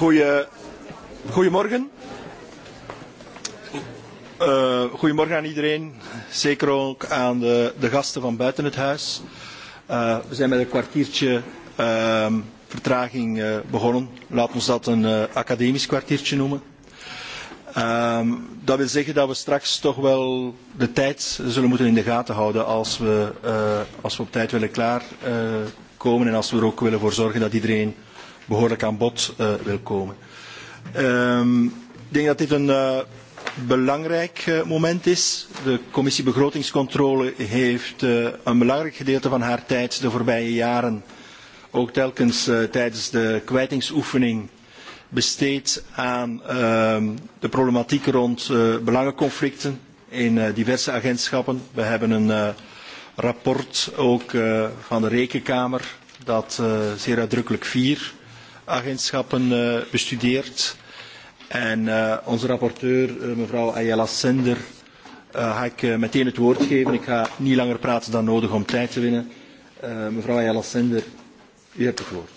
Goeie, goedemorgen. Uh, eh, goedemorgen aan iedereen, zeker ook aan de, de gasten van buiten het huis. Uh, we zijn met een kwartiertje uh, vertraging uh, begonnen. Laat ons dat een uh, academisch kwartiertje noemen. Uh, dat wil zeggen dat we straks toch wel de tijd zullen moeten in de gaten houden als we, uh, als we op tijd willen klaarkomen uh, en als we er ook willen voor zorgen dat iedereen behoorlijk aan bod uh, wil komen. Um, ik denk dat dit een uh, belangrijk uh, moment is. De commissie begrotingscontrole heeft uh, een belangrijk gedeelte van haar tijd de voorbije jaren, ook telkens uh, tijdens de kwijtingsoefening, besteed aan uh, de problematiek rond uh, belangenconflicten in uh, diverse agentschappen. We hebben een uh, rapport ook uh, van de Rekenkamer dat uh, zeer uitdrukkelijk vier agentschappen uh, eh, bestudeerd. En uh, onze rapporteur, uh, mevrouw Ayala Sender, uh, ga ik uh, meteen het woord geven. Ik ga niet langer praten dan nodig om tijd te winnen. Uh, mevrouw Ayala Sender, u hebt het woord.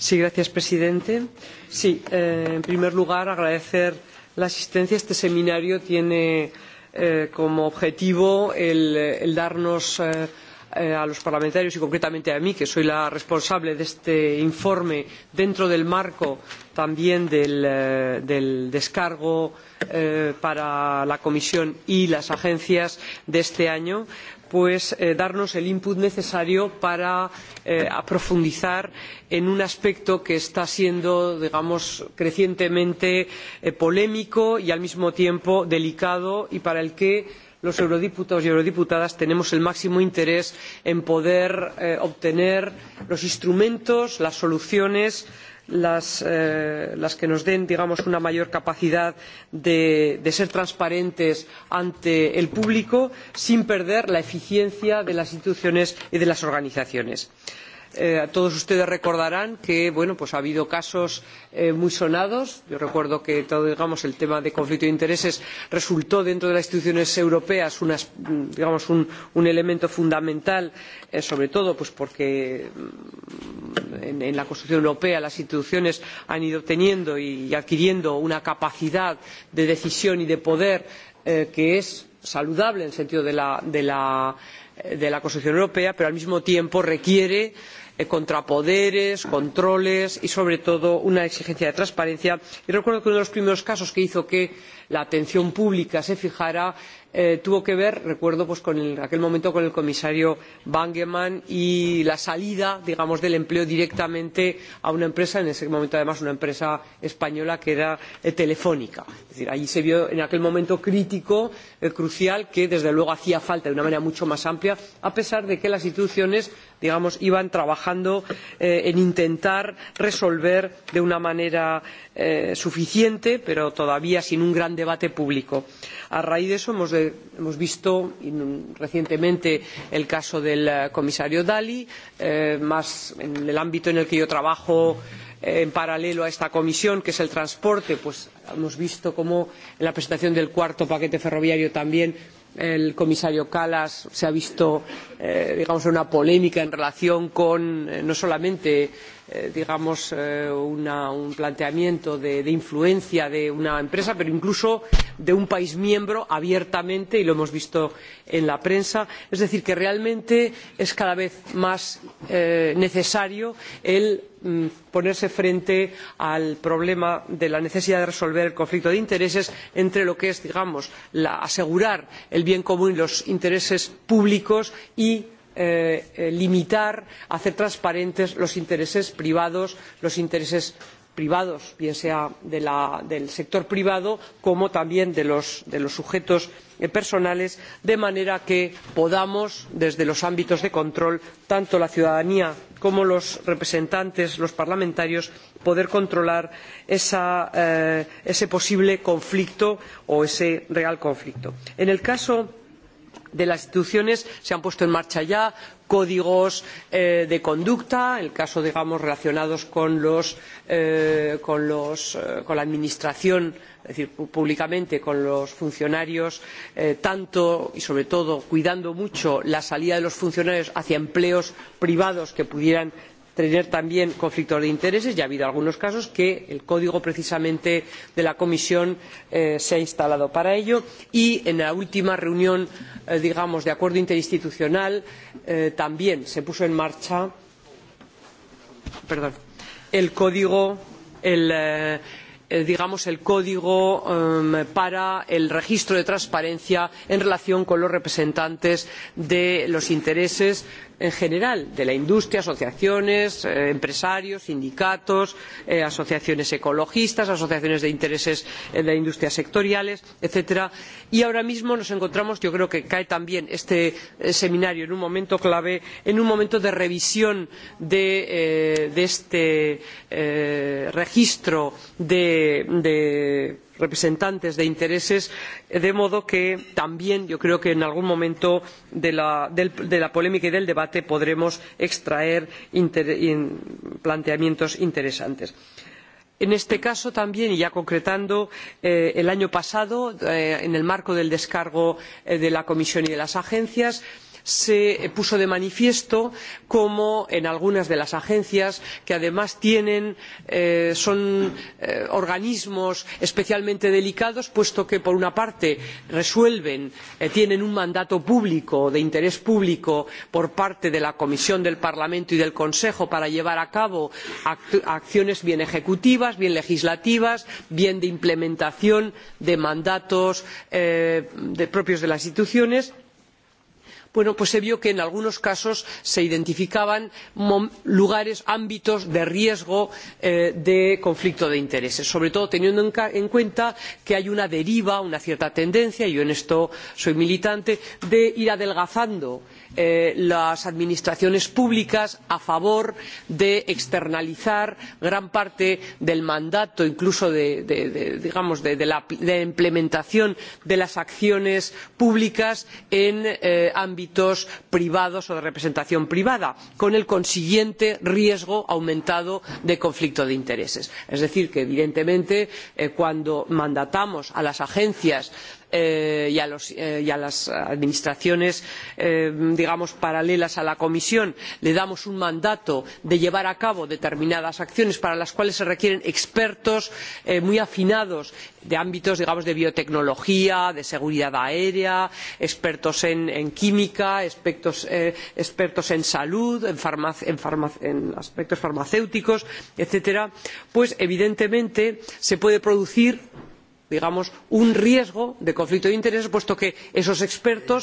Sí, gracias, presidente. Sí, eh, en primer lugar, agradecer la asistencia. Este seminario tiene eh, como objetivo el, el darnos eh, Eh, a los parlamentarios y concretamente a mí, que soy la responsable de este informe dentro del marco también del, eh, del descargo eh, para la Comisión y las agencias de este año, pues eh, darnos el input necesario para eh, profundizar en un aspecto que está siendo digamos crecientemente eh, polémico y al mismo tiempo delicado y para el que los eurodiputados y eurodiputadas tenemos el máximo interés en poder eh, obtener los instrumentos, las soluciones, las, eh, las que nos den digamos, una mayor capacidad de, de ser transparentes ante el público sin perder la eficiencia de las instituciones y de las organizaciones. Eh, Eh, todos ustedes recordarán que bueno, pues ha habido casos eh, muy sonados. Yo recuerdo que todo, digamos, el tema de conflicto de intereses resultó dentro de las instituciones europeas unas, digamos, un, un, elemento fundamental, eh, sobre todo pues porque mm, en, en, la construcción europea las instituciones han ido teniendo y, y adquiriendo una capacidad de decisión y de poder eh, que es saludable en el sentido de la, de la eh, de la Constitución Europea, pero al mismo tiempo requiere Eh, contrapoderes, controles y, sobre todo, una exigencia de transparencia. Y recuerdo que uno de los primeros casos que hizo que la atención pública se fijara eh, tuvo que ver, recuerdo, pues, con el, aquel momento con el comisario Bangemann y la salida, digamos, del empleo directamente a una empresa, en ese momento además una empresa española que era eh, Telefónica. Es decir, allí se vio en aquel momento crítico, eh, crucial, que desde luego hacía falta de una manera mucho más amplia, a pesar de que las instituciones, digamos, iban trabajando eh, en intentar resolver de una manera eh, suficiente, pero todavía sin un gran debate público. A raíz de eso hemos, de, eh, hemos visto in, recientemente el caso del eh, comisario Dalli, eh, más en el ámbito en el que yo trabajo. Eh, Eh, en paralelo a esta comisión, que es el transporte, pues hemos visto cómo en la presentación del cuarto paquete ferroviario también el comisario Kallas se ha visto, eh, digamos, en una polémica en relación con eh, no solamente Eh, digamos, eh, una, un planteamiento de, de influencia de una empresa, pero incluso de un país miembro abiertamente, y lo hemos visto en la prensa. Es decir, que realmente es cada vez más eh, necesario el mm, ponerse frente al problema de la necesidad de resolver el conflicto de intereses entre lo que es digamos la, asegurar el bien común y los intereses públicos y Eh, eh, limitar, hacer transparentes los intereses privados, los intereses privados, bien sea de la, del sector privado como también de los, de los sujetos eh, personales, de manera que podamos, desde los ámbitos de control, tanto la ciudadanía como los representantes, los parlamentarios, poder controlar esa, eh, ese posible conflicto o ese real conflicto. En el caso de las instituciones se han puesto en marcha ya códigos eh, de conducta en el caso digamos relacionados con, los, eh, con, los, eh, con la administración es decir públicamente con los funcionarios eh, tanto y sobre todo cuidando mucho la salida de los funcionarios hacia empleos privados que pudieran tener también conflictos de intereses ya ha habido algunos casos que el código precisamente de la comisión eh, se ha instalado para ello y en la última reunión eh, digamos de acuerdo interinstitucional eh, también se puso en marcha perdón, el código el, eh, eh, digamos el código um, para el registro de transparencia en relación con los representantes de los intereses en general de la industria, asociaciones, eh, empresarios, sindicatos, eh, asociaciones ecologistas, asociaciones de intereses eh, de la industria sectoriales, etcétera. Y ahora mismo nos encontramos, yo creo que cae también este eh, seminario en un momento clave, en un momento de revisión de, eh, de este eh, registro de, de representantes de intereses de modo que también yo creo que en algún momento de la, del, de la polémica y del debate podremos extraer inter, in, planteamientos interesantes. En este caso también, y ya concretando, eh, el año pasado, eh, en el marco del descargo eh, de la Comisión y de las agencias, eh, se puso de manifiesto cómo en algunas de las agencias que además tienen, eh, son eh, organismos especialmente delicados puesto que por una parte resuelven eh, tienen un mandato público de interés público por parte de la comisión del parlamento y del consejo para llevar a cabo acciones bien ejecutivas bien legislativas bien de implementación de mandatos eh, de propios de las instituciones bueno, pues se vio que en algunos casos se identificaban lugares, ámbitos de riesgo eh, de conflicto de intereses, sobre todo teniendo en, en, cuenta que hay una deriva, una cierta tendencia, y yo en esto soy militante, de ir adelgazando eh, las administraciones públicas a favor de externalizar gran parte del mandato, incluso de, de, de, digamos de, la, implementación de las acciones públicas en eh, ámbitos ámbitos privados o de representación privada con el consiguiente riesgo aumentado de conflicto de intereses. es decir que evidentemente eh, cuando mandatamos a las agencias eh, y, a los, eh, y, a las administraciones eh, digamos paralelas a la Comisión le damos un mandato de llevar a cabo determinadas acciones para las cuales se requieren expertos eh, muy afinados de ámbitos digamos de biotecnología, de seguridad aérea, expertos en, en química, expertos, eh, expertos, en salud, en, en, en aspectos farmacéuticos, etcétera, pues evidentemente se puede producir digamos un riesgo de conflicto de intereses puesto que esos expertos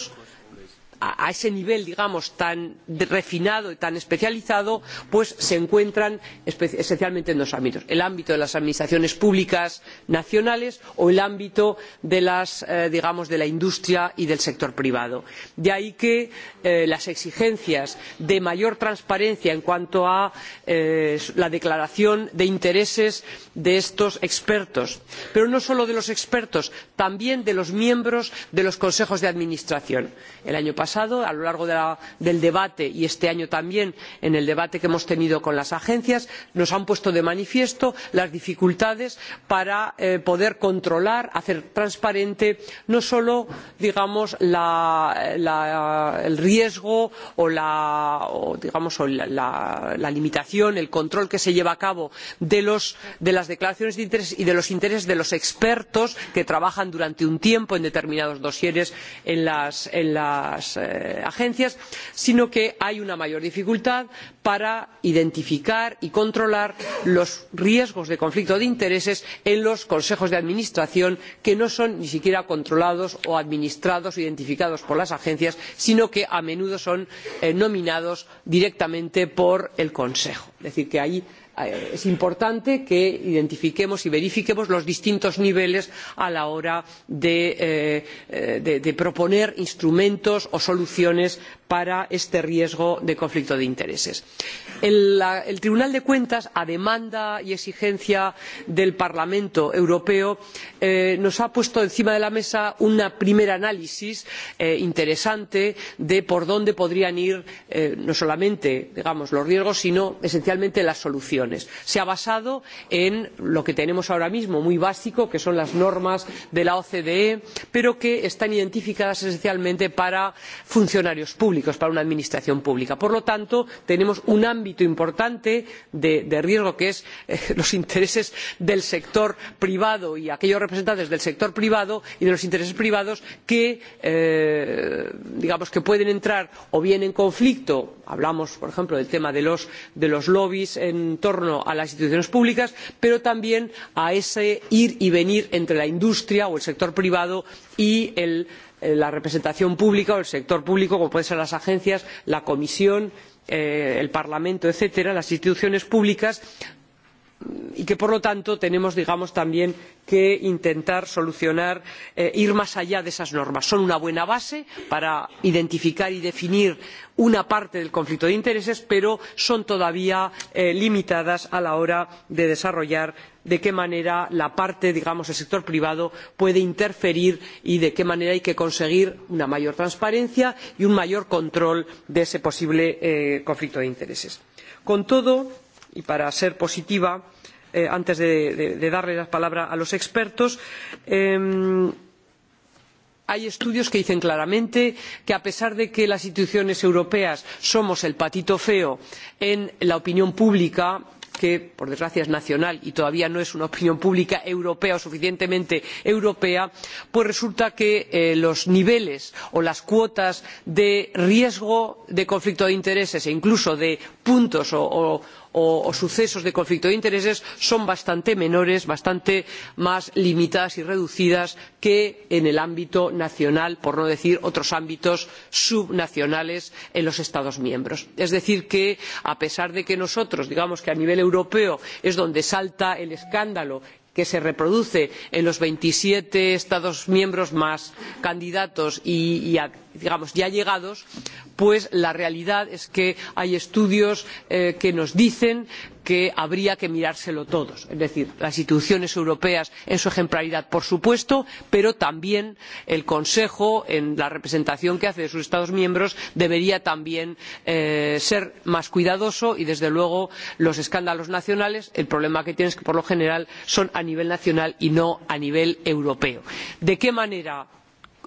a, ese nivel, digamos, tan refinado y tan especializado, pues se encuentran esencialmente en dos ámbitos el ámbito de las administraciones públicas nacionales o el ámbito de, las, eh, digamos, de la industria y del sector privado. De ahí que eh, las exigencias de mayor transparencia en cuanto a eh, la declaración de intereses de estos expertos, pero no solo de los expertos, también de los miembros de los consejos de administración. El año pasado pasado a lo largo de la, del debate y este año también en el debate que hemos tenido con las agencias nos han puesto de manifiesto las dificultades para eh, poder controlar hacer transparente no solo digamos la, la, el riesgo o la o, digamos, o limitación el control que se lleva a cabo de, los, de las declaraciones de interés y de los intereses de los expertos que trabajan durante un tiempo en determinados dosieres en las, en las eh, agencias sino que hay una mayor dificultad para identificar y controlar los riesgos de conflicto de intereses en los consejos de administración que no son ni siquiera controlados o administrados o identificados por las agencias sino que a menudo son eh, nominados directamente por el consejo. es decir que ahí Ah, es importante que identifiquemos y verifiquemos los distintos niveles a la hora de, eh, de, de proponer instrumentos o soluciones para este riesgo de conflicto de intereses. El, la, el Tribunal de Cuentas, a demanda y exigencia del Parlamento Europeo, eh, nos ha puesto encima de la mesa un primer análisis eh, interesante de por dónde podrían ir eh, no solamente digamos, los riesgos, sino esencialmente las soluciones decisiones. Se ha basado en lo que tenemos ahora mismo, muy básico, que son las normas de la OCDE, pero que están identificadas esencialmente para funcionarios públicos, para una administración pública. Por lo tanto, tenemos un ámbito importante de, de riesgo que es eh, los intereses del sector privado y aquellos representantes del sector privado y de los intereses privados que, eh, digamos que pueden entrar o bien en conflicto hablamos por ejemplo del tema de los, de los lobbies en torno torno a las instituciones públicas pero también a ese ir y venir entre la industria o el sector privado y el, eh, la representación pública o el sector público como pueden ser las agencias la comisión eh, el parlamento etcétera las instituciones públicas y que por lo tanto tenemos digamos también que intentar solucionar eh, ir más allá de esas normas. son una buena base para identificar y definir una parte del conflicto de intereses pero son todavía eh, limitadas a la hora de desarrollar de qué manera la parte digamos el sector privado puede interferir y de qué manera hay que conseguir una mayor transparencia y un mayor control de ese posible eh, conflicto de intereses. con todo y para ser positiva, eh, antes de, de, de, darle la palabra a los expertos, eh, hay estudios que dicen claramente que a pesar de que las instituciones europeas somos el patito feo en la opinión pública que por desgracia es nacional y todavía no es una opinión pública europea o suficientemente europea pues resulta que eh, los niveles o las cuotas de riesgo de conflicto de intereses e incluso de puntos o, o o, o sucesos de conflicto de intereses son bastante menores bastante más limitadas y reducidas que en el ámbito nacional por no decir otros ámbitos subnacionales en los estados miembros. es decir que a pesar de que nosotros digamos que a nivel europeo es donde salta el escándalo que se reproduce en los veintisiete estados miembros más candidatos y, y a, digamos ya llegados pues la realidad es que hay estudios eh, que nos dicen que habría que mirárselo todos. Es decir, las instituciones europeas en su ejemplaridad, por supuesto, pero también el Consejo, en la representación que hace de sus Estados miembros, debería también eh, ser más cuidadoso y, desde luego, los escándalos nacionales, el problema que tienen es que, por lo general, son a nivel nacional y no a nivel europeo. ¿De qué manera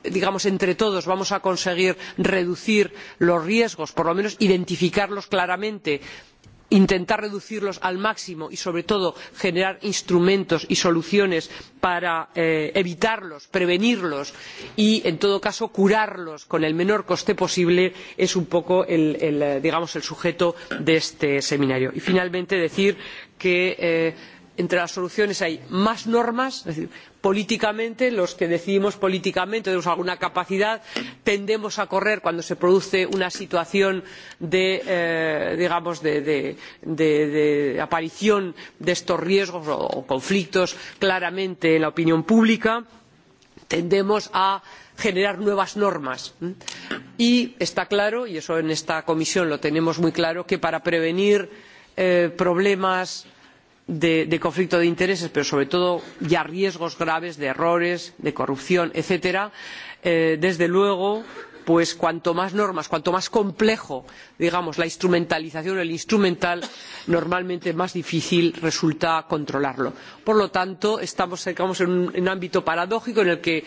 digamos entre todos vamos a conseguir reducir los riesgos por lo menos identificarlos claramente intentar reducirlos al máximo y sobre todo generar instrumentos y soluciones para eh, evitarlos prevenirlos y en todo caso curarlos con el menor coste posible es un poco el, el, digamos, el sujeto de este seminario. y finalmente decir que eh, entre las soluciones hay más normas, es decir, políticamente, los que decidimos políticamente tenemos alguna capacidad, tendemos a correr cuando se produce una situación de, eh, digamos, de, de, de, aparición de estos riesgos o, o conflictos claramente en la opinión pública, tendemos a generar nuevas normas. Y está claro, y eso en esta comisión lo tenemos muy claro, que para prevenir eh, problemas de, de conflicto de intereses, pero sobre todo ya riesgos graves de errores, de corrupción, etcétera, eh, desde luego pues cuanto más normas, cuanto más complejo, digamos, la instrumentalización, el instrumental, normalmente más difícil resulta controlarlo. Por lo tanto, estamos digamos, en un, en un ámbito paradójico en el que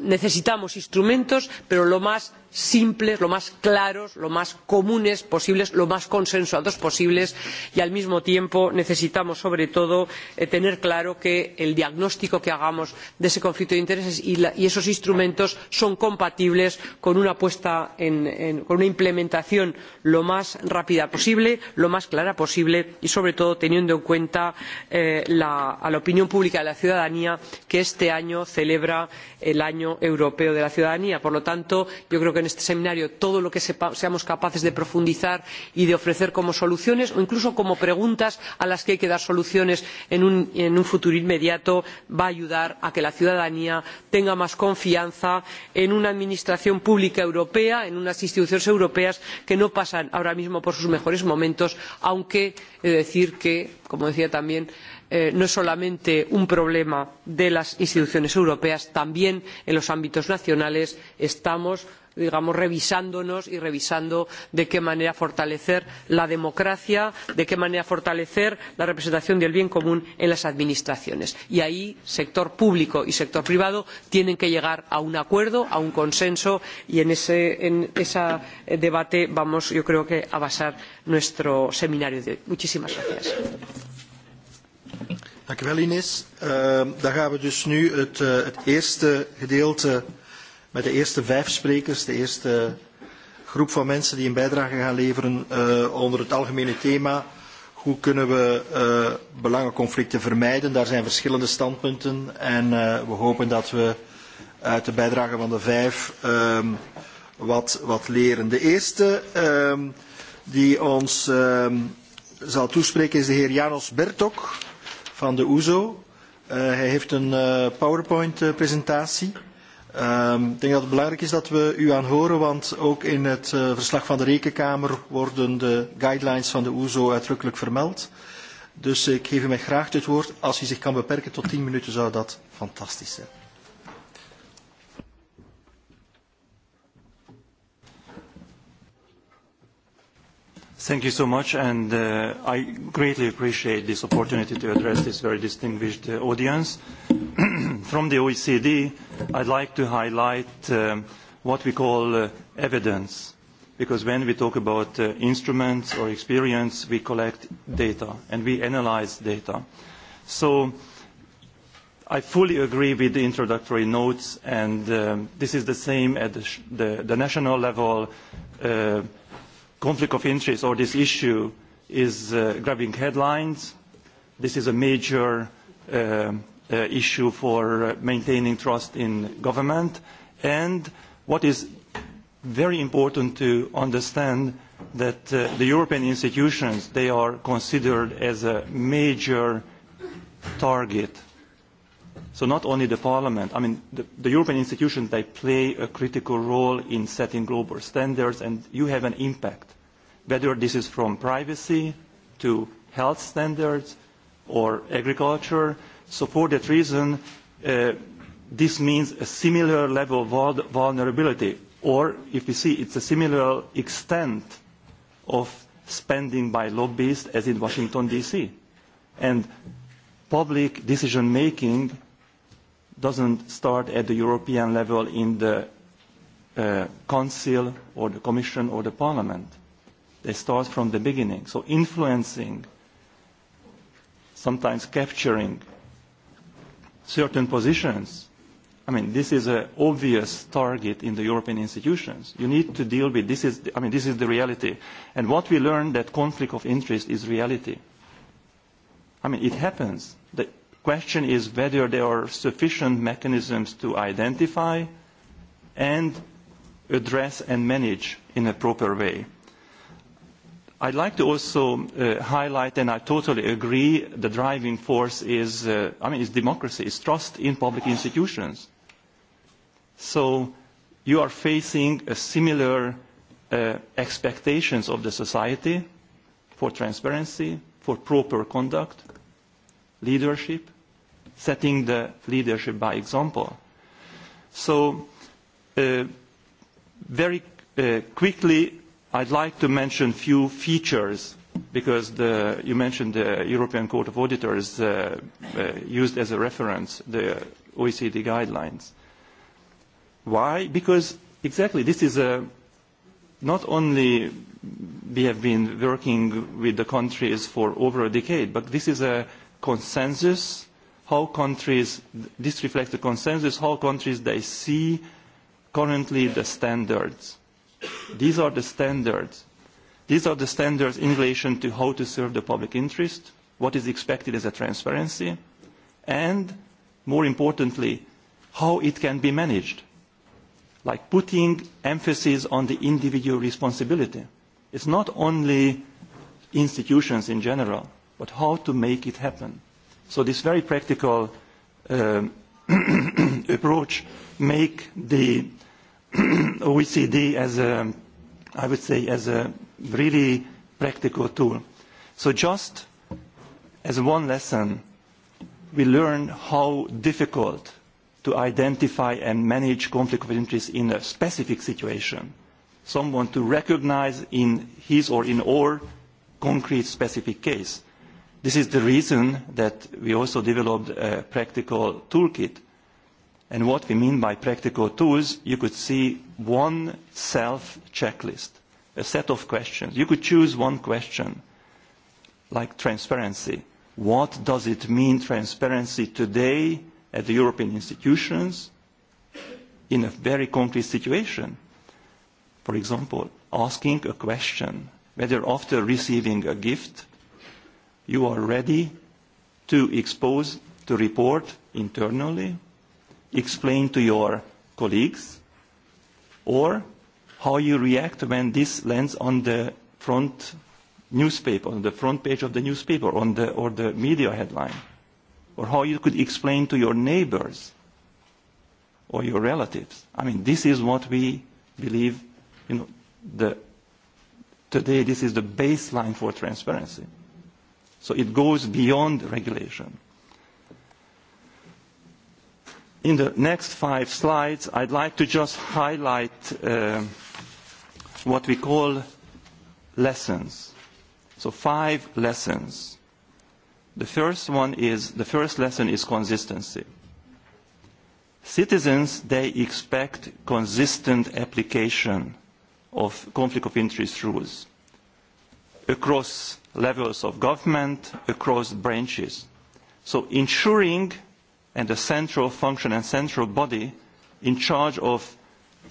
necesitamos instrumentos, pero lo más simples, lo más claros, lo más comunes posibles, lo más consensuados posibles y al mismo tiempo necesitamos sobre todo eh, tener claro que el diagnóstico que hagamos de ese conflicto de intereses y, la, y esos instrumentos son compatibles con una puesta en, en, con una implementación lo más rápida posible, lo más clara posible y sobre todo teniendo en cuenta eh, la, a la opinión pública de la ciudadanía que este año celebra el año europeo de la ciudadanía. Por lo tanto, yo creo que que en este seminario todo lo que sepa, seamos capaces de profundizar y de ofrecer como soluciones o incluso como preguntas a las que hay que dar soluciones en un, en un futuro inmediato va a ayudar a que la ciudadanía tenga más confianza en una administración pública europea en unas instituciones europeas que no pasan ahora mismo por sus mejores momentos aunque he de decir que como decía también Eh, no es solamente un problema de las instituciones europeas, también en los ámbitos nacionales estamos digamos, revisándonos y revisando de qué manera fortalecer la democracia, de qué manera fortalecer la representación del bien común en las administraciones. Y ahí sector público y sector privado tienen que llegar a un acuerdo, a un consenso y en ese en eh, debate vamos, yo creo que, a basar nuestro seminario de hoy. Muchísimas gracias. Dank u wel, Ines. Uh, dan gaan we dus nu het, uh, het eerste gedeelte met de eerste vijf sprekers, de eerste groep van mensen die een bijdrage gaan leveren uh, onder het algemene thema. Hoe kunnen we uh, belangenconflicten vermijden? Daar zijn verschillende standpunten en uh, we hopen dat we uit de bijdrage van de vijf um, wat, wat leren. De eerste um, die ons um, zal toespreken is de heer Janos Bertok van de OESO. Uh, eh, hij heeft een uh, eh, PowerPoint-presentatie. Eh, uh, ehm, ik denk dat het belangrijk is dat we u aan horen, want ook in het verslag van de Rekenkamer worden de guidelines van de OESO uitdrukkelijk vermeld. Dus ik geef u mij graag het woord. Als u zich kan beperken tot tien minuten zou dat fantastisch zijn. Thank you so much, and uh, I greatly appreciate this opportunity to address this very distinguished uh, audience. From the OECD, I'd like to highlight um, what we call uh, evidence, because when we talk about uh, instruments or experience, we collect data and we analyze data. So I fully agree with the introductory notes, and um, this is the same at the, sh the, the national level, uh, conflict of interest or this issue is uh, grabbing headlines. This is a major uh, uh, issue for uh, maintaining trust in government. And what is very important to understand that uh, the European institutions, they are considered as a major target So not only the parliament, I mean, the, the European institutions, they play a critical role in setting global standards and you have an impact, whether this is from privacy to health standards or agriculture. So for that reason, uh, this means a similar level of vul vulnerability, or if you see, it's a similar extent of spending by lobbyists as in Washington, D.C. And public decision-making doesn't start at the European level in the uh, Council or the Commission or the Parliament. They start from the beginning. So influencing, sometimes capturing certain positions, I mean, this is an obvious target in the European institutions. You need to deal with this. Is, I mean, this is the reality. And what we learn that conflict of interest is reality. I mean, it happens question is whether there are sufficient mechanisms to identify and address and manage in a proper way. I'd like to also uh, highlight, and I totally agree, the driving force is, uh, I mean, is democracy, is trust in public institutions. So you are facing a similar uh, expectations of the society for transparency, for proper conduct, leadership, setting the leadership by example. So uh, very uh, quickly, I'd like to mention a few features because the, you mentioned the European Court of Auditors uh, uh, used as a reference the OECD guidelines. Why? Because exactly this is a, not only we have been working with the countries for over a decade, but this is a consensus how countries, this reflects the consensus, how countries they see currently the standards. These are the standards. These are the standards in relation to how to serve the public interest, what is expected as a transparency, and more importantly, how it can be managed, like putting emphasis on the individual responsibility. It's not only institutions in general, but how to make it happen. So this very practical um, approach make the OECD as a, I would say, as a really practical tool. So just as one lesson, we learn how difficult to identify and manage conflict of interest in a specific situation. Someone to recognize in his or in our concrete specific case. This is the reason that we also developed a practical toolkit. And what we mean by practical tools, you could see one self-checklist, a set of questions. You could choose one question, like transparency. What does it mean transparency today at the European institutions in a very concrete situation? For example, asking a question whether after receiving a gift you are ready to expose, to report internally, explain to your colleagues, or how you react when this lands on the front newspaper, on the front page of the newspaper, on the, or the media headline, or how you could explain to your neighbors or your relatives. I mean, this is what we believe, you know, the, today this is the baseline for transparency. So it goes beyond regulation. In the next five slides, I'd like to just highlight uh, what we call lessons. So five lessons. The first one is, the first lesson is consistency. Citizens, they expect consistent application of conflict of interest rules across levels of government, across branches. So ensuring and the central function and central body in charge of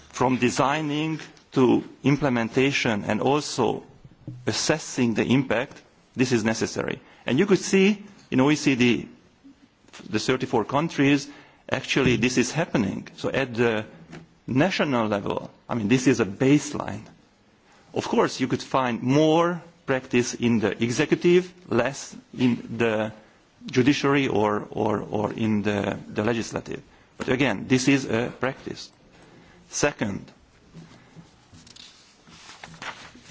from designing to implementation and also assessing the impact, this is necessary. And you could see in OECD, the 34 countries, actually this is happening. So at the national level, I mean, this is a baseline. Of course, you could find more practice in the executive, less in the judiciary or, or, or in the, the legislative. But again, this is a practice. Second,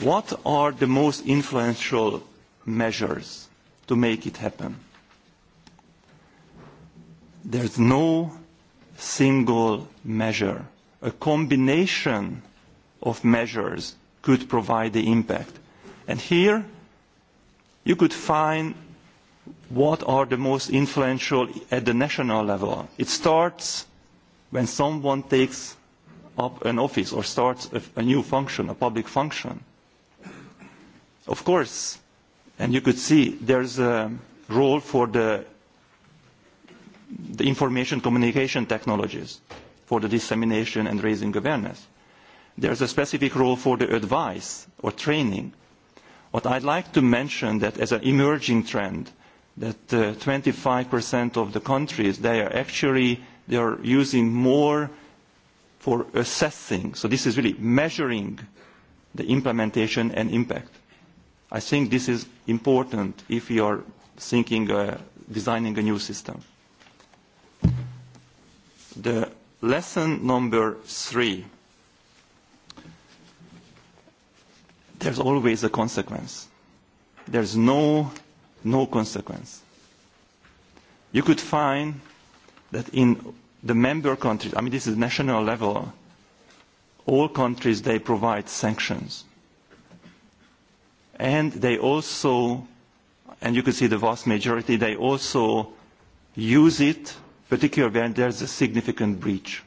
what are the most influential measures to make it happen? There's no single measure. A combination of measures could provide the impact And here you could find what are the most influential at the national level. It starts when someone takes up an office or starts a, a new function, a public function. Of course, and you could see there's a role for the, the information communication technologies for the dissemination and raising awareness. There's a specific role for the advice or training What I'd like to mention that as an emerging trend, that uh, 25% of the countries, they are actually they are using more for assessing. So this is really measuring the implementation and impact. I think this is important if you are thinking, uh, designing a new system. The lesson number three there's always a consequence. There's no, no consequence. You could find that in the member countries, I mean, this is national level, all countries, they provide sanctions. And they also, and you could see the vast majority, they also use it, particularly when there's a significant breach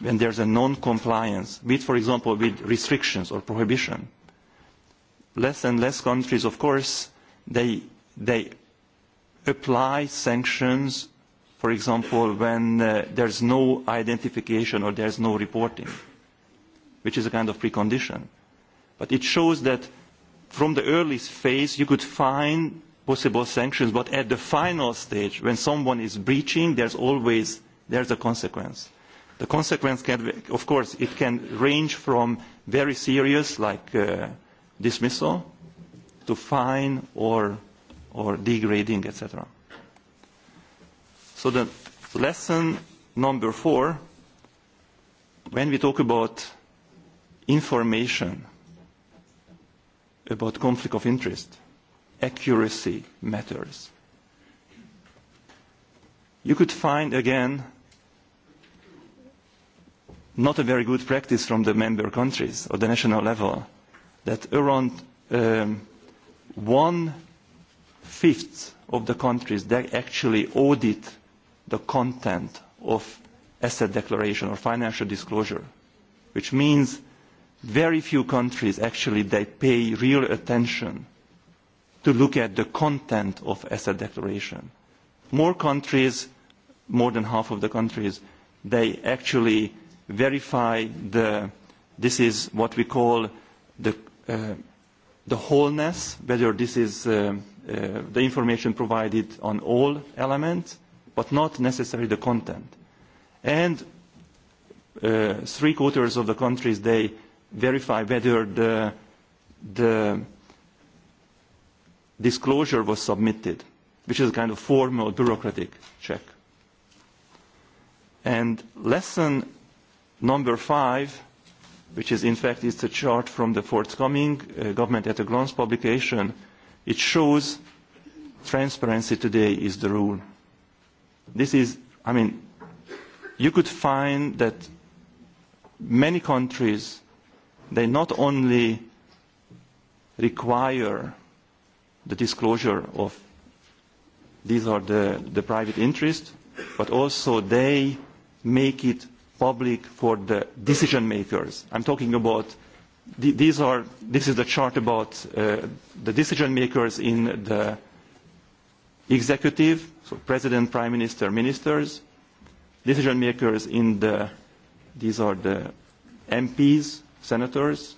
when there's a non-compliance with, for example, with restrictions or prohibition, less and less countries, of course, they, they apply sanctions, for example, when uh, there's no identification or there's no reporting, which is a kind of precondition. But it shows that from the earliest phase, you could find possible sanctions, but at the final stage, when someone is breaching, there's always there's a consequence. The consequence can, of course, it can range from very serious, like uh, dismissal, to fine or, or degrading, etc. So the lesson number four, when we talk about information, about conflict of interest, accuracy matters. You could find, again, not a very good practice from the member countries or the national level that around um, one fifth of the countries that actually audit the content of asset declaration or financial disclosure, which means very few countries actually they pay real attention to look at the content of asset declaration. More countries, more than half of the countries, they actually verify the, this is what we call the, uh, the wholeness, whether this is uh, uh, the information provided on all elements, but not necessarily the content. And uh, three quarters of the countries, they verify whether the, the disclosure was submitted, which is a kind of formal bureaucratic check. And lesson Number five, which is in fact is the chart from the forthcoming uh, Government at a Glance publication, it shows transparency today is the rule. This is, I mean, you could find that many countries, they not only require the disclosure of these are the, the private interests, but also they make it public, for the decision makers. I'm talking about these are, this is the chart about uh, the decision makers in the executive, so president, prime minister, ministers, decision makers in the, these are the MPs, senators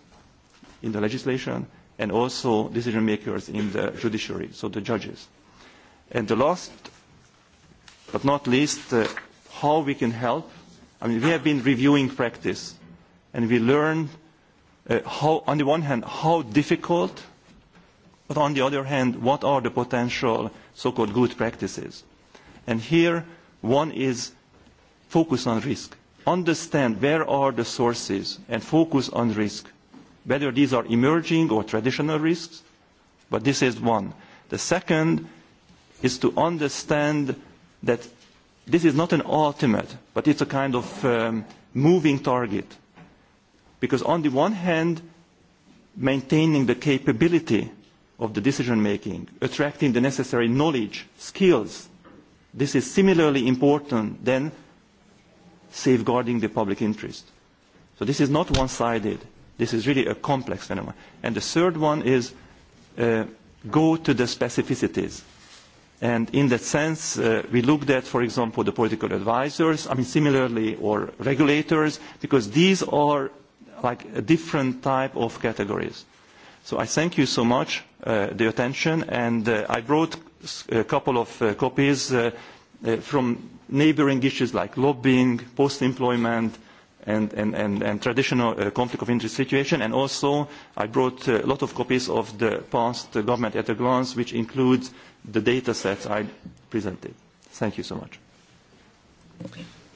in the legislation, and also decision makers in the judiciary, so the judges. And the last, but not least, uh, how we can help I mean, we have been reviewing practice, and we learn uh, how, on the one hand, how difficult, but on the other hand, what are the potential so-called good practices. And here, one is focus on risk. Understand where are the sources and focus on risk, whether these are emerging or traditional risks, but this is one. The second is to understand that This is not an ultimate, but it's a kind of um, moving target. Because on the one hand, maintaining the capability of the decision making, attracting the necessary knowledge, skills, this is similarly important than safeguarding the public interest. So this is not one-sided. This is really a complex phenomenon. And the third one is uh, go to the specificities. And in that sense, uh, we looked at, for example, the political advisors, I mean, similarly, or regulators, because these are like a different type of categories. So I thank you so much uh, the attention, and uh, I brought a couple of uh, copies uh, uh, from neighboring issues like lobbying, post-employment, and, and, and, and traditional uh, conflict of interest situation. And also, I brought uh, a lot of copies of the past uh, government at a glance, which includes the data sets I presented. Thank you so much.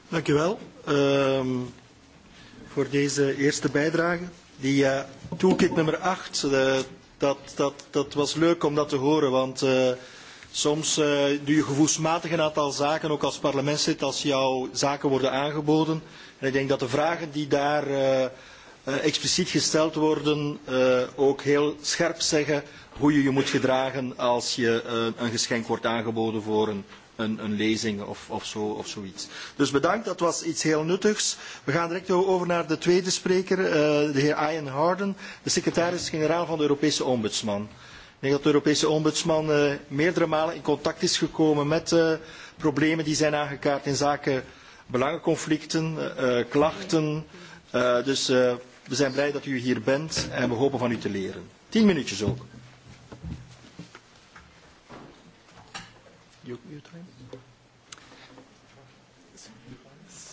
Dank u wel um, voor deze eerste bijdrage. Die uh, eh, toolkit nummer 8, uh, eh, dat, dat, dat was leuk om dat te horen, want uh, soms uh, doe je gevoelsmatig een aantal zaken, ook als parlement zit als jouw zaken worden aangeboden. En ik denk dat de vragen die daar uh, uh, expliciet gesteld worden uh, ook heel scherp zeggen hoe je je moet gedragen als je uh, een geschenk wordt aangeboden voor een, een, een lezing of, of, zo, of zoiets. Dus bedankt, dat was iets heel nuttigs. We gaan direct over naar de tweede spreker, uh, de heer Ian Harden, de secretaris-generaal van de Europese ombudsman. Ik denk dat de Europese ombudsman uh, meerdere malen in contact is gekomen met uh, problemen die zijn aangekaart in zaken belangenconflicten, uh, klachten. Uh, dus uh, we zijn blij dat u hier bent en we hopen van u te leren. Tien minuutjes ook.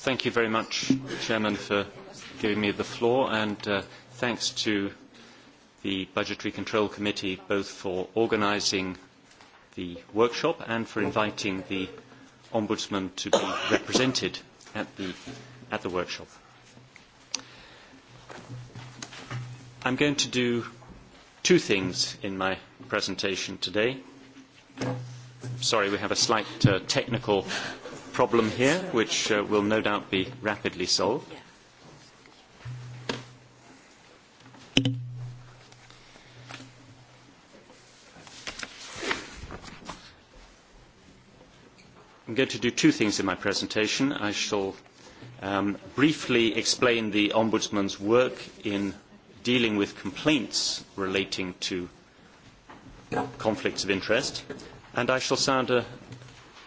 Thank you very much, Chairman, for giving me the floor, and uh, thanks to the Budgetary Control Committee both for organising the workshop and for inviting the Ombudsman to be represented at the, at the workshop. I'm going to do two things in my presentation today. Sorry, we have a slight uh, technical problem here, which uh, will no doubt be rapidly solved. I'm going to do two things in my presentation. I shall um, briefly explain the Ombudsman's work in dealing with complaints relating to conflicts of interest, and I shall sound a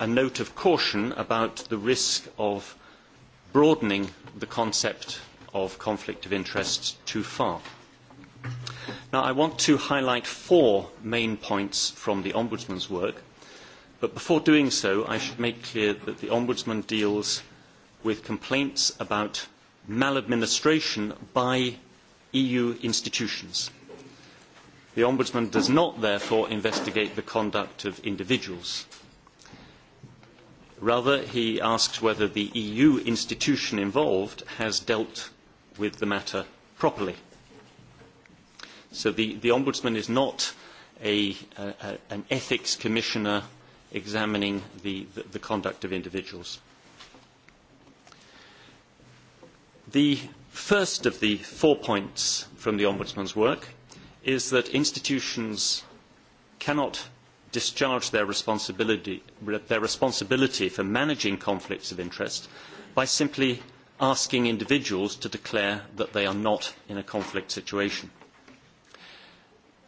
a note of caution about the risk of broadening the concept of conflict of interest too far. Now, I want to highlight four main points from the Ombudsman's work, but before doing so, I should make clear that the Ombudsman deals with complaints about maladministration by EU institutions. The Ombudsman does not, therefore, investigate the conduct of individuals. Rather, he asks whether the EU institution involved has dealt with the matter properly. So the, the Ombudsman is not a, a, an ethics commissioner examining the, the, the conduct of individuals. The first of the four points from the Ombudsman's work is that institutions cannot discharge their responsibility, their responsibility for managing conflicts of interest by simply asking individuals to declare that they are not in a conflict situation.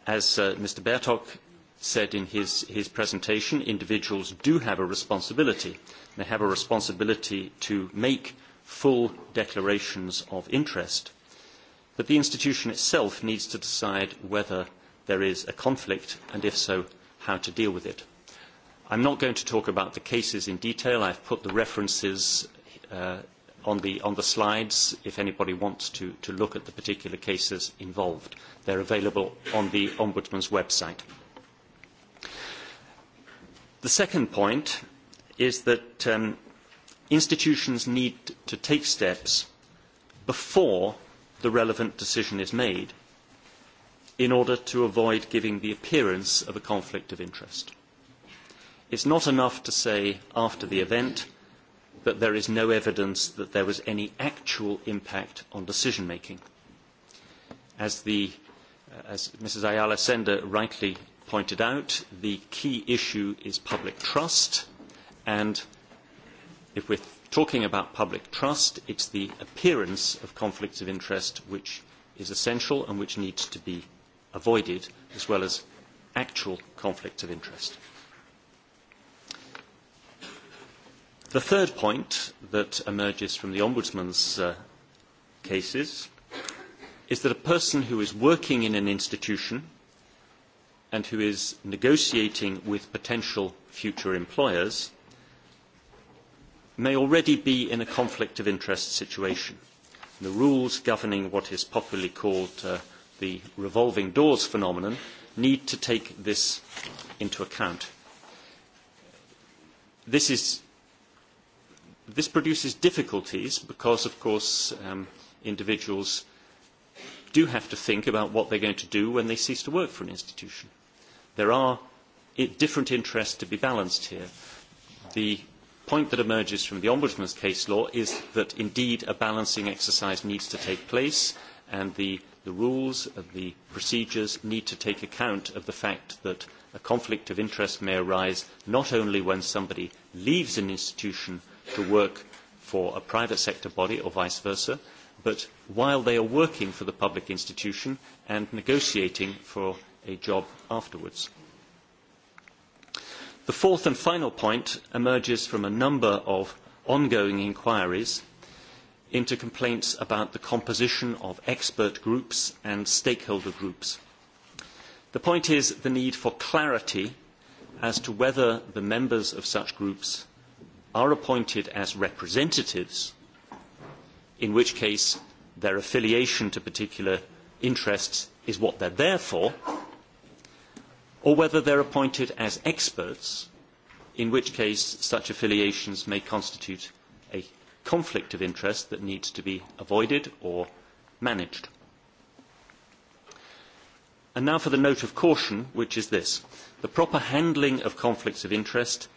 As uh, Mr. Bertok said in his, his presentation, individuals do have a responsibility. They have a responsibility to make full declarations of interest. But the institution itself needs to decide whether there is a conflict, and if so, how to deal with it. I am not going to talk about the cases in detail. I have put the references uh, on, the, on, the, slides if anybody wants to, to look at the particular cases involved. They are available on the Ombudsman's website. The second point is that um, institutions need to take steps before the relevant decision is made in order to avoid giving the appearance of a conflict of interest. It is not enough to say after the event that there is no evidence that there was any actual impact on decision making. As, the, uh, as Mrs. Ayala Sender rightly pointed out, the key issue is public trust, and if we are talking about public trust, it is the appearance of conflicts of interest which is essential and which needs to be avoided as well as actual conflict of interest. The third point that emerges from the Ombudsman's uh, cases is that a person who is working in an institution and who is negotiating with potential future employers may already be in a conflict of interest situation. The rules governing what is popularly called uh, the revolving doors phenomenon, need to take this into account. This, is, this produces difficulties because, of course, um, individuals do have to think about what they are going to do when they cease to work for an institution. There are different interests to be balanced here. The point that emerges from the Ombudsman's case law is that indeed a balancing exercise needs to take place and the the rules and the procedures need to take account of the fact that a conflict of interest may arise not only when somebody leaves an institution to work for a private sector body or vice versa, but while they are working for the public institution and negotiating for a job afterwards. The fourth and final point emerges from a number of ongoing inquiries into complaints about the composition of expert groups and stakeholder groups. The point is the need for clarity as to whether the members of such groups are appointed as representatives, in which case their affiliation to particular interests is what they are there for, or whether they are appointed as experts, in which case such affiliations may constitute a conflict of interest that needs to be avoided or managed. And now for the note of caution, which is this. The proper handling of conflicts of interest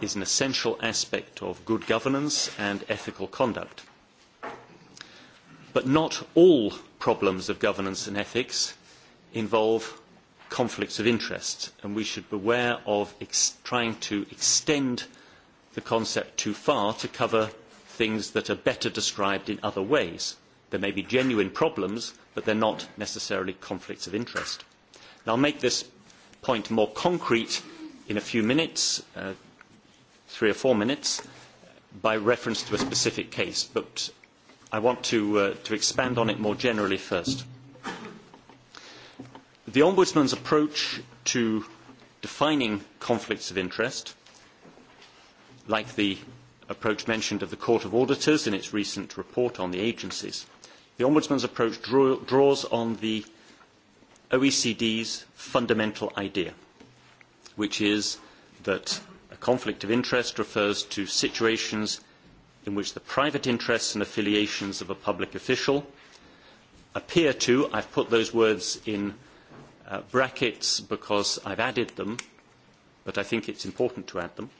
is an essential aspect of good governance and ethical conduct. But not all problems of governance and ethics involve conflicts of interest, and we should beware of trying to extend the concept too far to cover things that are better described in other ways. There may be genuine problems, but they are not necessarily conflicts of interest. I will make this point more concrete in a few minutes, uh, three or four minutes, by reference to a specific case, but I want to, uh, to expand on it more generally first. The Ombudsman's approach to defining conflicts of interest, like the approach mentioned of the Court of Auditors in its recent report on the agencies. The Ombudsman's approach draw, draws on the OECD's fundamental idea, which is that a conflict of interest refers to situations in which the private interests and affiliations of a public official appear to, I have put those words in uh, brackets because I have added them, but I think it is important to add them,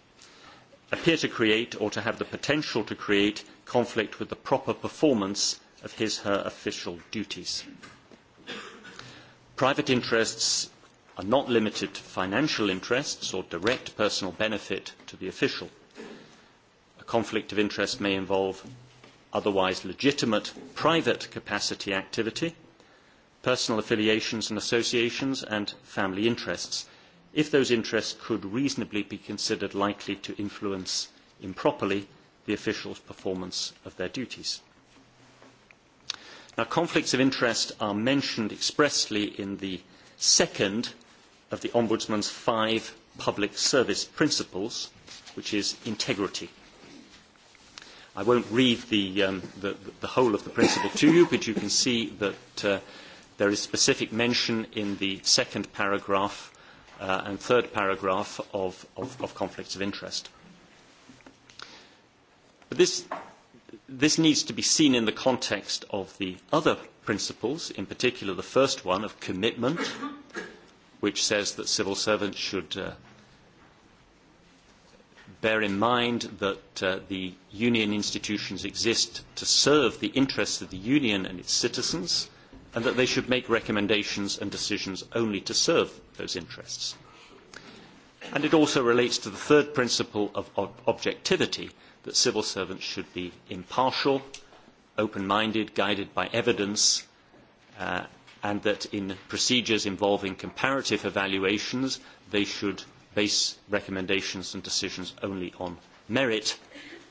appear to create or to have the potential to create conflict with the proper performance of his or her official duties. Private interests are not limited to financial interests or direct personal benefit to the official. A conflict of interest may involve otherwise legitimate private capacity activity, personal affiliations and associations, and family interests if those interests could reasonably be considered likely to influence improperly the official's performance of their duties. Now, conflicts of interest are mentioned expressly in the second of the Ombudsman's five public service principles, which is integrity. I won't read the, um, the, the whole of the principle to you, but you can see that uh, there is specific mention in the second paragraph uh, and third paragraph of, of, of conflicts of interest. But this, this needs to be seen in the context of the other principles, in particular the first one of commitment, which says that civil servants should uh, bear in mind that uh, the union institutions exist to serve the interests of the union and its citizens and that they should make recommendations and decisions only to serve those interests. And it also relates to the third principle of ob objectivity, that civil servants should be impartial, open-minded, guided by evidence, uh, and that in procedures involving comparative evaluations, they should base recommendations and decisions only on merit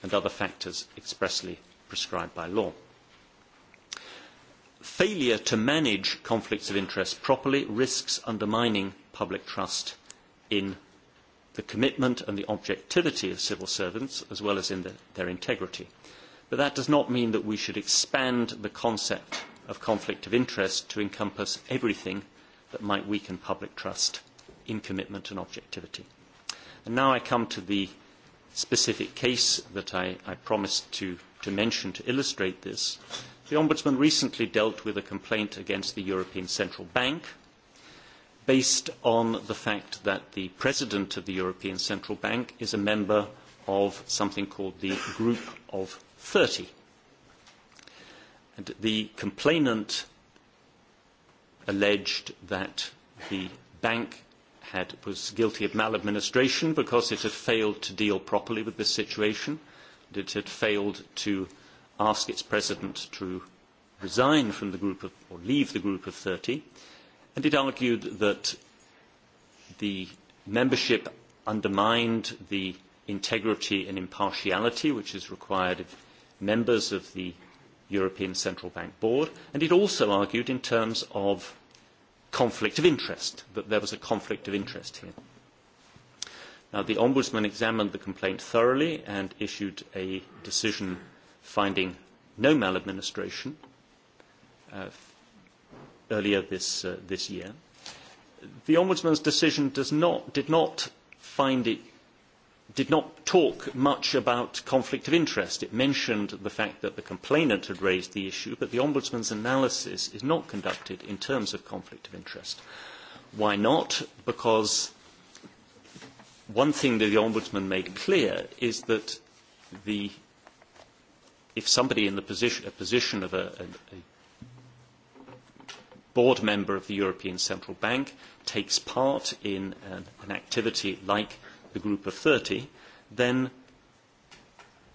and other factors expressly prescribed by law failure to manage conflicts of interest properly risks undermining public trust in the commitment and the objectivity of civil servants as well as in the, their integrity. But that does not mean that we should expand the concept of conflict of interest to encompass everything that might weaken public trust in commitment and objectivity. And now I come to the specific case that I, I promised to, to mention to illustrate this. The Ombudsman recently dealt with a complaint against the European Central Bank based on the fact that the President of the European Central Bank is a member of something called the Group of Thirty, And the complainant alleged that the bank had, was guilty of maladministration because it had failed to deal properly with this situation. and It had failed to ask its president to resign from the group of, or leave the group of 30, and it argued that the membership undermined the integrity and impartiality which is required of members of the European Central Bank Board, and it also argued in terms of conflict of interest, that there was a conflict of interest here. Now, the Ombudsman examined the complaint thoroughly and issued a decision finding no maladministration uh, earlier this, uh, this year. The Ombudsman's decision does not, did not find it did not talk much about conflict of interest. It mentioned the fact that the complainant had raised the issue, but the Ombudsman's analysis is not conducted in terms of conflict of interest. Why not? Because one thing that the Ombudsman made clear is that the if somebody in the position, a position of a, a, a board member of the European Central Bank takes part in an, an activity like the Group of 30, then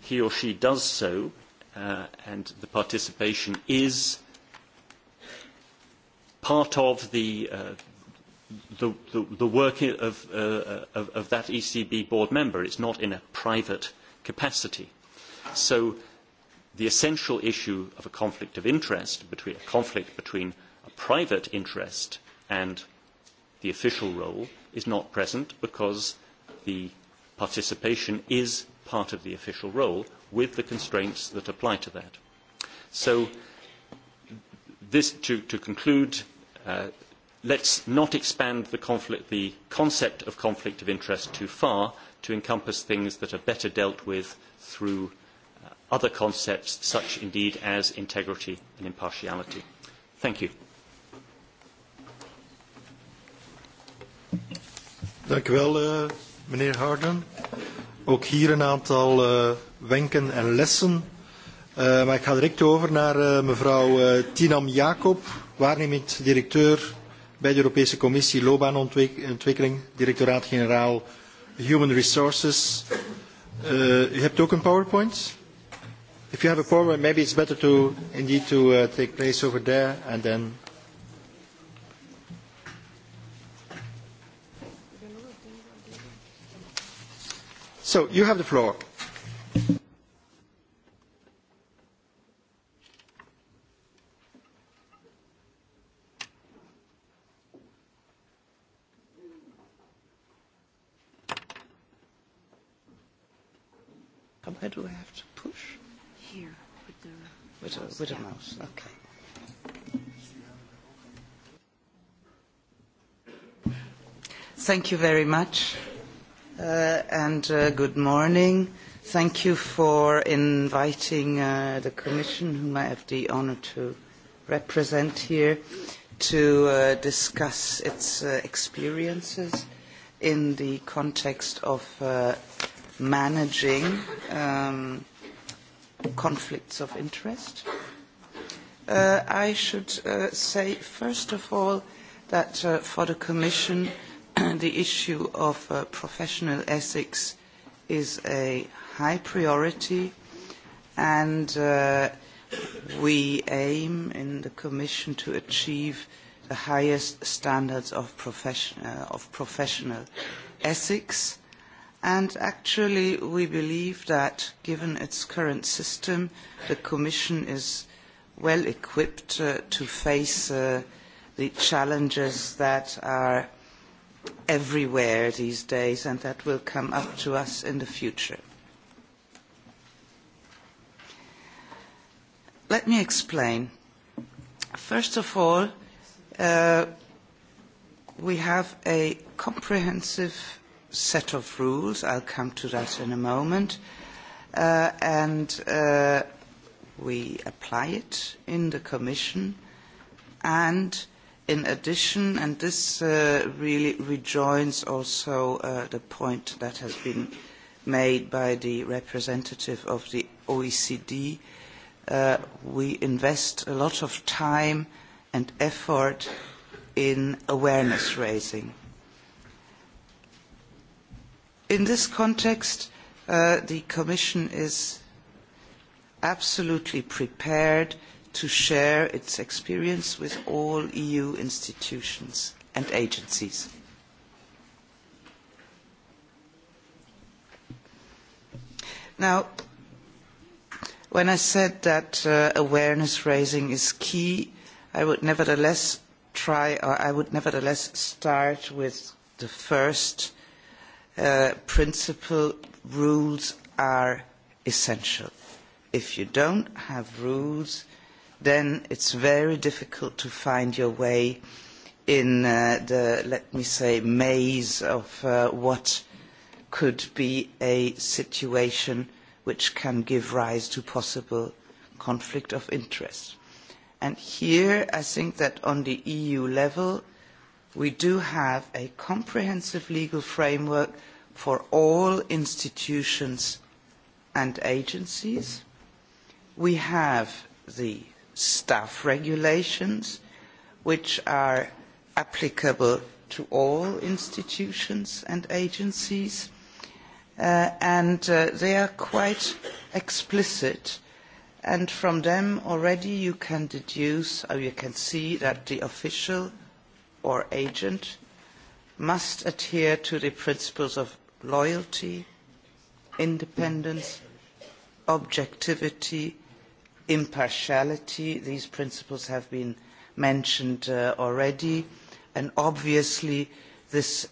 he or she does so uh, and the participation is part of the, uh, the, the, the work of, uh, of, of that ECB board member. It's not in a private capacity. So the essential issue of a conflict of interest, between, a conflict between a private interest and the official role, is not present because the participation is part of the official role with the constraints that apply to that. So this, to, to conclude, uh, let's not expand the, conflict, the concept of conflict of interest too far to encompass things that are better dealt with through other concepts such indeed as integrity and impartiality. Thank you. Dank u wel, uh, meneer Harden. Ook hier een aantal uh, wenken en lessen. Uh, maar ik ga direct over naar uh, mevrouw uh, Tinam Jacob, waarnemend directeur bij de Europese Commissie Loopbaanontwikkeling, directoraat-generaal Human Resources. Uh, u hebt ook een PowerPoint? if you have a quorum, maybe it's better to indeed to uh, take place over there and then. So you have the floor. How do I have? with a, with a mouse. Okay. Thank you very much uh, and uh, good morning. Thank you for inviting uh, the Commission, whom I have the honor to represent here, to uh, discuss its uh, experiences in the context of uh, managing um, conflicts of interest. Uh, I should uh, say, first of all, that uh, for the Commission, the issue of uh, professional ethics is a high priority, and uh, we aim in the Commission to achieve the highest standards of, profession, uh, of professional ethics And actually, we believe that, given its current system, the Commission is well equipped uh, to face uh, the challenges that are everywhere these days and that will come up to us in the future. Let me explain. First of all, uh, we have a comprehensive set of rules. I'll come to that in a moment. Uh, and uh, we apply it in the Commission. And in addition, and this uh, really rejoins also uh, the point that has been made by the representative of the OECD, uh, we invest a lot of time and effort in awareness raising In this context, uh, the Commission is absolutely prepared to share its experience with all EU institutions and agencies. Now, when I said that uh, awareness raising is key, I would nevertheless try, or I would nevertheless start with the first uh, principle rules are essential. If you don't have rules, then it's very difficult to find your way in uh, the, let me say, maze of uh, what could be a situation which can give rise to possible conflict of interest. And here I think that on the EU level we do have a comprehensive legal framework for all institutions and agencies. We have the staff regulations, which are applicable to all institutions and agencies, uh, and uh, they are quite explicit. And from them already you can deduce, or you can see that the official or agent must adhere to the principles of loyalty, independence, objectivity, impartiality. These principles have been mentioned uh, already. And obviously, this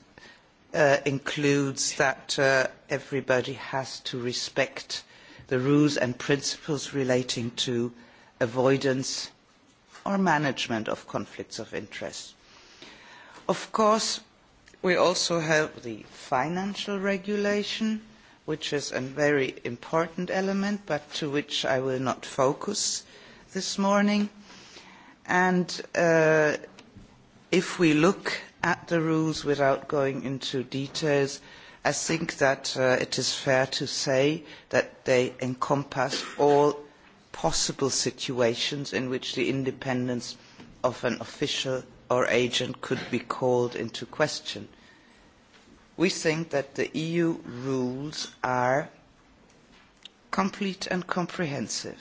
uh, includes that uh, everybody has to respect the rules and principles relating to avoidance or management of conflicts of interest. Of course, we also have the financial regulation, which is a very important element, but to which I will not focus this morning. And uh, if we look at the rules without going into details, I think that uh, it is fair to say that they encompass all possible situations in which the independence of an official or agent could be called into question. We think that the EU rules are complete and comprehensive.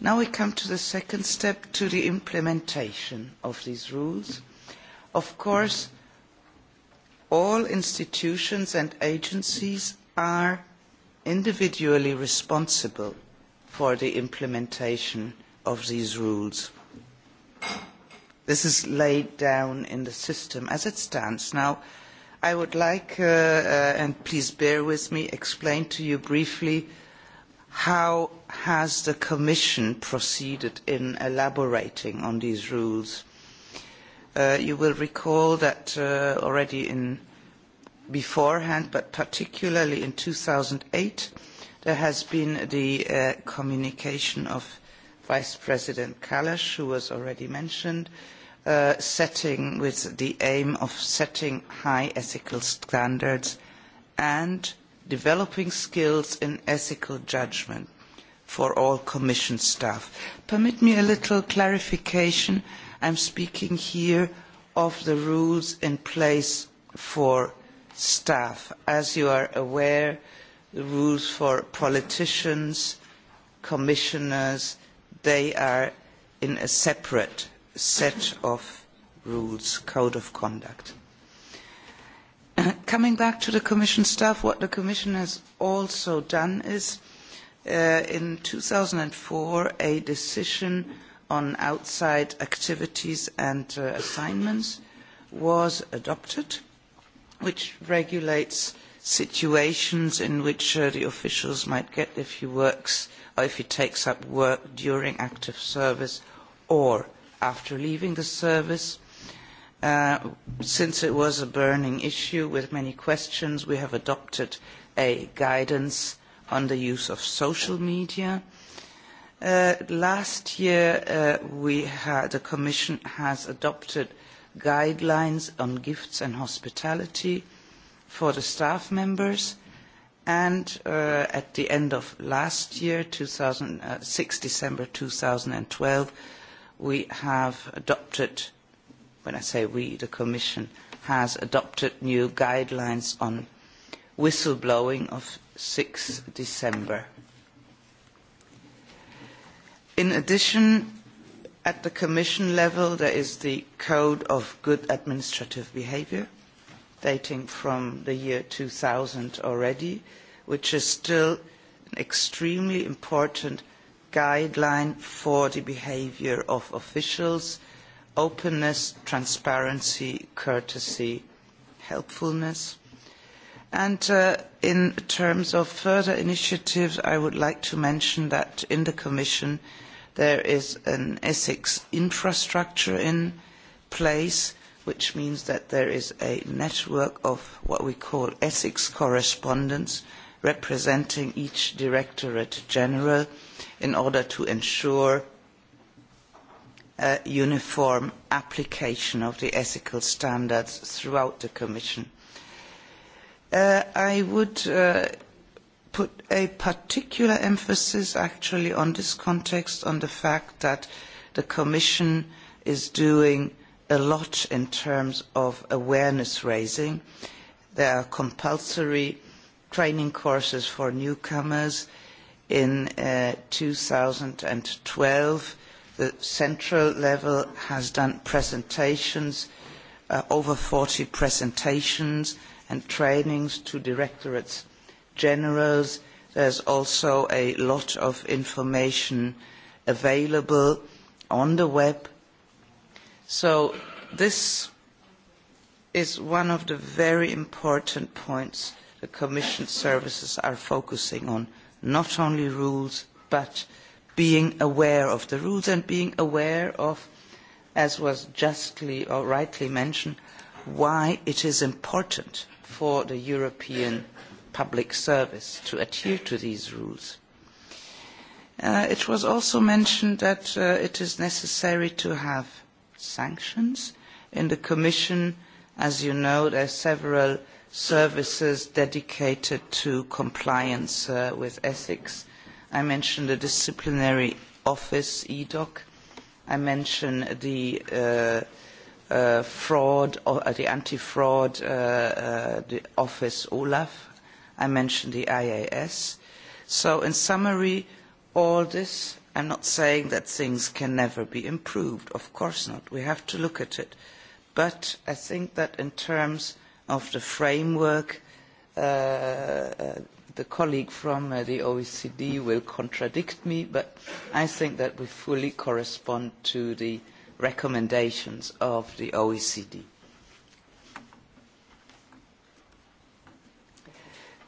Now we come to the second step, to the implementation of these rules. Of course, all institutions and agencies are individually responsible for the implementation of these rules. This is laid down in the system as it stands. Now, I would like, uh, uh, and please bear with me, explain to you briefly how has the Commission proceeded in elaborating on these rules. Uh, you will recall that uh, already in beforehand, but particularly in two thousand eight, there has been the uh, communication of Vice President Kallas, who was already mentioned, uh, Uh, setting with the aim of setting high ethical standards and developing skills in ethical judgment for all commission staff. Permit me a little clarification. I am speaking here of the rules in place for staff. As you are aware, the rules for politicians, commissioners, they are in a separate set of rules, code of conduct. coming back to the Commission staff, what the Commission has also done is uh, in 2004 a decision on outside activities and uh, assignments was adopted, which regulates situations in which uh, the officials might get if he works or if he takes up work during active service or after leaving the service. Uh, since it was a burning issue with many questions, we have adopted a guidance on the use of social media. Uh, last year, uh, we had, the Commission has adopted guidelines on gifts and hospitality for the staff members. And uh, at the end of last year, 2000, uh, 6 December 2012, we have adopted, when I say we, the Commission, has adopted new guidelines on whistleblowing of 6 December. In addition, at the Commission level, there is the Code of Good Administrative Behaviour, dating from the year 2000 already, which is still an extremely important guideline for the behaviour of officials, openness, transparency, courtesy, helpfulness. And uh, in terms of further initiatives, I would like to mention that in the Commission there is an ethics infrastructure in place, which means that there is a network of what we call ethics correspondents representing each Directorate General – in order to ensure a uniform application of the ethical standards throughout the Commission. Uh, I would uh, put a particular emphasis actually on this context on the fact that the Commission is doing a lot in terms of awareness raising. There are compulsory training courses for newcomers in uh, 2012. The central level has done presentations, uh, over 40 presentations and trainings to directorates generals. There's also a lot of information available on the web. So this is one of the very important points the Commission services are focusing on not only rules but being aware of the rules and being aware of, as was justly or rightly mentioned, why it is important for the European public service to adhere to these rules. Uh, it was also mentioned that uh, it is necessary to have sanctions. In the Commission, as you know, there are several services dedicated to compliance uh, with ethics. I mentioned the disciplinary office, EDOC. I mentioned the uh, uh, fraud, uh, the anti-fraud uh, uh, the office, OLAF. I mentioned the IAS. So in summary, all this, I'm not saying that things can never be improved. Of course not. We have to look at it. But I think that in terms of the framework. Uh, uh, the colleague from uh, the OECD will contradict me, but I think that we fully correspond to the recommendations of the OECD.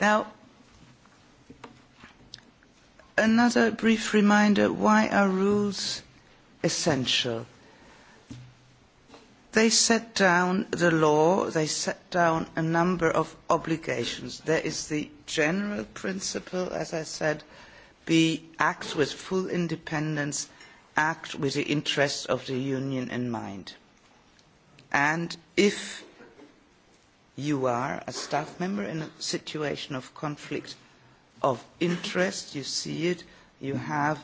Now, another brief reminder, why are rules essential? They set down the law, they set down a number of obligations. There is the general principle, as I said, be act with full independence, act with the interests of the union in mind. And if you are a staff member in a situation of conflict of interest, you see it, you have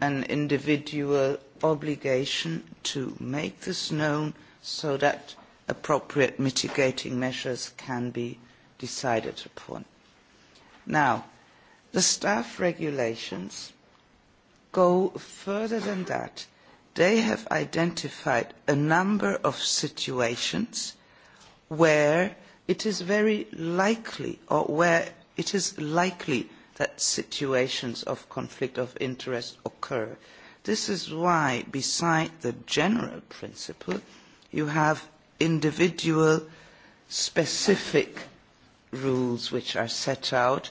an individual obligation to make this known so that appropriate mitigating measures can be decided upon. Now, the staff regulations go further than that. They have identified a number of situations where it is very likely or where it is likely that situations of conflict of interest occur. This is why, beside the general principle, you have individual specific rules which are set out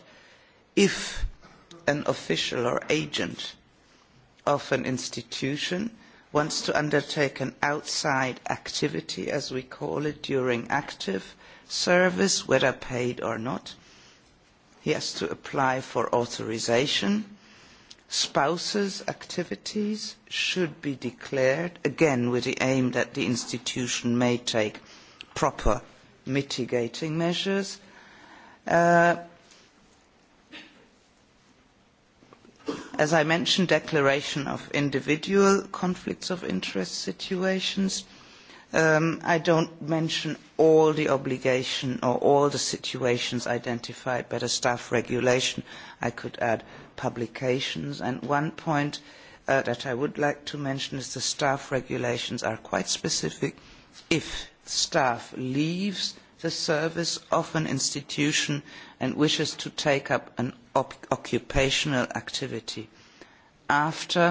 if an official or agent of an institution wants to undertake an outside activity, as we call it, during active service, whether paid or not. He has to apply for authorization spouses' activities should be declared, again with the aim that the institution may take proper mitigating measures. Uh, as I mentioned, declaration of individual conflicts of interest situations. Um, I don't mention all the obligation or all the situations identified by the staff regulation. I could add publications. And one point uh, that I would like to mention is the staff regulations are quite specific. If staff leaves the service of an institution and wishes to take up an op occupational activity, after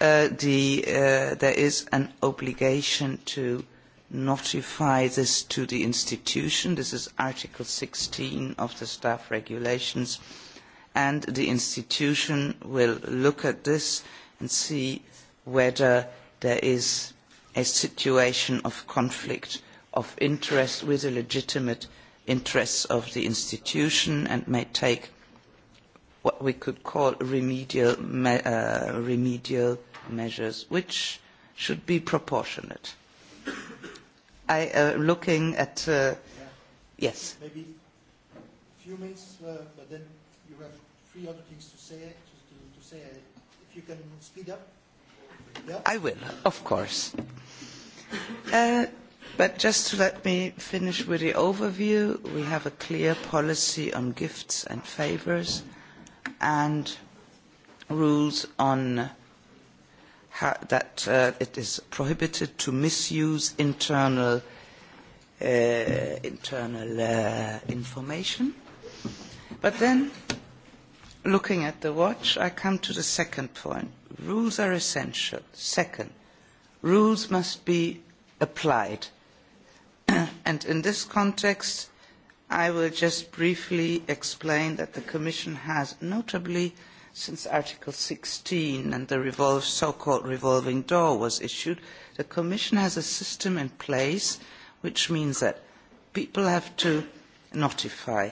uh, the, uh, there is an obligation to notify this to the institution. This is Article 16 of the staff regulations and the institution will look at this and see whether there is a situation of conflict of interest with the legitimate interests of the institution and may take what we could call remedial, me uh, remedial measures, which should be proportionate. I am uh, looking at... Uh, yeah. Yes. Maybe a few minutes, uh, but then you have three other things to say, to, to, to say if you can speed up. Yeah? I will, of course. Uh, but just to let me finish with the overview, we have a clear policy on gifts and favors and rules on how, that uh, it is prohibited to misuse internal, uh, internal uh, information. But then looking at the watch, I come to the second point. Rules are essential. Second, rules must be applied. and in this context, I will just briefly explain that the Commission has, notably since Article 16 and the revolve, so-called revolving door was issued, the Commission has a system in place which means that people have to notify.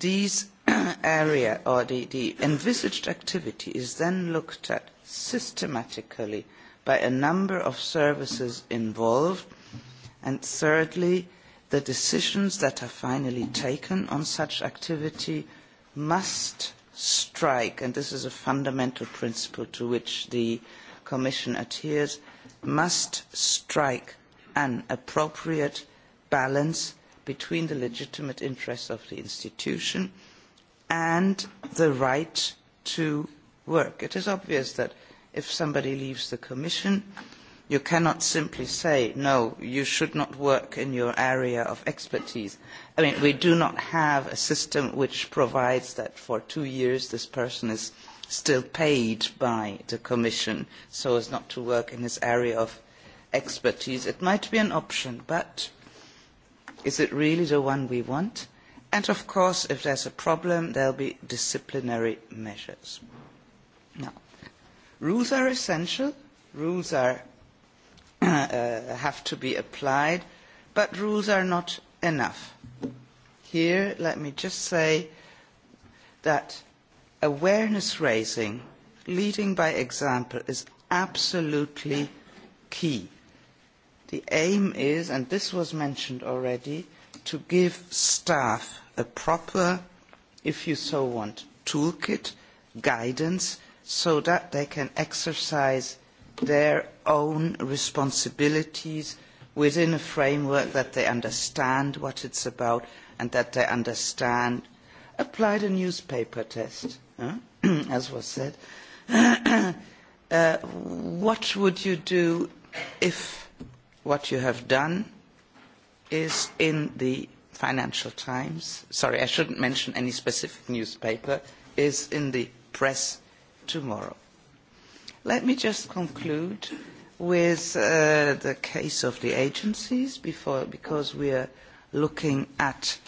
These area or the, the envisaged activity is then looked at systematically by a number of services involved. And thirdly, the decisions that are finally taken on such activity must strike, and this is a fundamental principle to which the Commission adheres, must strike an appropriate balance between the legitimate interests of the institution and the right to work. It is obvious that if somebody leaves the Commission, you cannot simply say, no, you should not work in your area of expertise. I mean, we do not have a system which provides that for two years this person is still paid by the Commission so as not to work in his area of expertise. It might be an option, but is it really the one we want? And of course, if there's a problem, there'll be disciplinary measures. Now, rules are essential. Rules are, uh, have to be applied, but rules are not enough. Here, let me just say that awareness raising, leading by example, is absolutely key. The aim is, and this was mentioned already, to give staff a proper, if you so want, toolkit, guidance, so that they can exercise their own responsibilities within a framework that they understand what it's about and that they understand. Apply the newspaper test, as was said. uh, what would you do if what you have done is in the Financial Times, sorry, I shouldn't mention any specific newspaper, is in the press tomorrow. Let me just conclude with uh, the case of the agencies before, because we are looking at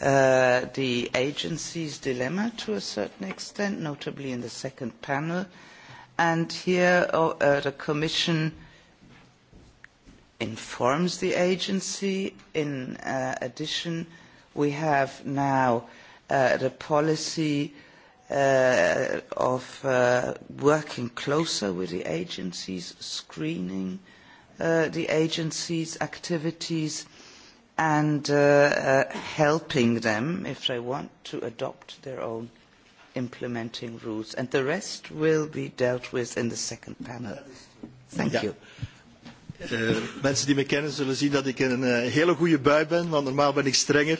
uh, the agencies' dilemma to a certain extent, notably in the second panel. And here uh, the Commission informs the agency. In uh, addition, we have now uh, the policy uh, of uh, working closer with the agencies, screening uh, the agencies' activities and uh, uh, helping them if they want to adopt their own implementing rules. And the rest will be dealt with in the second panel. Thank yeah. you. Uh, mensen die me kennen zullen zien dat ik een uh, hele goede bui ben, want normaal ben ik strenger.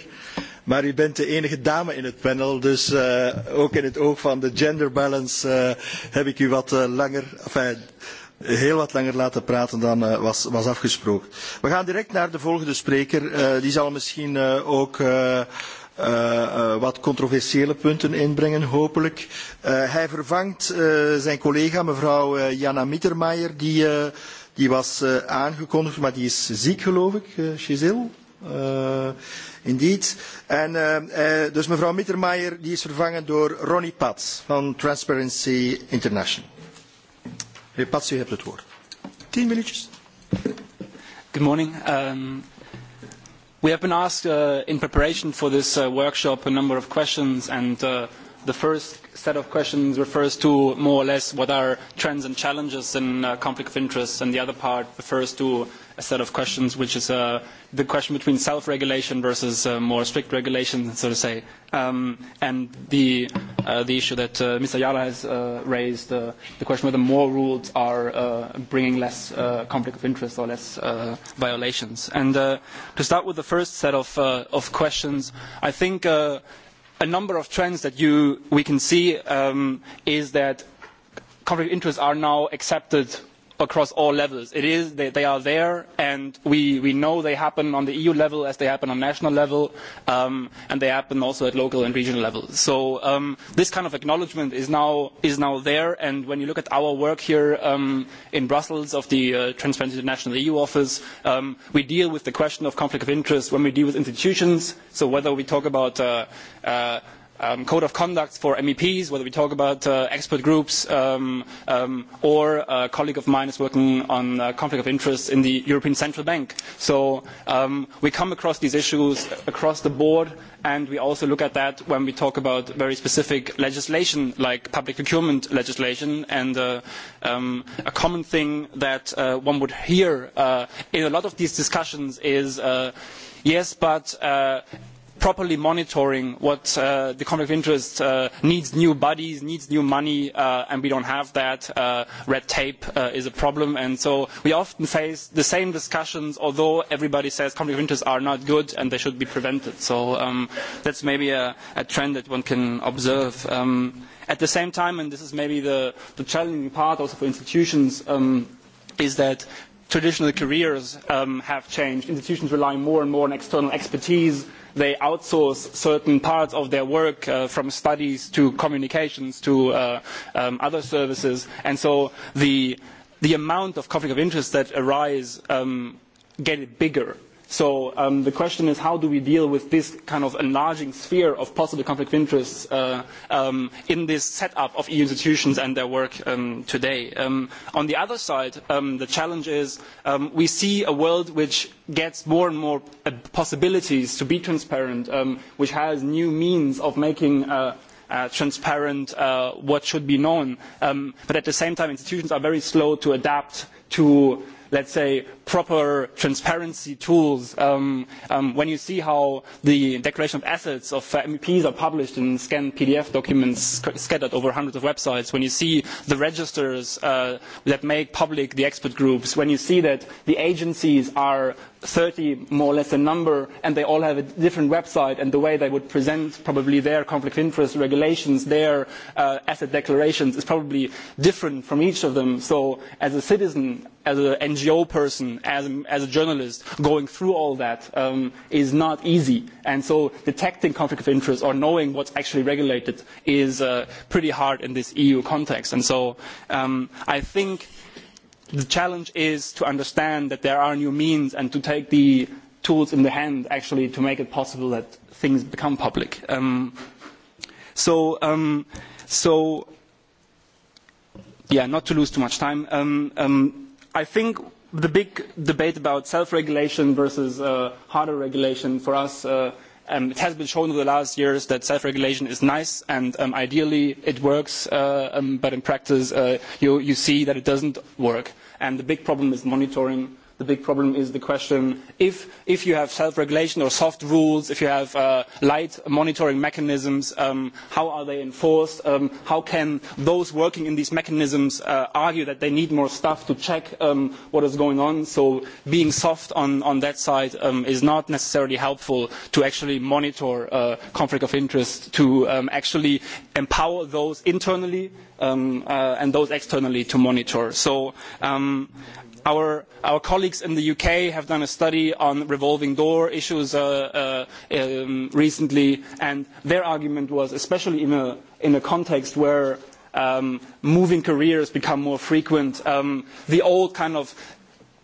Maar u bent de enige dame in het panel, dus uh, ook in het oog van de gender balance uh, heb ik u wat uh, langer, enfin, heel wat langer laten praten dan uh, was, was afgesproken. We gaan direct naar de volgende spreker. Uh, die zal misschien uh, ook... Uh, uh, uh, wat controversiële punten inbrengen, hopelijk. Uh, hij vervangt uh, zijn collega, mevrouw uh, Jana Mittermeijer, die uh, Die was uh, aangekondigd, maar die is ziek geloof ik, uh, Giselle. Uh, indeed. En, uh, uh, dus mevrouw Mittermeijer die is vervangen door Ronnie Pats van Transparency International. Meneer Pats, u hebt het woord. Tien minuutjes. Good morning. Um, we have been asked uh, in preparation for this uh, workshop a number of questions and uh, the first set of questions refers to more or less what are trends and challenges in uh, conflict of interest, and the other part refers to a set of questions which is uh, the question between self-regulation versus uh, more strict regulation, so to say, um, and the, uh, the issue that uh, Mr. Yala has uh, raised, uh, the question whether more rules are uh, bringing less uh, conflict of interest or less uh, violations. And uh, to start with the first set of, uh, of questions, I think uh, a number of trends that you, we can see um, is that conflict of interests are now accepted across all levels. It is they, they are there, and we, we know they happen on the EU level as they happen on national level, um, and they happen also at local and regional level. So um, this kind of acknowledgement is now is now there, and when you look at our work here um, in Brussels of the uh, Transparency International EU office, um, we deal with the question of conflict of interest when we deal with institutions. So whether we talk about uh, uh, Um, code of conduct for MEPs, whether we talk about uh, expert groups um, um, or a colleague of mine is working on uh, conflict of interest in the European Central Bank. So um, we come across these issues across the board and we also look at that when we talk about very specific legislation like public procurement legislation and uh, um, a common thing that uh, one would hear uh, in a lot of these discussions is uh, yes, but properly monitoring what uh, the conflict of interest uh, needs new bodies, needs new money, uh, and we don't have that. Uh, red tape uh, is a problem, and so we often face the same discussions, although everybody says conflict of interest are not good and they should be prevented. So um, that's maybe a, a trend that one can observe. Um, at the same time, and this is maybe the, the challenging part also for institutions, um, is that traditional careers um, have changed. Institutions rely more and more on external expertise they outsource certain parts of their work uh, from studies to communications to uh, um, other services. And so the, the amount of conflict of interest that arise um, get it bigger So um, the question is how do we deal with this kind of enlarging sphere of possible conflict of interests uh, um, in this setup of EU institutions and their work um, today. Um, on the other side, um, the challenge is um, we see a world which gets more and more uh, possibilities to be transparent, which has new means of making uh, uh, transparent uh, what should be known. Um, but at the same time, institutions are very slow to adapt to, let's say, proper transparency tools. Um, um, when you see how the declaration of assets of uh, MEPs are published in scanned PDF documents scattered over hundreds of websites, when you see the registers uh, that make public the expert groups, when you see that the agencies are thirty more or less in number and they all have a different website and the way they would present probably their conflict of interest regulations, their uh, asset declarations is probably different from each of them. So as a citizen, as an NGO person, as, as a journalist, going through all that um, is not easy. And so detecting conflict of interest or knowing what's actually regulated is uh, pretty hard in this EU context. And so um, I think the challenge is to understand that there are new means and to take the tools in the hand actually to make it possible that things become public. Um, so, um, so, yeah, not to lose too much time. Um, um, I think the big debate about self-regulation versus uh, harder regulation for us, uh, um, it has been shown over the last years that self-regulation is nice and um, ideally it works, uh, um, but in practice uh, you, you see that it doesn't work. And the big problem is monitoring the big problem is the question if, if you have self-regulation or soft rules, if you have uh, light monitoring mechanisms, um, how are they enforced? Um, how can those working in these mechanisms uh, argue that they need more staff to check um, what is going on? So being soft on, on that side um, is not necessarily helpful to actually monitor uh, conflict of interest, to um, actually empower those internally um, uh, and those externally to monitor. So Our, our, colleagues in the UK have done a study on revolving door issues uh, uh, um, recently, and their argument was, especially in a, in a context where um, moving careers become more frequent, um, the old kind of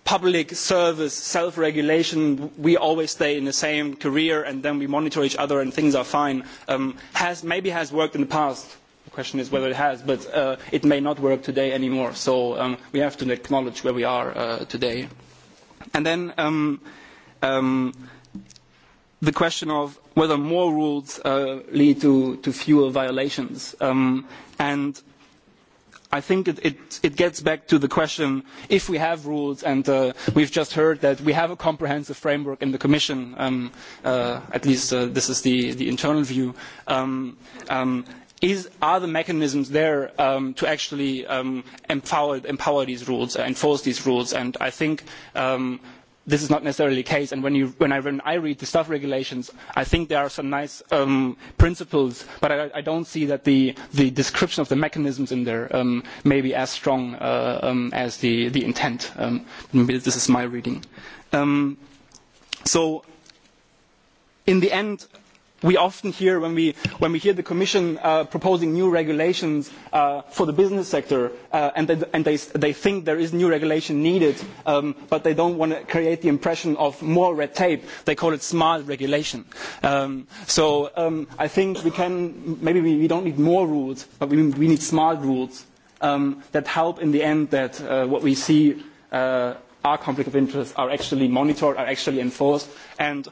public service self-regulation, we always stay in the same career and then we monitor each other and things are fine, um, has, maybe has worked in the past question is whether it has, but uh, it may not work today anymore. So um, we have to acknowledge where we are uh, today. And then um, um, the question of whether more rules uh, lead to, to fewer violations. Um, and I think it, it, it gets back to the question if we have rules, and uh, we've just heard that we have a comprehensive framework in the Commission, um, uh, at least uh, this is the, the internal view. Um, um, is, are the mechanisms there um, to actually um, empower, empower, these rules, uh, enforce these rules? And I think um, this is not necessarily the case. And when, you, when, I, when I read the staff regulations, I think there are some nice um, principles, but I, I don't see that the, the description of the mechanisms in there um, may be as strong uh, um, as the, the intent. Um, this is my reading. Um, so in the end, we often hear when we, when we hear the Commission uh, proposing new regulations uh, for the business sector, uh, and, they, and they, they think there is new regulation needed, um, but they don't want to create the impression of more red tape. They call it smart regulation. Um, so um, I think we can, maybe we, we don't need more rules, but we, we need smart rules um, that help in the end that uh, what we see uh, our conflict of interest are actually monitored, are actually enforced, and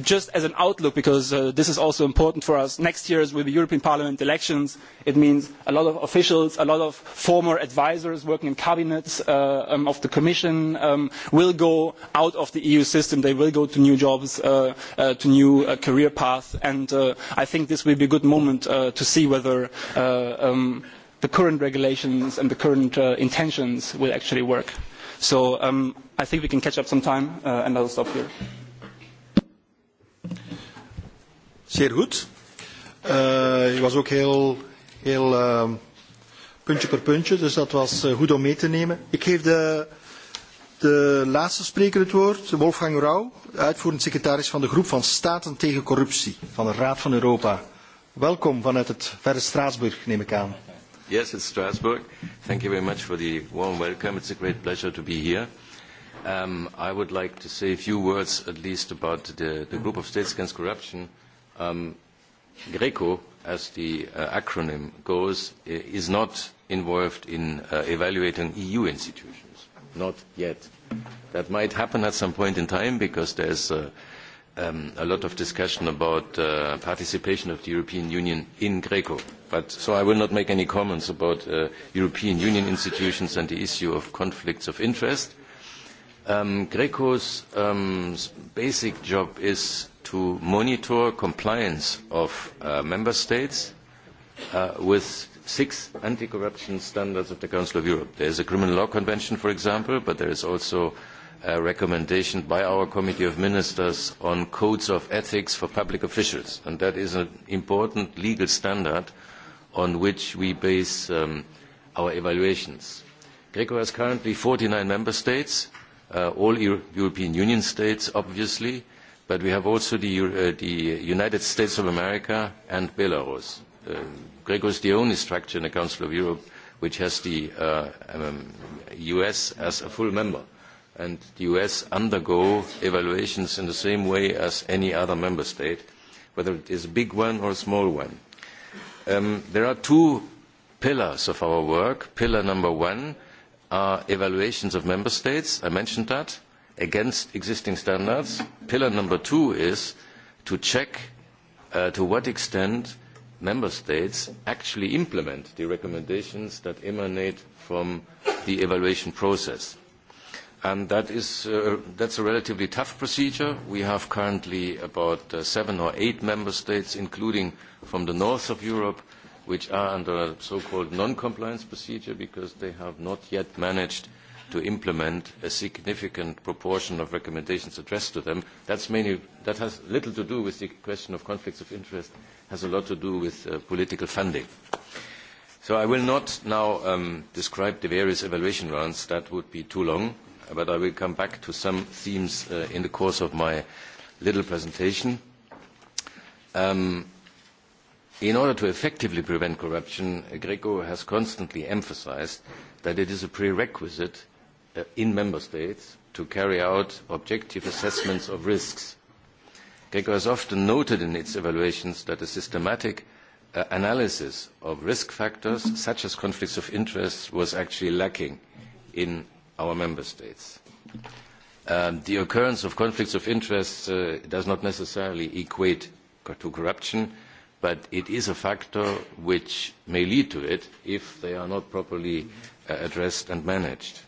just as an outlook, because uh, this is also important for us, next year with the European Parliament elections, it means a lot of officials, a lot of former advisers working in cabinets uh, um, of the Commission um, will go out of the EU system. They will go to new jobs, uh, uh to new uh, career paths. And uh, I think this will be a good moment to see whether um, the current regulations and the current intentions will actually work. So um, I think we can catch up some time, and I will stop here. zeer goed. Uh, je was ook heel, heel uh, puntje per puntje, dus dat was uh, goed om mee te nemen. Ik geef de, de laatste spreker het woord, Wolfgang Rauw, uitvoerend secretaris van de groep van Staten tegen Corruptie van de Raad van Europa. Welkom vanuit het verre Straatsburg, neem ik aan. Yes, it's Strasbourg. Thank you very much for the warm welcome. It's a great pleasure to be here. Um, I would like to say a few words at least about the, the group of states against corruption um, GRECO, as the uh, acronym goes, is not involved in uh, evaluating EU institutions. Not yet. That might happen at some point in time because there is uh, um, a lot of discussion about uh, participation of the European Union in GRECO. But, so I will not make any comments about uh, European Union institutions and the issue of conflicts of interest. Um, GRECO's um, basic job is to monitor compliance of uh, member states uh, with six anti-corruption standards of the Council of Europe. There is a criminal law convention, for example, but there is also a recommendation by our Committee of Ministers on codes of ethics for public officials, and that is an important legal standard on which we base um, our evaluations. GRECO has currently forty nine member states, uh, all Euro European Union states, obviously, but we have also the, uh, the United States of America and Belarus. Uh, Greco is the only structure in the Council of Europe which has the uh, um, US as a full member. And the US undergo evaluations in the same way as any other member state, whether it is a big one or a small one. Um, there are two pillars of our work. Pillar number one are evaluations of member states. I mentioned that against existing standards. Pillar number two is to check uh, to what extent member states actually implement the recommendations that emanate from the evaluation process. And that is, uh, that's a relatively tough procedure. We have currently about uh, seven or eight member states, including from the north of Europe, which are under a so-called non-compliance procedure because they have not yet managed to implement a significant proportion of recommendations addressed to them. That's mainly, that has little to do with the question of conflicts of interest, has a lot to do with uh, political funding. So I will not now um, describe the various evaluation rounds, that would be too long, but I will come back to some themes uh, in the course of my little presentation. Um, in order to effectively prevent corruption, GRECO has constantly emphasized that it is a prerequisite uh, in member states to carry out objective assessments of risks. GECO has often noted in its evaluations that a systematic uh, analysis of risk factors such as conflicts of interest was actually lacking in our member states. Um, the occurrence of conflicts of interest uh, does not necessarily equate to corruption, but it is a factor which may lead to it if they are not properly uh, addressed and managed.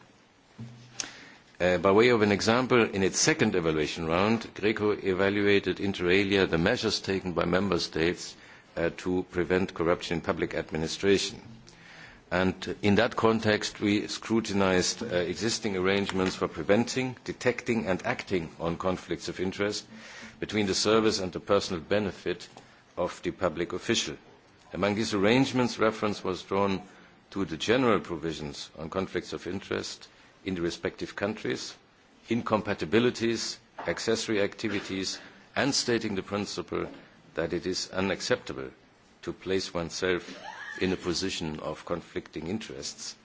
Uh, by way of an example, in its second evaluation round, GRECO evaluated inter alia the measures taken by member states uh, to prevent corruption in public administration. And in that context, we scrutinized uh, existing arrangements for preventing, detecting, and acting on conflicts of interest between the service and the personal benefit of the public official. Among these arrangements, reference was drawn to the general provisions on conflicts of interest in the respective countries, incompatibilities, accessory activities, and stating the principle that it is unacceptable to place oneself in a position of conflicting interests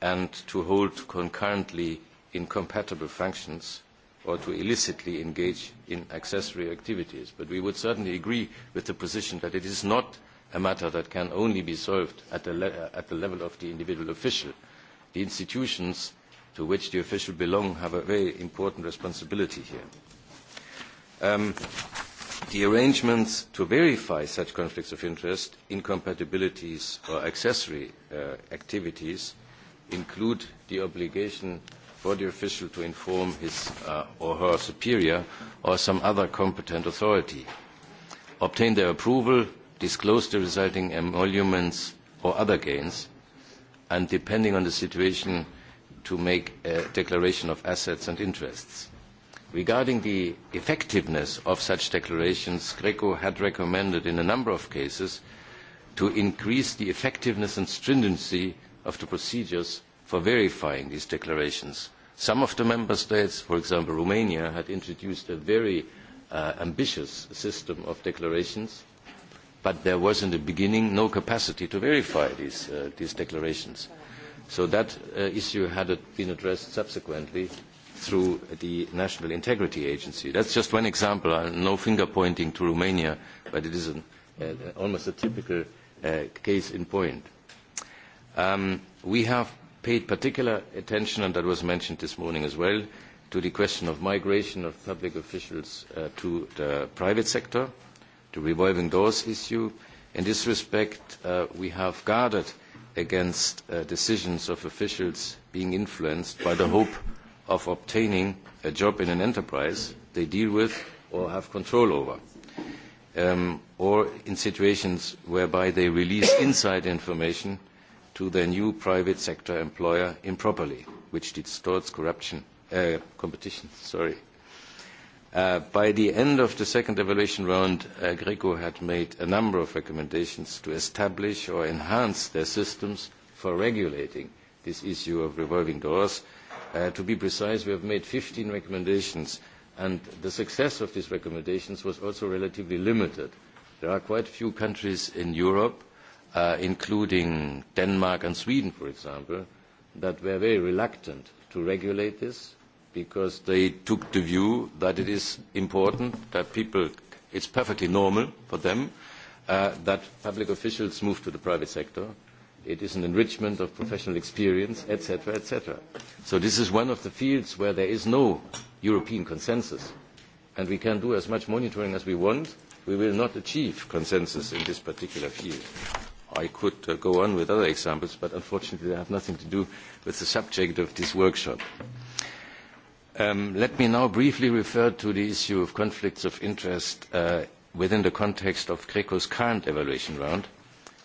and to hold concurrently incompatible functions or to illicitly engage in accessory activities. But we would certainly agree with the position that it is not a matter that can only be solved at the, le at the level of the individual official The institutions to which the official belong have a very important responsibility here. Um, the arrangements to verify such conflicts of interest, incompatibilities or accessory uh, activities include the obligation for the official to inform his uh, or her superior or some other competent authority, obtain their approval, disclose the resulting emoluments or other gains, and depending on the situation to make a declaration of assets and interests. Regarding the effectiveness of such declarations, GRECO had recommended in a number of cases to increase the effectiveness and stringency of the procedures for verifying these declarations. Some of the member states, for example Romania, had introduced a very uh, ambitious system of declarations but there was in the beginning no capacity to verify these, uh, these declarations. So that uh, issue had been addressed subsequently through the National Integrity Agency. That's just one example, no finger pointing to Romania, but it is an, uh, almost a typical uh, case in point. Um, we have paid particular attention, and that was mentioned this morning as well, to the question of migration of public officials uh, to the private sector to revolving doors issue. In this respect, uh, we have guarded against uh, decisions of officials being influenced by the hope of obtaining a job in an enterprise they deal with or have control over, um, or in situations whereby they release inside information to their new private sector employer improperly, which distorts corruption, uh, competition. Sorry. Uh, by the end of the second evaluation round, uh, GRECO had made a number of recommendations to establish or enhance their systems for regulating this issue of revolving doors. Uh, to be precise, we have made 15 recommendations, and the success of these recommendations was also relatively limited. There are quite a few countries in Europe, uh, including Denmark and Sweden, for example, that were very reluctant to regulate this because they took the view that it is important that people, it's perfectly normal for them uh, that public officials move to the private sector. It is an enrichment of professional experience, etc., etc. So this is one of the fields where there is no European consensus. And we can do as much monitoring as we want. We will not achieve consensus in this particular field. I could uh, go on with other examples, but unfortunately they have nothing to do with the subject of this workshop. Um, let me now briefly refer to the issue of conflicts of interest uh, within the context of Greco's current evaluation round,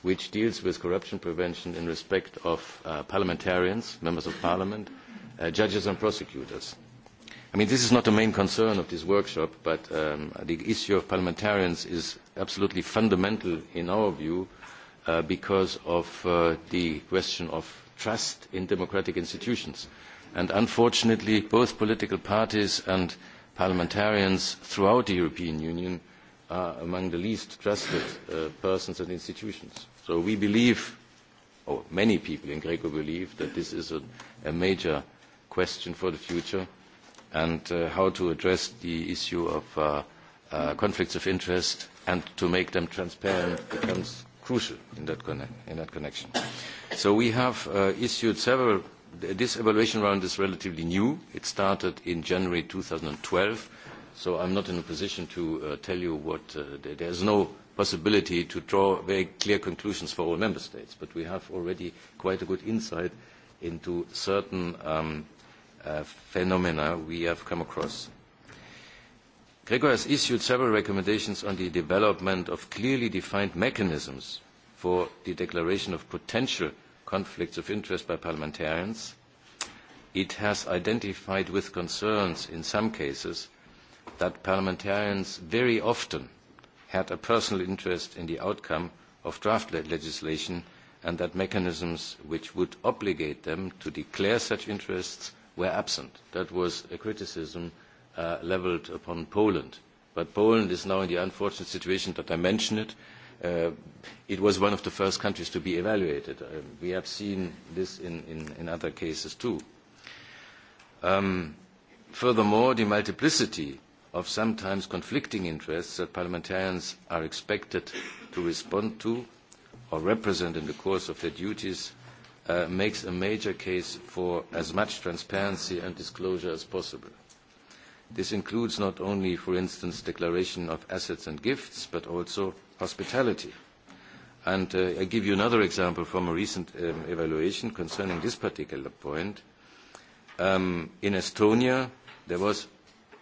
which deals with corruption prevention in respect of uh, parliamentarians, members of parliament, uh, judges and prosecutors. I mean, this is not the main concern of this workshop, but um, the issue of parliamentarians is absolutely fundamental in our view uh, because of uh, the question of trust in democratic institutions. And unfortunately, both political parties and parliamentarians throughout the European Union are among the least trusted uh, persons and institutions. So we believe, or many people in Greco believe, that this is a, a major question for the future and uh, how to address the issue of uh, uh, conflicts of interest and to make them transparent becomes crucial in that, conne in that connection. So we have uh, issued several this evaluation round is relatively new. It started in January 2012, so I'm not in a position to uh, tell you what, uh, there's no possibility to draw very clear conclusions for all member states, but we have already quite a good insight into certain um, uh, phenomena we have come across. Gregor has issued several recommendations on the development of clearly defined mechanisms for the declaration of potential conflicts of interest by parliamentarians. It has identified with concerns in some cases that parliamentarians very often had a personal interest in the outcome of draft legislation and that mechanisms which would obligate them to declare such interests were absent. That was a criticism uh, levelled upon Poland. But Poland is now in the unfortunate situation that I mentioned it, uh, it was one of the first countries to be evaluated. Uh, we have seen this in, in, in other cases too. Um, furthermore, the multiplicity of sometimes conflicting interests that parliamentarians are expected to respond to or represent in the course of their duties uh, makes a major case for as much transparency and disclosure as possible. This includes not only, for instance, declaration of assets and gifts, but also hospitality. And uh, I give you another example from a recent um, evaluation concerning this particular point. Um, in Estonia, there was,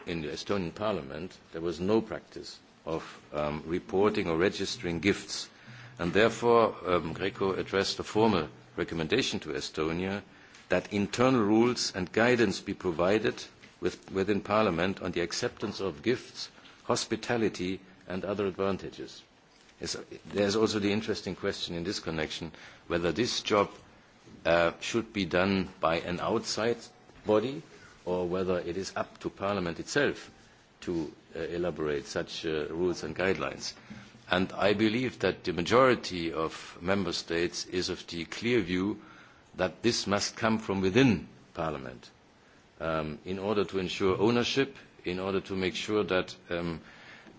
in the Estonian parliament, there was no practice of um, reporting or registering gifts. And therefore, um, Greco addressed a formal recommendation to Estonia that internal rules and guidance be provided with, within Parliament on the acceptance of gifts, hospitality and other advantages is, there's also the interesting question in this connection whether this job uh, should be done by an outside body or whether it is up to Parliament itself to uh, elaborate such uh, rules and guidelines. And I believe that the majority of member states is of the clear view that this must come from within Parliament um, in order to ensure ownership, in order to make sure that um, –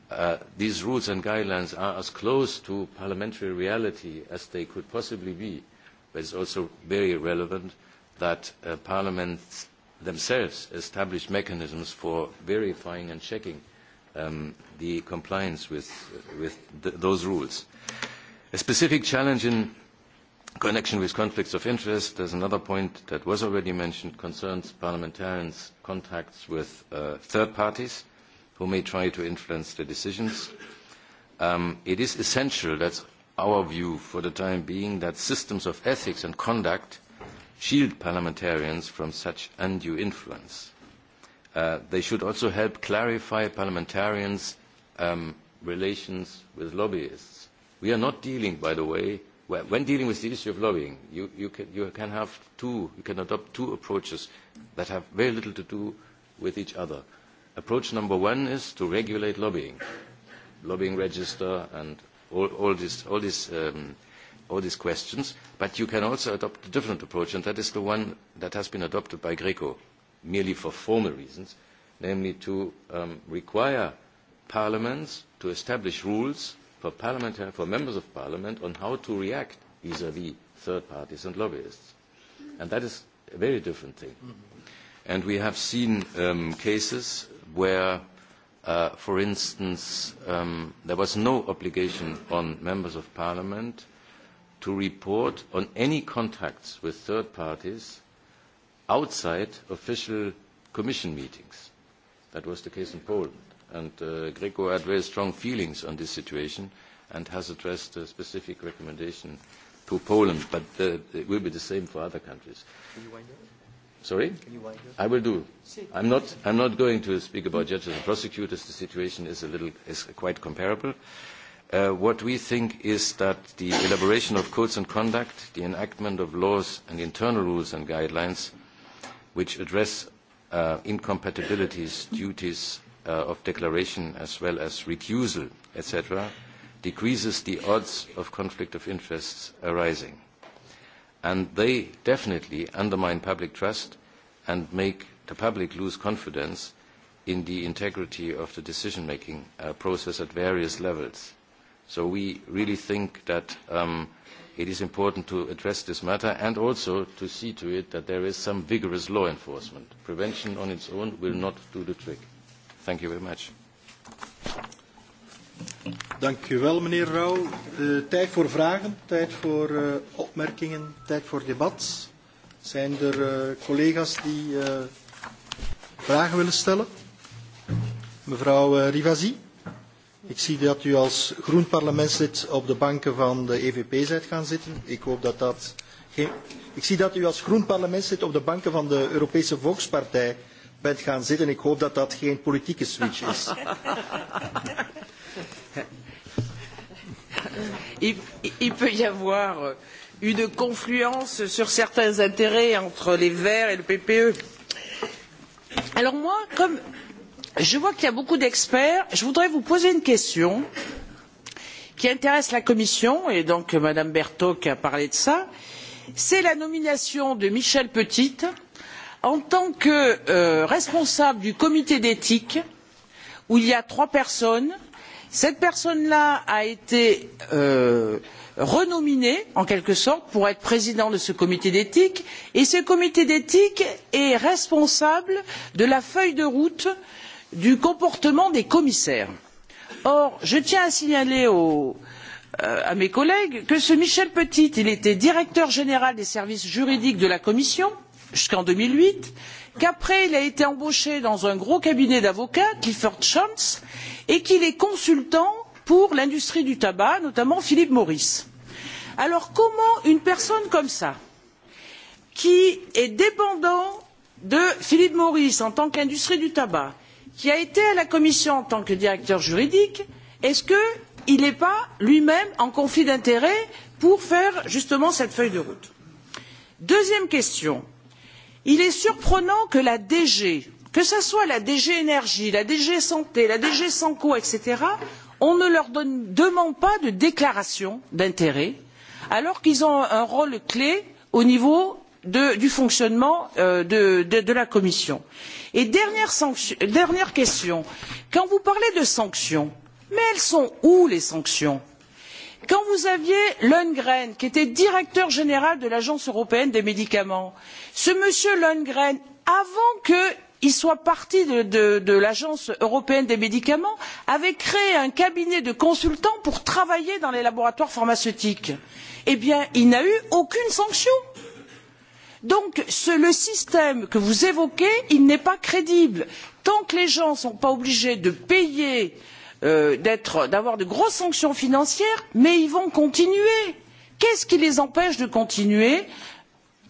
Uh, these rules and guidelines are as close to parliamentary reality as they could possibly be, but it's also very relevant that uh, parliaments themselves establish mechanisms for verifying and checking um, the compliance with, uh, with th those rules. A specific challenge in connection with conflicts of interest, there's another point that was already mentioned, concerns parliamentarians' contacts with uh, third parties who may try to influence the decisions. Um, it is essential, that's our view for the time being, that systems of ethics and conduct shield parliamentarians from such undue influence. Uh, they should also help clarify parliamentarians' um, relations with lobbyists. We are not dealing, by the way, when dealing with the issue of lobbying, you, you, can, you can have two, you can adopt two approaches that have very little to do with each other. Approach number one is to regulate lobbying, lobbying register and all, all, this, all, this, um, all these questions, but you can also adopt a different approach, and that is the one that has been adopted by Greco, merely for formal reasons, namely to um, require parliaments to establish rules for, parliamentary, uh, for members of parliament on how to react vis-à-vis -vis third parties and lobbyists. And that is a very different thing. Mm -hmm. And we have seen um, cases where, uh, for instance, um, there was no obligation on members of parliament to report on any contacts with third parties outside official commission meetings. That was the case in Poland. And uh, Greco had very strong feelings on this situation and has addressed a specific recommendation to Poland, but uh, it will be the same for other countries. Can you wind up? Sorry? Can you wind up? I will do. I'm not, I'm not going to speak about judges and prosecutors. The situation is, a little, is quite comparable. Uh, what we think is that the elaboration of codes and conduct, the enactment of laws and internal rules and guidelines which address uh, incompatibilities, duties uh, of declaration as well as recusal, etc., decreases the odds of conflict of interests arising and they definitely undermine public trust and make the public lose confidence in the integrity of the decision-making uh, process at various levels. So we really think that um, it is important to address this matter and also to see to it that there is some vigorous law enforcement. Prevention on its own will not do the trick. Thank you very much. Dank u wel, meneer Rauw. Uh, tijd voor vragen, tijd voor uh, opmerkingen, tijd voor debat. Zijn er uh, collega's die uh, vragen willen stellen? Mevrouw uh, Rivasi, ik zie dat u als groen parlementslid op de banken van de EVP bent gaan zitten. Ik hoop dat dat... Geen... Ik zie dat u als groen parlementslid op de banken van de Europese Volkspartij bent gaan zitten. Ik hoop dat dat geen politieke switch is. il, peut y avoir une confluence sur certains intérêts entre les Verts et le PPE. Alors moi, comme je vois qu'il y a beaucoup d'experts, je voudrais vous poser une question qui intéresse la Commission, et donc Madame Berthaud a parlé de cela, c'est la nomination de Michel Petit en tant que euh, responsable du comité d'éthique, où il y a trois personnes, Cette personne-là a été euh, renominée, en quelque sorte, pour être président de ce comité d'éthique, et ce comité d'éthique est responsable de la feuille de route du comportement des commissaires. Or, je tiens à signaler au, euh, à mes collègues que ce Michel Petit, il était directeur général des services juridiques de la Commission jusqu'en deux mille huit, qu'après il a été embauché dans un gros cabinet d'avocats, Clifford Chance, et qu'il est consultant pour l'industrie du tabac, notamment Philip Morris. Alors comment une personne comme cela, qui est dépendant de Philip Morris en tant qu'industrie du tabac, qui a été à la commission en tant que directeur juridique, est-ce qu'il n'est pas lui-même en conflit d'intérêts pour faire justement cette feuille de route Deuxième question. Il est surprenant que la DG, que ce soit la DG Énergie, la DG Santé, la DG Sanco, etc., on ne leur donne, demande pas de déclaration d'intérêt, alors qu'ils ont un rôle clé au niveau de, du fonctionnement euh, de, de, de, la Commission. Et dernière, sanction, dernière question, quand vous parlez de sanctions, mais elles sont où les sanctions Quand vous aviez Lundgren, qui était directeur général de l'Agence européenne des médicaments, ce monsieur Lundgren, avant que ils soient partis de, de, de l'agence européenne des médicaments avait créé un cabinet de consultants pour travailler dans les laboratoires pharmaceutiques. Eh bien, il n'a eu aucune sanction. Donc, ce, le système que vous évoquez, n'est pas crédible. Tant que les gens ne sont pas obligés de payer, euh, d'avoir de grosses sanctions financières, mais ils vont continuer. Qu'est-ce qui les empêche de continuer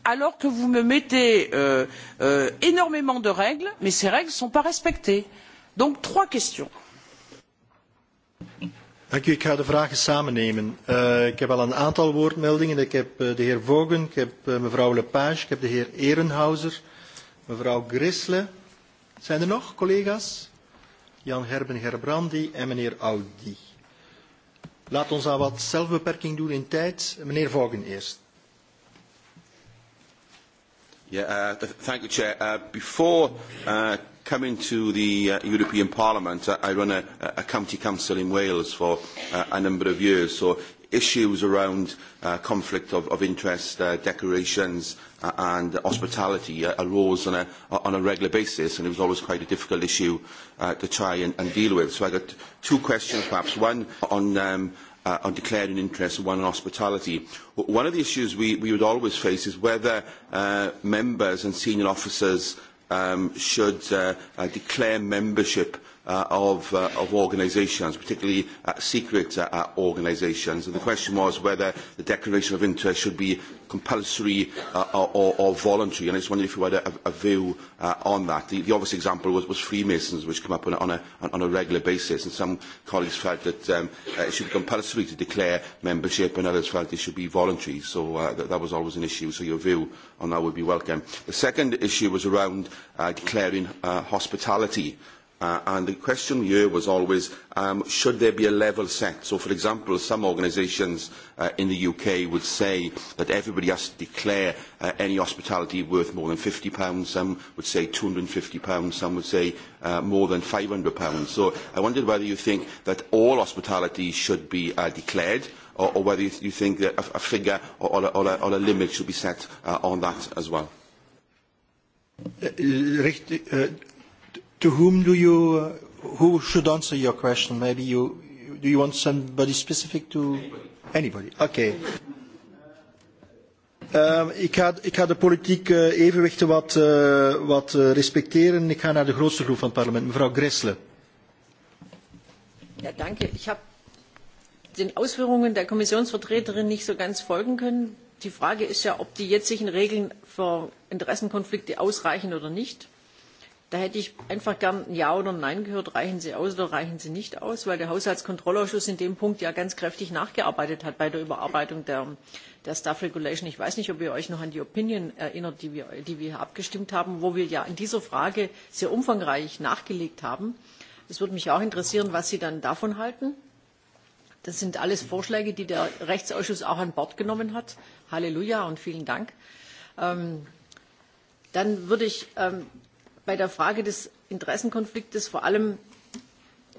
alors que vous me mettez euh, euh, énormément de règles, mais ces règles ne sont pas respectées. Donc trois questions. Dank u. Ik ga de vragen samennemen. Uh, ik heb al een aantal woordmeldingen. Ik heb uh, de heer Vogen, ik heb uh, mevrouw Lepage, ik heb de heer Ehrenhauser, mevrouw Grisle. Zijn er nog collega's? Jan Herben Gerbrandi en meneer Audi. Laat ons aan wat zelfbeperking doen in tijd. Meneer Vogen eerst. Yeah, uh, th thank you, Chair. Uh, before uh, coming to the uh, European Parliament, I, uh, I run a, a county council in Wales for uh, a number of years, so issues around uh, conflict of, of interest, uh, decorations uh, and hospitality uh, arose on a, on a regular basis and it was always quite a difficult issue uh, to try and, and deal with. So I got two questions perhaps, one on um, uh, or declared an interest one in hospitality. One of the issues we, we would always face is whether uh, members and senior officers um, should uh, uh, declare membership uh, of, uh, of organisations, particularly uh, secret uh, uh organisations. And the question was whether the declaration of interest should be compulsory uh, or, or voluntary. And I just wondered if you had a, a view uh, on that. The, the obvious example was, was Freemasons, which come up on a, on, a, on a regular basis. And some colleagues felt that um, uh, it should be compulsory to declare membership, and others felt it should be voluntary. So uh, that, that was always an issue. So your view on that would be welcome. The second issue was around uh, declaring uh, hospitality. Uh, and the question here was always, um, should there be a level set? So, for example, some organisations uh, in the UK would say that everybody has to declare uh, any hospitality worth more than £50, some would say £250, some would say uh, more than £500. So I wondered whether you think that all hospitality should be uh, declared, or, or whether you, think that a, a figure or, or, a, or, a, or a limit should be set uh, on that as well. Uh, uh, to whom do you, uh, who should answer your question? Maybe you, do you want somebody specific to? Anybody. Anybody. Okay. Um, ik, ga, ik ga de politiek uh, eh, evenwichten wat, uh, wat uh, respecteren. Ik ga naar de grootste groep van het parlement, mevrouw Gressle. Ja, danke. Ich habe den Ausführungen der Kommissionsvertreterin nicht so ganz folgen können. Die Frage ist ja, ob die jetzigen Regeln für Interessenkonflikte ausreichen oder nicht. Da hätte ich einfach gern Ja oder Nein gehört, reichen Sie aus oder reichen Sie nicht aus, weil der Haushaltskontrollausschuss in dem Punkt ja ganz kräftig nachgearbeitet hat bei der Überarbeitung der, der Staff Regulation. Ich weiß nicht, ob ihr euch noch an die Opinion erinnert, die wir, die wir abgestimmt haben, wo wir ja in dieser Frage sehr umfangreich nachgelegt haben. Es würde mich auch interessieren, was Sie dann davon halten. Das sind alles Vorschläge, die der Rechtsausschuss auch an Bord genommen hat. Halleluja und vielen Dank. Ähm, dann würde ich ähm, bei der Frage des Interessenkonfliktes vor allem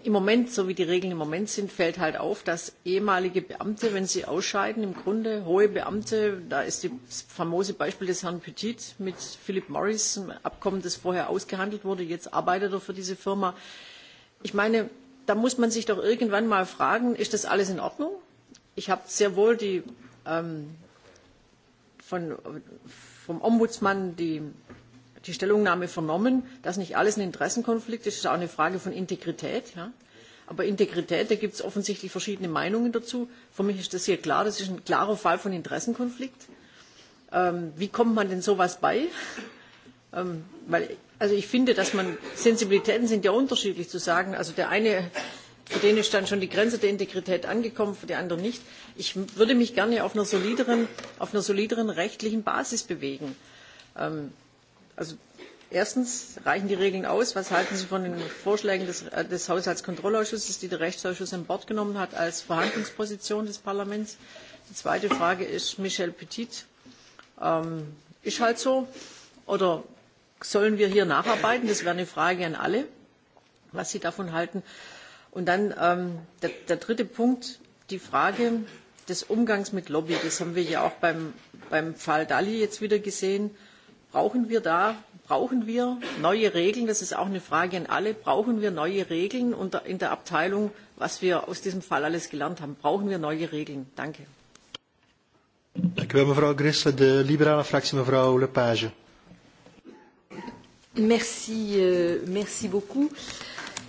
im Moment, so wie die Regeln im Moment sind, fällt halt auf, dass ehemalige Beamte, wenn sie ausscheiden, im Grunde hohe Beamte, da ist das famose Beispiel des Herrn Petit mit Philip Morris, ein Abkommen, das vorher ausgehandelt wurde, jetzt arbeitet er für diese Firma. Ich meine, da muss man sich doch irgendwann mal fragen, ist das alles in Ordnung? Ich habe sehr wohl die, ähm, von, vom Ombudsmann die die Stellungnahme vernommen, dass nicht alles ein Interessenkonflikt ist, ist auch eine Frage von Integrität. Ja? Aber Integrität, da gibt es offensichtlich verschiedene Meinungen dazu. Für mich ist das hier klar, das ist ein klarer Fall von Interessenkonflikt. Ähm, wie kommt man denn sowas bei? Ähm, weil, also ich finde, dass man, Sensibilitäten sind ja unterschiedlich zu sagen. Also der eine, für den ist dann schon die Grenze der Integrität angekommen, für die anderen nicht. Ich würde mich gerne auf einer solideren, auf einer solideren rechtlichen Basis bewegen. Ähm, Also erstens, reichen die Regeln aus? Was halten Sie von den Vorschlägen des, äh, des Haushaltskontrollausschusses, die der Rechtsausschuss an Bord genommen hat als Verhandlungsposition des Parlaments? Die zweite Frage ist Michel Petit. Ähm, ist halt so? Oder sollen wir hier nacharbeiten? Das wäre eine Frage an alle, was Sie davon halten. Und dann ähm, der, der dritte Punkt, die Frage des Umgangs mit Lobby. Das haben wir ja auch beim, beim Fall Dali jetzt wieder gesehen brauchen wir da, brauchen wir neue Regeln? Das ist auch eine Frage an alle. Brauchen wir neue Regeln unter, in der Abteilung, was wir aus diesem Fall alles gelernt haben? Brauchen wir neue Regeln? Danke. Dank u wel, mevrouw liberale fractie, mevrouw Lepage. Merci, euh, merci beaucoup.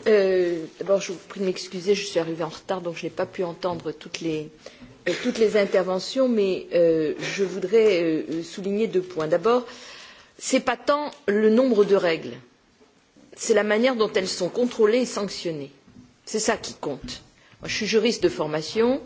Euh, D'abord, je vous prie de m'excuser, je suis arrivée en retard, donc je n'ai pas pu entendre toutes les, euh, toutes les interventions, mais euh, je voudrais euh, souligner deux points. D'abord, euh, ce n'est pas tant le nombre de règles, c'est la manière dont elles sont contrôlées et sanctionnées. C'est cela qui compte. Moi, je suis juriste de formation,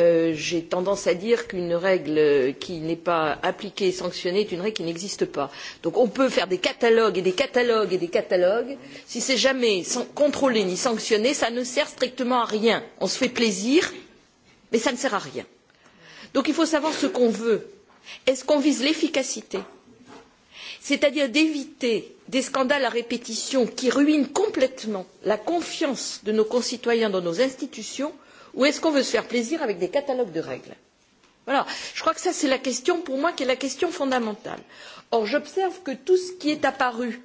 euh, j'ai tendance à dire qu'une règle qui n'est pas appliquée et sanctionnée est une règle qui n'existe pas. Donc on peut faire des catalogues et des catalogues et des catalogues. Si c'est jamais contrôlé ni sanctionné, ça ne sert strictement à rien. On se fait plaisir, mais ça ne sert à rien. Donc il faut savoir ce qu'on veut. Est-ce qu'on vise l'efficacité? c'est-à-dire d'éviter des scandales à répétition qui ruinent complètement la confiance de nos concitoyens dans nos institutions, ou est-ce qu'on veut se faire plaisir avec des catalogues de règles Voilà, je crois que ça c'est la question pour moi qui est la question fondamentale. Or j'observe que tout ce qui est apparu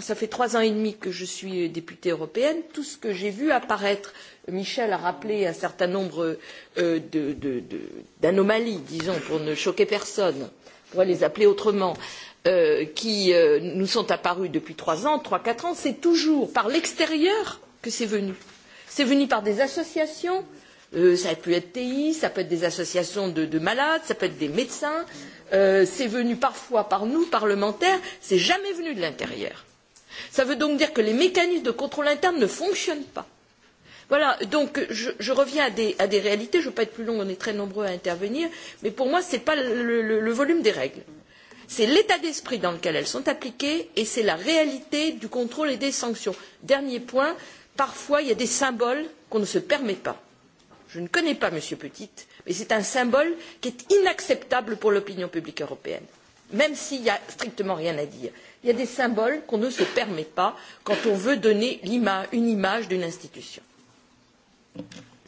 ça fait trois ans et demi que je suis députée européenne, tout ce que j'ai vu apparaître, Michel a rappelé un certain nombre euh, d'anomalies, disons, pour ne choquer personne, on pourrait les appeler autrement, Euh, qui euh, nous sont apparus depuis trois ans, trois, quatre ans, c'est toujours par l'extérieur que c'est venu. C'est venu par des associations, euh, ça a pu être TI, ça peut être des associations de, de malades, ça peut être des médecins, euh, c'est venu parfois par nous, parlementaires, c'est jamais venu de l'intérieur. Ça veut donc dire que les mécanismes de contrôle interne ne fonctionnent pas. Voilà, donc je, je reviens à des, à des réalités, je ne veux pas être plus longue, on est très nombreux à intervenir, mais pour moi, ce n'est pas le, le, le volume des règles c'est l'état d'esprit dans lequel elles sont appliquées et c'est la réalité du contrôle et des sanctions. Dernier point, parfois il y a des symboles qu'on ne se permet pas. Je ne connais pas M. Petit, mais c'est un symbole qui est inacceptable pour l'opinion publique européenne, même s'il n'y a strictement rien à dire. Il y a des symboles qu'on ne se permet pas quand on veut donner une image d'une institution.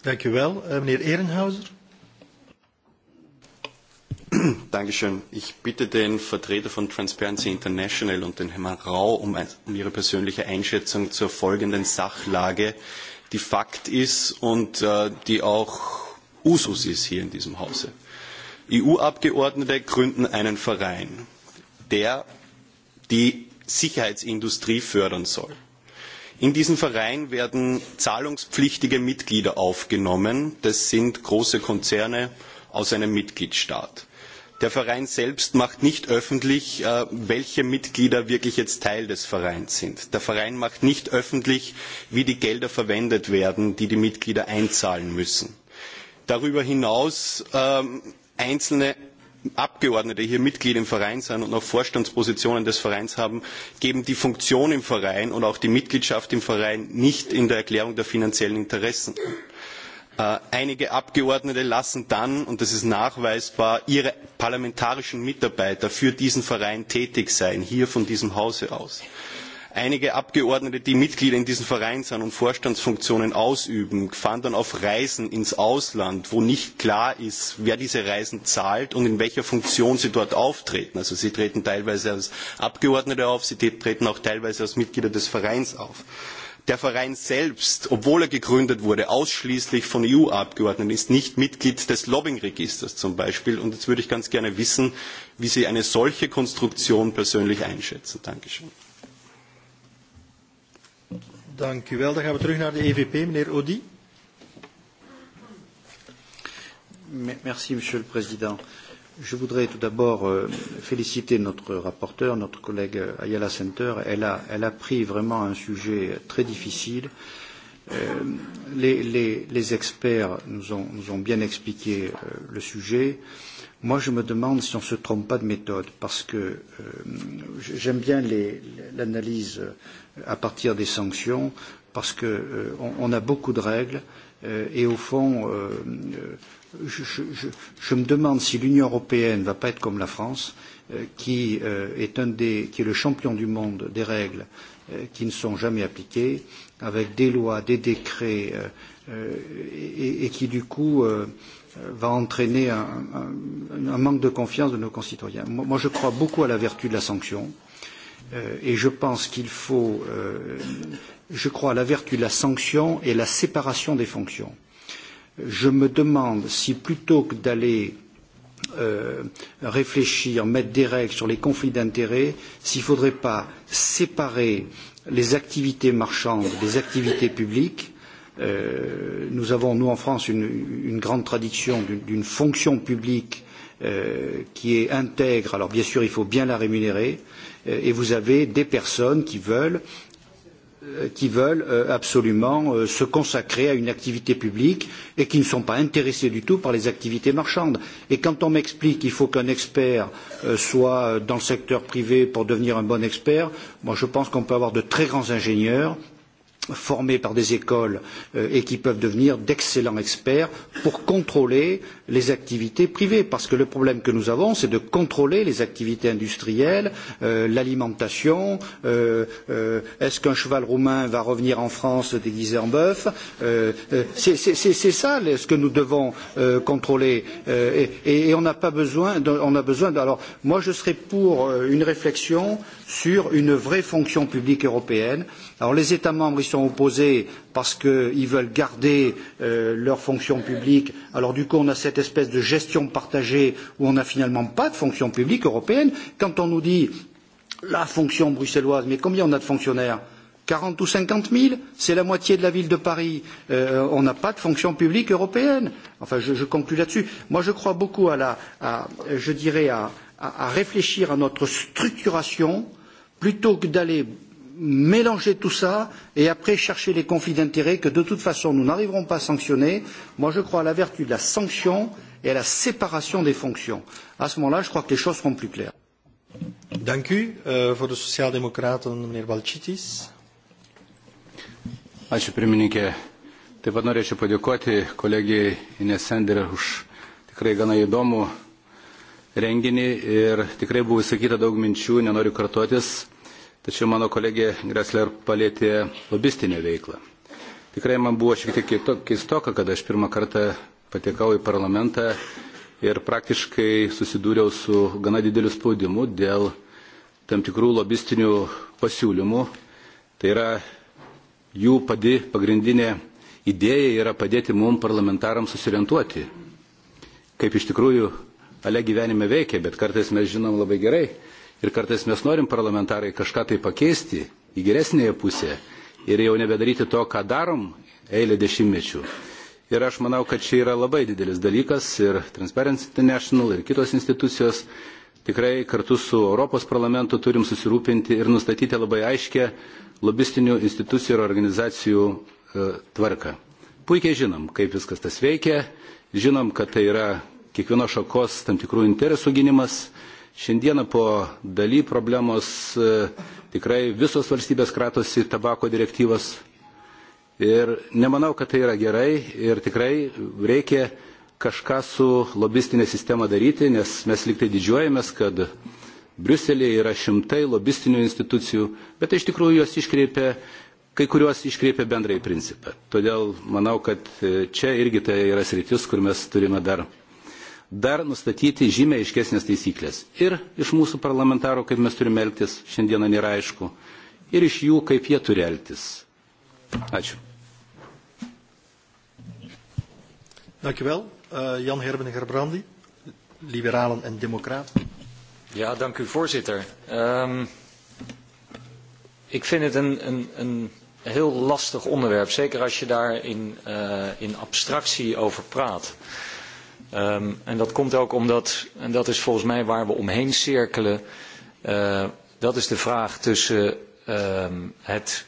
Dank u Uh, meneer Ehrenhauser. Dankeschön. Ich bitte den Vertreter von Transparency International und den Herrn Rau um, um ihre persönliche Einschätzung zur folgenden Sachlage, die Fakt ist und äh, die auch Usus ist hier in diesem Hause. EU-Abgeordnete gründen einen Verein, der die Sicherheitsindustrie fördern soll. In diesem Verein werden zahlungspflichtige Mitglieder aufgenommen. Das sind große Konzerne aus einem Mitgliedstaat. Der Verein selbst macht nicht öffentlich, äh, welche Mitglieder wirklich jetzt Teil des Vereins sind. Der Verein macht nicht öffentlich, wie die Gelder verwendet werden, die die Mitglieder einzahlen müssen. Darüber hinaus ähm, einzelne Abgeordnete die hier Mitglied im Verein sind und auch Vorstandspositionen des Vereins haben, geben die Funktion im Verein und auch die Mitgliedschaft im Verein nicht in der Erklärung der finanziellen Interessen. Äh, einige Abgeordnete lassen dann, und das ist nachweisbar, ihre parlamentarischen Mitarbeiter für diesen Verein tätig sein, hier von diesem Hause aus. Einige Abgeordnete, die Mitglieder in diesem Verein sind und Vorstandsfunktionen ausüben, fahren dann auf Reisen ins Ausland, wo nicht klar ist, wer diese Reisen zahlt und in welcher Funktion sie dort auftreten. Also sie treten teilweise als Abgeordnete auf, sie treten auch teilweise als Mitglieder des Vereins auf. Der Verein selbst, obwohl er gegründet wurde, ausschließlich von EU-Abgeordneten ist, nicht Mitglied des Lobbying-Registers zum Beispiel. Und jetzt würde ich ganz gerne wissen, wie Sie eine solche Konstruktion persönlich einschätzen. Dankeschön. Dank u wel. Dan EVP, e meneer Audi. Merci, monsieur le Président. Je voudrais tout d'abord euh, féliciter notre rapporteur, notre collègue Ayala Center. Elle a, elle a pris vraiment un sujet très difficile. Euh, les, les, les experts nous ont, nous ont bien expliqué euh, le sujet. Moi, je me demande si on ne se trompe pas de méthode, parce que euh, j'aime bien l'analyse à partir des sanctions, parce qu'on euh, on, a beaucoup de règles, euh, et au fond, euh, je, je, je me demande si l'Union européenne ne va pas être comme la France, euh, qui, euh, est un des, qui est le champion du monde des règles euh, qui ne sont jamais appliquées, avec des lois, des décrets, euh, euh, et, et qui du coup euh, va entraîner un, un, un manque de confiance de nos concitoyens. Moi, moi, je crois beaucoup à la vertu de la sanction, euh, et je pense qu'il faut, euh, je crois à la vertu de la sanction et la séparation des fonctions je me demande si plutôt que d'aller euh, réfléchir, mettre des règles sur les conflits d'intérêts, s'il ne faudrait pas séparer les activités marchandes des activités publiques. Euh, nous avons, nous en France, une, une grande tradition d'une fonction publique euh, qui est intègre. Alors bien sûr, il faut bien la rémunérer. Euh, et vous avez des personnes qui veulent Euh, qui veulent euh, absolument euh, se consacrer à une activité publique et qui ne sont pas intéressés du tout par les activités marchandes. Et quand on m'explique qu'il faut qu'un expert soit dans le secteur privé pour devenir un bon expert, moi je pense qu'on peut avoir de très grands ingénieurs formés par des écoles euh, et qui peuvent devenir d'excellents experts pour contrôler les activités privées. Parce que le problème que nous avons, c'est de contrôler les activités industrielles, euh, l'alimentation, euh, euh est-ce qu'un cheval roumain va revenir en France déguisé en bœuf euh, euh, C'est ça ce que nous devons contrôler. et, et on n'a pas besoin, de, on a besoin de, alors moi je serais pour une réflexion sur une vraie fonction publique européenne. Euh, Alors les États membres y sont opposés parce qu'ils veulent garder euh, leur fonction publique. Alors du coup, on a cette espèce de gestion partagée où on n'a finalement pas de fonction publique européenne. Quand on nous dit la fonction bruxelloise, mais combien on a de fonctionnaires Quarante ou cinquante 000, c'est la moitié de la ville de Paris. Euh, on n'a pas de fonction publique européenne. Enfin, je, je conclus là-dessus. Moi, je crois beaucoup à la, à, je dirais, à, à, à réfléchir à notre structuration plutôt que d'aller mélanger tout ça et après chercher les conflits d'intérêts que de toute façon nous n'arriverons pas à sanctionner. Moi je crois à la vertu de la sanction et à la séparation des fonctions. À ce moment-là, je crois que les choses seront plus claires. Eh, pat norėčiau padėkoti kolegijai už tikrai gana įdomų renginį ir tikrai buvo daug minčių, nenoriu kartotis. Tačiau mano kolegė Gressler palėtė lobistinę veiklą. Tikrai man buvo šiek tiek keistoka, kad aš pirmą kartą patekau į parlamentą ir praktiškai susidūriau su gana dideliu spaudimu dėl tam tikrų lobistinių pasiūlymų. Tai yra jų padi, pagrindinė idėja yra padėti mum parlamentarams susirentuoti. kaip iš tikrųjų ale gyvenime veikia, bet kartais mes žinom labai gerai, Ir kartais mes norim parlamentarai kažką tai pakeisti į geresnėje pusę ir jau nebedaryti to, ką darom eilę dešimtmečių. Ir aš manau, kad čia yra labai didelis dalykas ir Transparency International ir kitos institucijos tikrai kartu su Europos parlamentu turim susirūpinti ir nustatyti labai aiškę lobistinių institucijų ir organizacijų e, tvarką. Puikiai žinom, kaip viskas tas veikia, žinom, kad tai yra kiekvienos šakos tam tikrų interesų gynimas, Šiandieną po daly problemos e, tikrai visos valstybės kratosi tabako direktyvos ir nemanau, kad tai yra gerai ir tikrai reikia kažką su lobistinė sistema daryti, nes mes liktai didžiuojamės, kad Briuselėje yra šimtai lobistinių institucijų, bet iš tikrųjų jos iškreipia kai kuriuos iškreipia bendrai principą. Todėl manau, kad e, čia irgi tai yra sritis, kur mes turime dar dar nustatyti žymiai aiškesnės taisyklės. Ir iš mūsų parlamentarų, kaip mes turime elgtis, šiandieną nėra aišku, ir iš jų, kaip jie turi elgtis. Ačiū. Dank u wel. Uh, Jan Herben Gerbrandi, Liberalen en Democraten. Ja, dank u voorzitter. Um, ik vind het een, een, een heel lastig onderwerp, zeker als je daar in, uh, in abstractie over praat. Uh, Um, en dat komt ook omdat, en dat is volgens mij waar we omheen cirkelen, uh, dat is de vraag tussen uh, het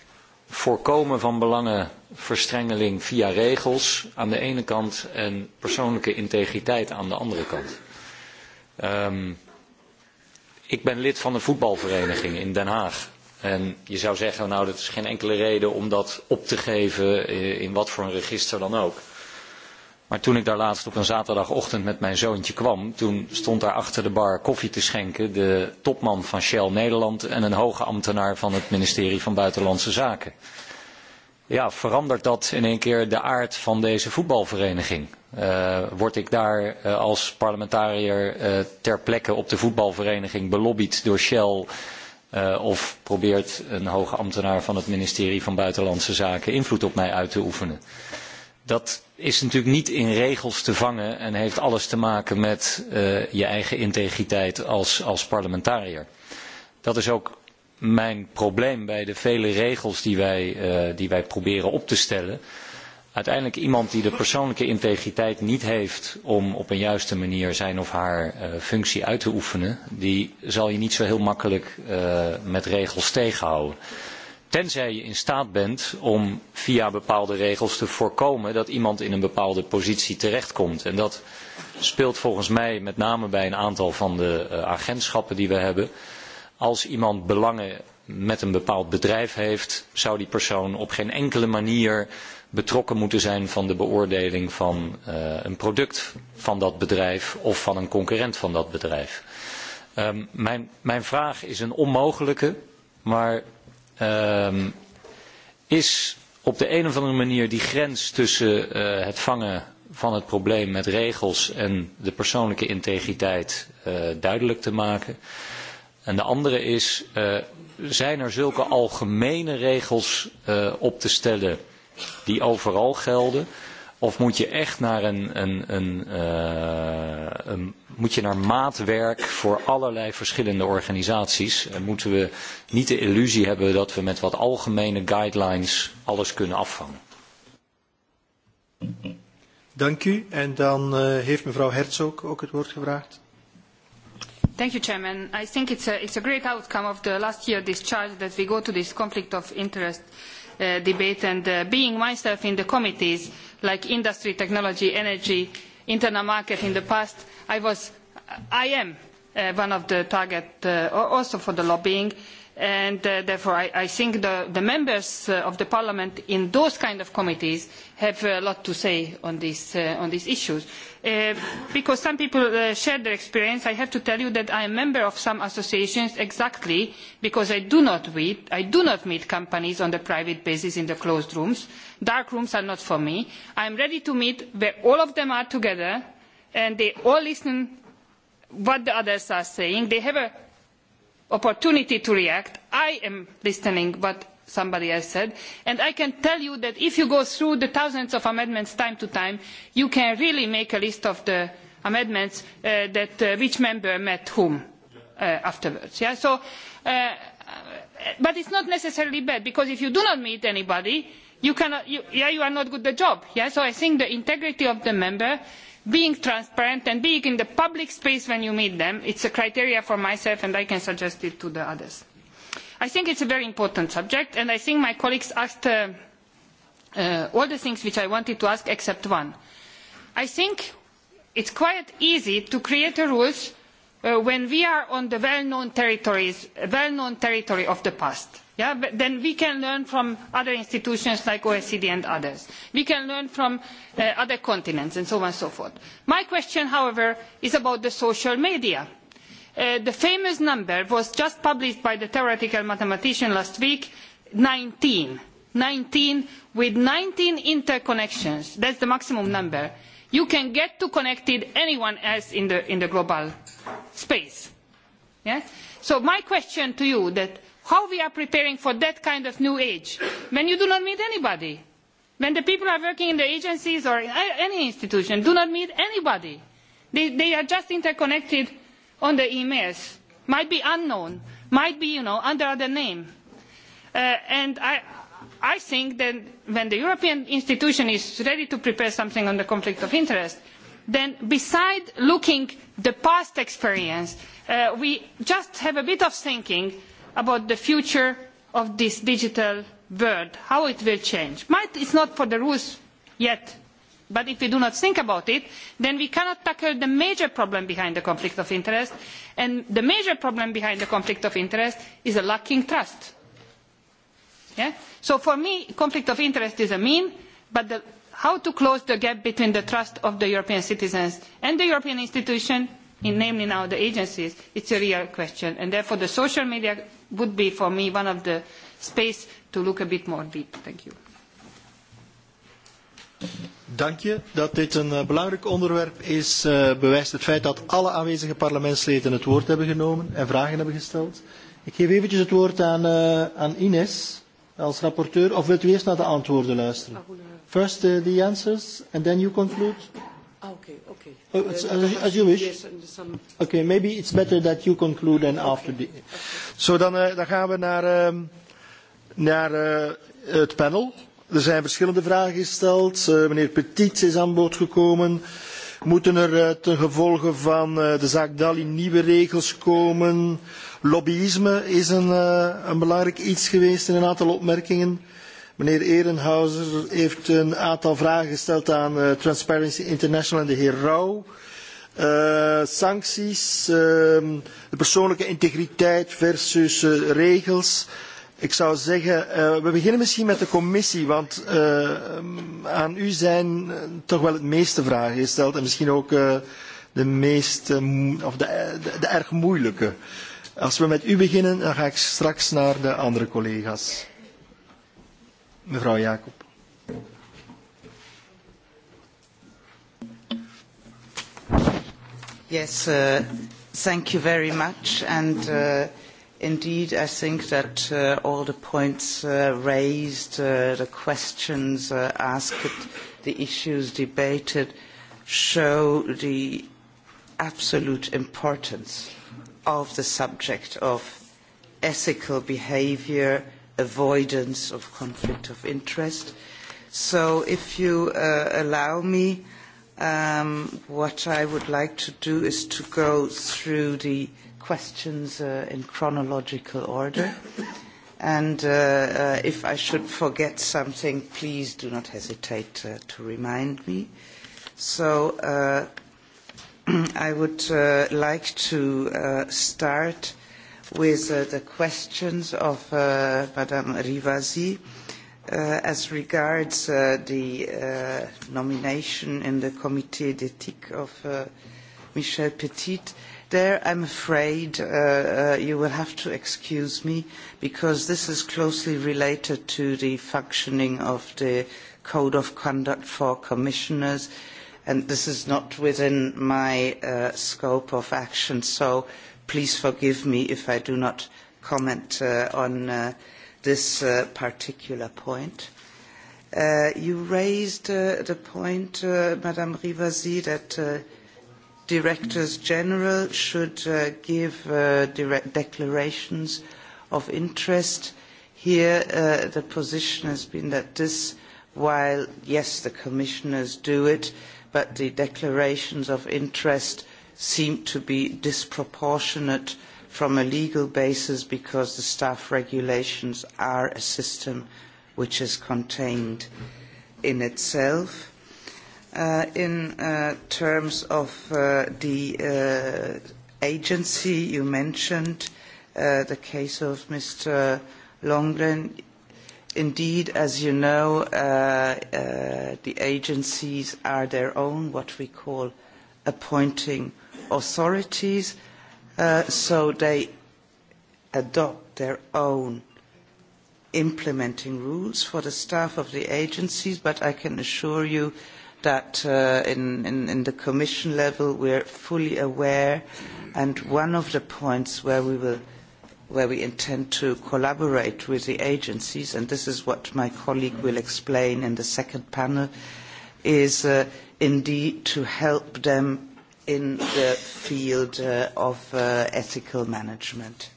voorkomen van belangenverstrengeling via regels aan de ene kant en persoonlijke integriteit aan de andere kant. Um, ik ben lid van een voetbalvereniging in Den Haag. En je zou zeggen, nou dat is geen enkele reden om dat op te geven eh, in wat voor een register dan ook. Maar toen ik daar laatst op een zaterdagochtend met mijn zoontje kwam, toen stond daar achter de bar koffie te schenken de topman van Shell Nederland en een hoge ambtenaar van het ministerie van Buitenlandse Zaken. Ja, verandert dat in één keer de aard van deze voetbalvereniging? Uh, word ik daar uh, als parlementariër uh, ter plekke op de voetbalvereniging belobbyd door Shell uh, of probeert een hoge ambtenaar van het ministerie van Buitenlandse Zaken invloed op mij uit te oefenen? Dat is natuurlijk niet in regels te vangen en heeft alles te maken met uh, je eigen integriteit als, als parlementariër. Dat is ook mijn probleem bij de vele regels die wij, uh, die wij proberen op te stellen. Uiteindelijk iemand die de persoonlijke integriteit niet heeft om op een juiste manier zijn of haar uh, functie uit te oefenen, die zal je niet zo heel makkelijk uh, met regels tegenhouden. Tenzij je in staat bent om via bepaalde regels te voorkomen dat iemand in een bepaalde positie terechtkomt. En dat speelt volgens mij met name bij een aantal van de uh, agentschappen die we hebben. Als iemand belangen met een bepaald bedrijf heeft, zou die persoon op geen enkele manier betrokken moeten zijn van de beoordeling van uh, een product van dat bedrijf of van een concurrent van dat bedrijf. Um, mijn, mijn vraag is een onmogelijke, maar um, is op de een of andere manier die grens tussen uh, het vangen van het probleem met regels en de persoonlijke integriteit uh, duidelijk te maken. En de andere is, uh, zijn er zulke algemene regels uh, op te stellen die overal gelden? Of moet je echt naar een, een, een, uh, een moet je naar maatwerk voor allerlei verschillende organisaties? En moeten we niet de illusie hebben dat we met wat algemene guidelines alles kunnen afvangen? Dank u. En dan uh, heeft mevrouw Herzog ook het woord gevraagd. Thank you, Chairman. I think it's a, it's a great outcome of the last year discharge that we go to this conflict of interest. Uh, debate and uh, being myself in the committees like industry, technology, energy, internal market in the past, I was, I am uh, one of the targets also for the lobbying and uh, therefore I, I think the, the members uh, of the parliament in those kind of committees have a lot to say on, this, uh, on these issues. Uh, because some people uh, share their experience, I have to tell you that I am a member of some associations exactly because I do not meet, I do not meet companies on a private basis in the closed rooms. Dark rooms are not for me. I am ready to meet where all of them are together and they all listen what the others are saying. They have a opportunity to react. I am listening to what somebody else said, and I can tell you that if you go through the thousands of amendments time to time, you can really make a list of the amendments uh, that uh, which member met whom uh, afterwards. Yeah? So, uh, but it's not necessarily bad, because if you do not meet anybody, you, cannot, you, yeah, you are not good at the job. Yeah? So I think the integrity of the member being transparent and being in the public space when you meet them is a criteria for myself and I can suggest it to the others. I think it is a very important subject and I think my colleagues asked uh, uh, all the things which I wanted to ask except one. I think it is quite easy to create rules Uh, when we are on the well-known territories, well-known territory of the past, yeah? then we can learn from other institutions like OECD and others. We can learn from uh, other continents and so on and so forth. My question, however, is about the social media. Uh, the famous number was just published by the theoretical mathematician last week, nineteen, nineteen with nineteen interconnections. That is the maximum number you can get to connected anyone else in the, in the global space. Yeah? So my question to you that how we are preparing for that kind of new age when you do not meet anybody, when the people are working in the agencies or in any institution do not meet anybody. They, they are just interconnected on the emails, might be unknown, might be, you know, under other name. Uh, and I, I think that when the European institution is ready to prepare something on the conflict of interest, then besides looking at the past experience, uh, we just have a bit of thinking about the future of this digital world, how it will change. Might is not for the rules yet, but if we do not think about it, then we cannot tackle the major problem behind the conflict of interest, and the major problem behind the conflict of interest is a lacking trust. Yeah? So for me, conflict of interest is a mean, but the, how to close the gap between the trust of the European citizens and the European institution, in, namely now the agencies, is a real question. And therefore the social media would be for me one of the space to look a bit more deep. Thank you. Dank je. Dat dit een uh, belangrijk onderwerp is, uh, bewijst het feit dat alle aanwezige parlementsleden het woord hebben genomen en vragen hebben gesteld. Ik geef eventjes het woord aan, uh, aan Ines als rapporteur? Of wilt u eerst naar de antwoorden luisteren? Ah, First uh, the answers and then you conclude? Okay, ah, okay. Oh, uh, as, as you wish. Yes, eh, Okay, maybe it's better that you conclude and okay. after the... Okay. so, dan, uh, dan gaan we naar, um, naar uh, het panel. Er zijn verschillende vragen gesteld. Uh, meneer Petit is aan boord gekomen. Moeten er uh, ten gevolge van uh, de zaak Dali nieuwe regels komen? Lobbyisme is een, uh, een belangrijk iets geweest in een aantal opmerkingen. Meneer Ehrenhauser heeft een aantal vragen gesteld aan uh, Transparency International en de heer Rauw. Uh, sancties, uh, de persoonlijke integriteit versus uh, regels. Ik zou zeggen, uh, we beginnen misschien met de commissie, want uh, aan u zijn toch wel het meeste vragen gesteld en misschien ook uh, de meest, of de, de, de erg moeilijke. Uh, Als we met u beginnen, dan ga ik straks naar de andere collega's. Mevrouw Jacob. Yes, uh, thank you very much. And uh, indeed, I think that uh, all the points uh, raised, uh, the questions uh, asked, the issues debated show the absolute importance of the subject of ethical behaviour, avoidance of conflict of interest. So if you uh, allow me, um, what I would like to do is to go through the questions uh, in chronological order. And uh, uh, if I should forget something, please do not hesitate uh, to remind me. So uh, I would uh, like to uh, start with uh, the questions of uh, Madame Rivasi uh, as regards uh, the uh, nomination in the Comité d'éthique of uh, Michel Petit. There, I'm afraid uh, uh, you will have to excuse me because this is closely related to the functioning of the Code of Conduct for Commissioners and this is not within my uh, scope of action, so please forgive me if I do not comment uh, on uh, this uh, particular point. Uh, you raised uh, the point, uh, Madame Rivasi, that uh, directors general should uh, give uh, direct declarations of interest. Here, uh, the position has been that this, while yes, the commissioners do it, uh, but the declarations of interest seem to be disproportionate from a legal basis because the staff regulations are a system which is contained in itself. Uh, in uh, terms of uh, the uh, agency you mentioned, uh, the case of Mr. Longren, Indeed, as you know, uh, uh, the agencies are their own, what we call appointing authorities, uh, so they adopt their own implementing rules for the staff of the agencies, but I can assure you that uh, in, in, in the Commission level we are fully aware, and one of the points where we will – where we intend to collaborate with the agencies, and this is what my colleague will explain in the second panel, is uh, indeed to help them in the field uh, of uh, ethical management.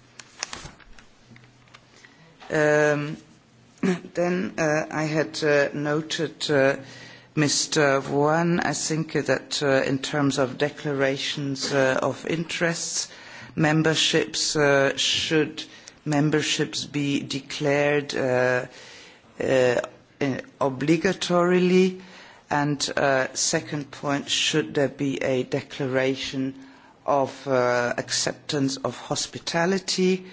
Um, then uh, I had uh, noted uh, Mr. Vuan, I think that uh, in terms of declarations uh, of interests, memberships uh, should memberships be declared uh, uh, obligatorily and uh, second point should there be a declaration of uh, acceptance of hospitality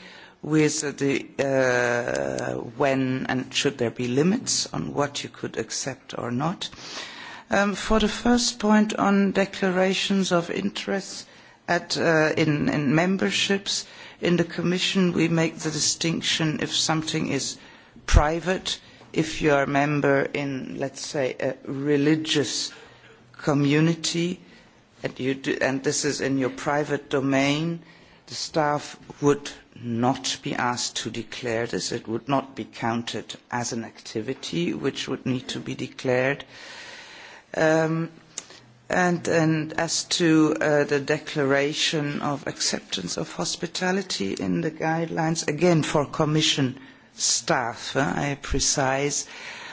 with the uh, when and should there be limits on what you could accept or not um, for the first point on declarations of interests at, uh, in, in memberships. In the Commission, we make the distinction if something is private, if you are a member in, let's say, a religious community, and, you do, and this is in your private domain, the staff would not be asked to declare this. It would not be counted as an activity which would need to be declared. Um, And, and as to uh, the declaration of acceptance of hospitality in the guidelines, again for Commission staff, uh, I precise,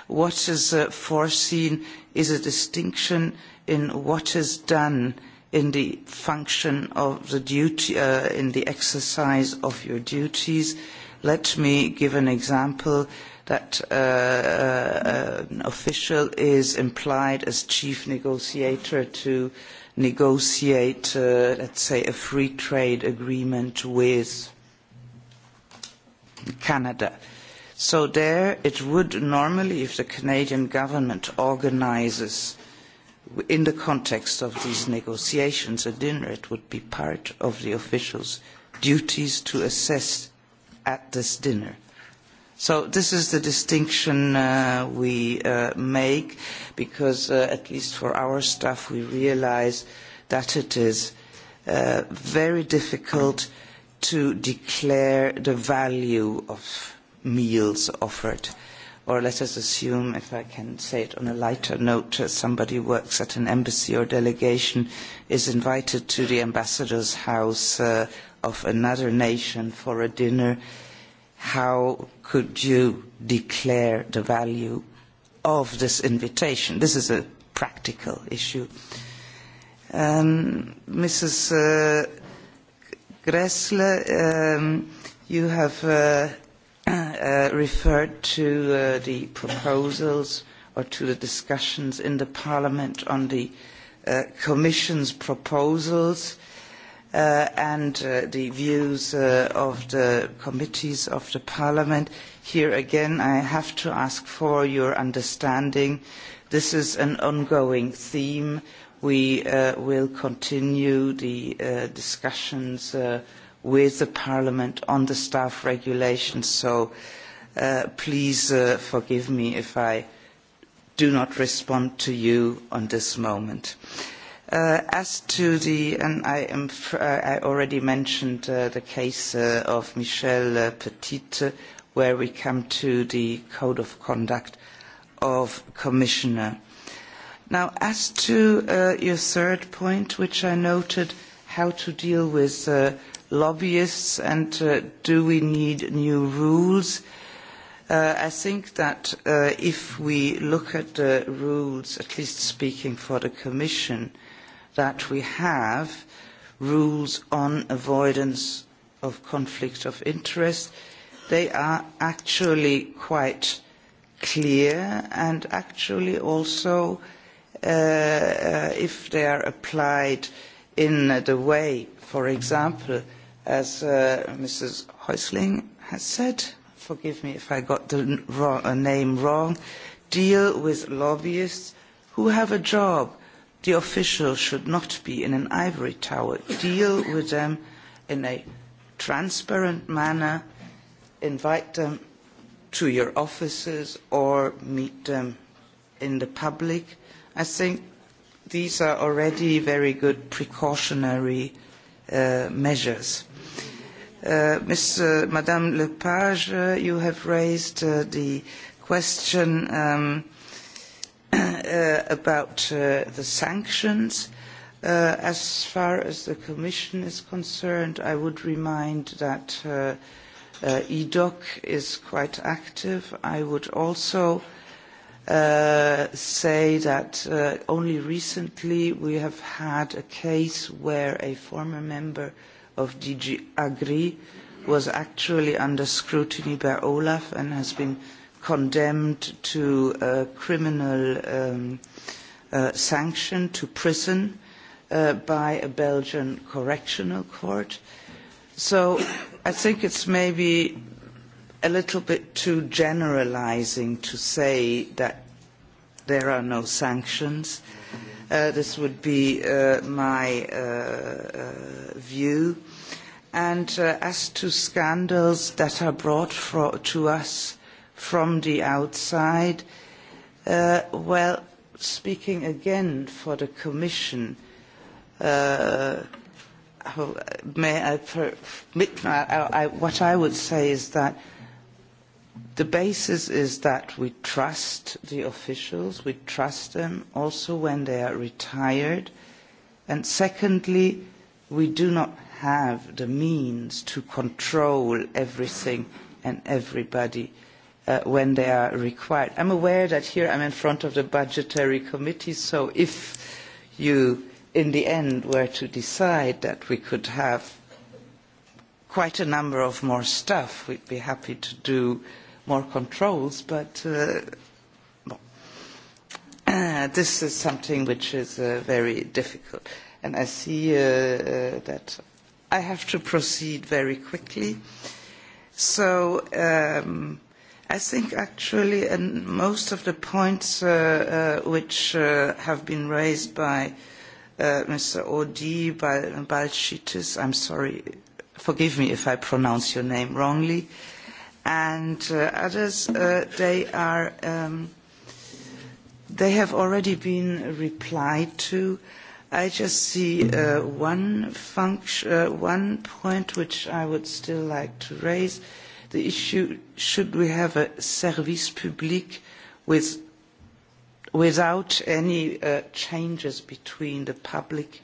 what is uh, foreseen is a distinction in what is done in the function of the duty, uh, in the exercise of your duties. Let me give an example. Uh, that uh, uh, an official is implied as chief negotiator to negotiate, uh, let's say, a free trade agreement with Canada. So there it would normally, if the Canadian government organizes in the context of these negotiations a dinner, it would be part of the official's duties to assess at this dinner So this is the distinction uh, we uh, make because uh, at least for our staff we realize that it is uh, very difficult to declare the value of meals offered. Or let us assume, if I can say it on a lighter note, uh, somebody works at an embassy or delegation is invited to the ambassador's house uh, of another nation for a dinner uh, how could you declare the value of this invitation? This is a practical issue. Um, Mrs. Uh, Gressler, um, you have uh, uh, referred to uh, the proposals or to the discussions in the Parliament on the uh, Commission's proposals uh, and uh, the views uh, of the committees of the parliament. Here again, I have to ask for your understanding. This is an ongoing theme. We uh, will continue the uh, discussions uh, with the parliament on the staff regulation, so uh, please uh, forgive me if I do not respond to you on this moment. Uh, Uh, as to the, and I, am, uh, I already mentioned uh, the case uh, of Michel uh, Petit, where we come to the code of conduct of commissioner. Now, as to uh, your third point, which I noted, how to deal with uh, lobbyists and uh, do we need new rules? Uh, I think that uh, if we look at the rules, at least speaking for the Commission, uh, that we have rules on avoidance of conflict of interest, they are actually quite clear and actually also, uh, uh, if they are applied in the way, for example, as uh, Mrs. Häusling has said, forgive me if I got the wrong, uh, name wrong, deal with lobbyists who have a job The officials should not be in an ivory tower. Deal with them in a transparent manner. Invite them to your offices or meet them in the public. I think these are already very good precautionary uh, measures. Uh, Ms. Uh, Madame Lepage, uh, you have raised uh, the question um, uh, about uh, the sanctions. Uh, as far as the Commission is concerned, I would remind that uh, uh, EDOC is quite active. I would also uh, say that uh, only recently we have had a case where a former member of DG Agri was actually under scrutiny by Olaf and has been condemned to a criminal um, uh, sanction to prison uh, by a Belgian correctional court. So I think it's maybe a little bit too generalizing to say that there are no sanctions. Uh, this would be uh, my uh, uh, view. And uh, as to scandals that are brought for, to us from the outside. Uh, well, speaking again for the Commission, uh, may I, I, I, what I would say is that the basis is that we trust the officials, we trust them also when they are retired, and secondly, we do not have the means to control everything and everybody uh, when they are required. I'm aware that here I'm in front of the budgetary committee, so if you in the end were to decide that we could have quite a number of more staff, we'd be happy to do more controls, but uh, well, uh, this is something which is uh, very difficult. And I see uh, uh, that I have to proceed very quickly. So um, I think actually and most of the points uh, uh, which uh, have been raised by uh, Mr. Odi, by Balchitis, I'm sorry, forgive me if I pronounce your name wrongly, and uh, others, uh, they are, um, they have already been replied to. I just see uh, one function, uh, one point which I would still like to raise. Uh, the issue should we have a service public with, without any uh, changes between the public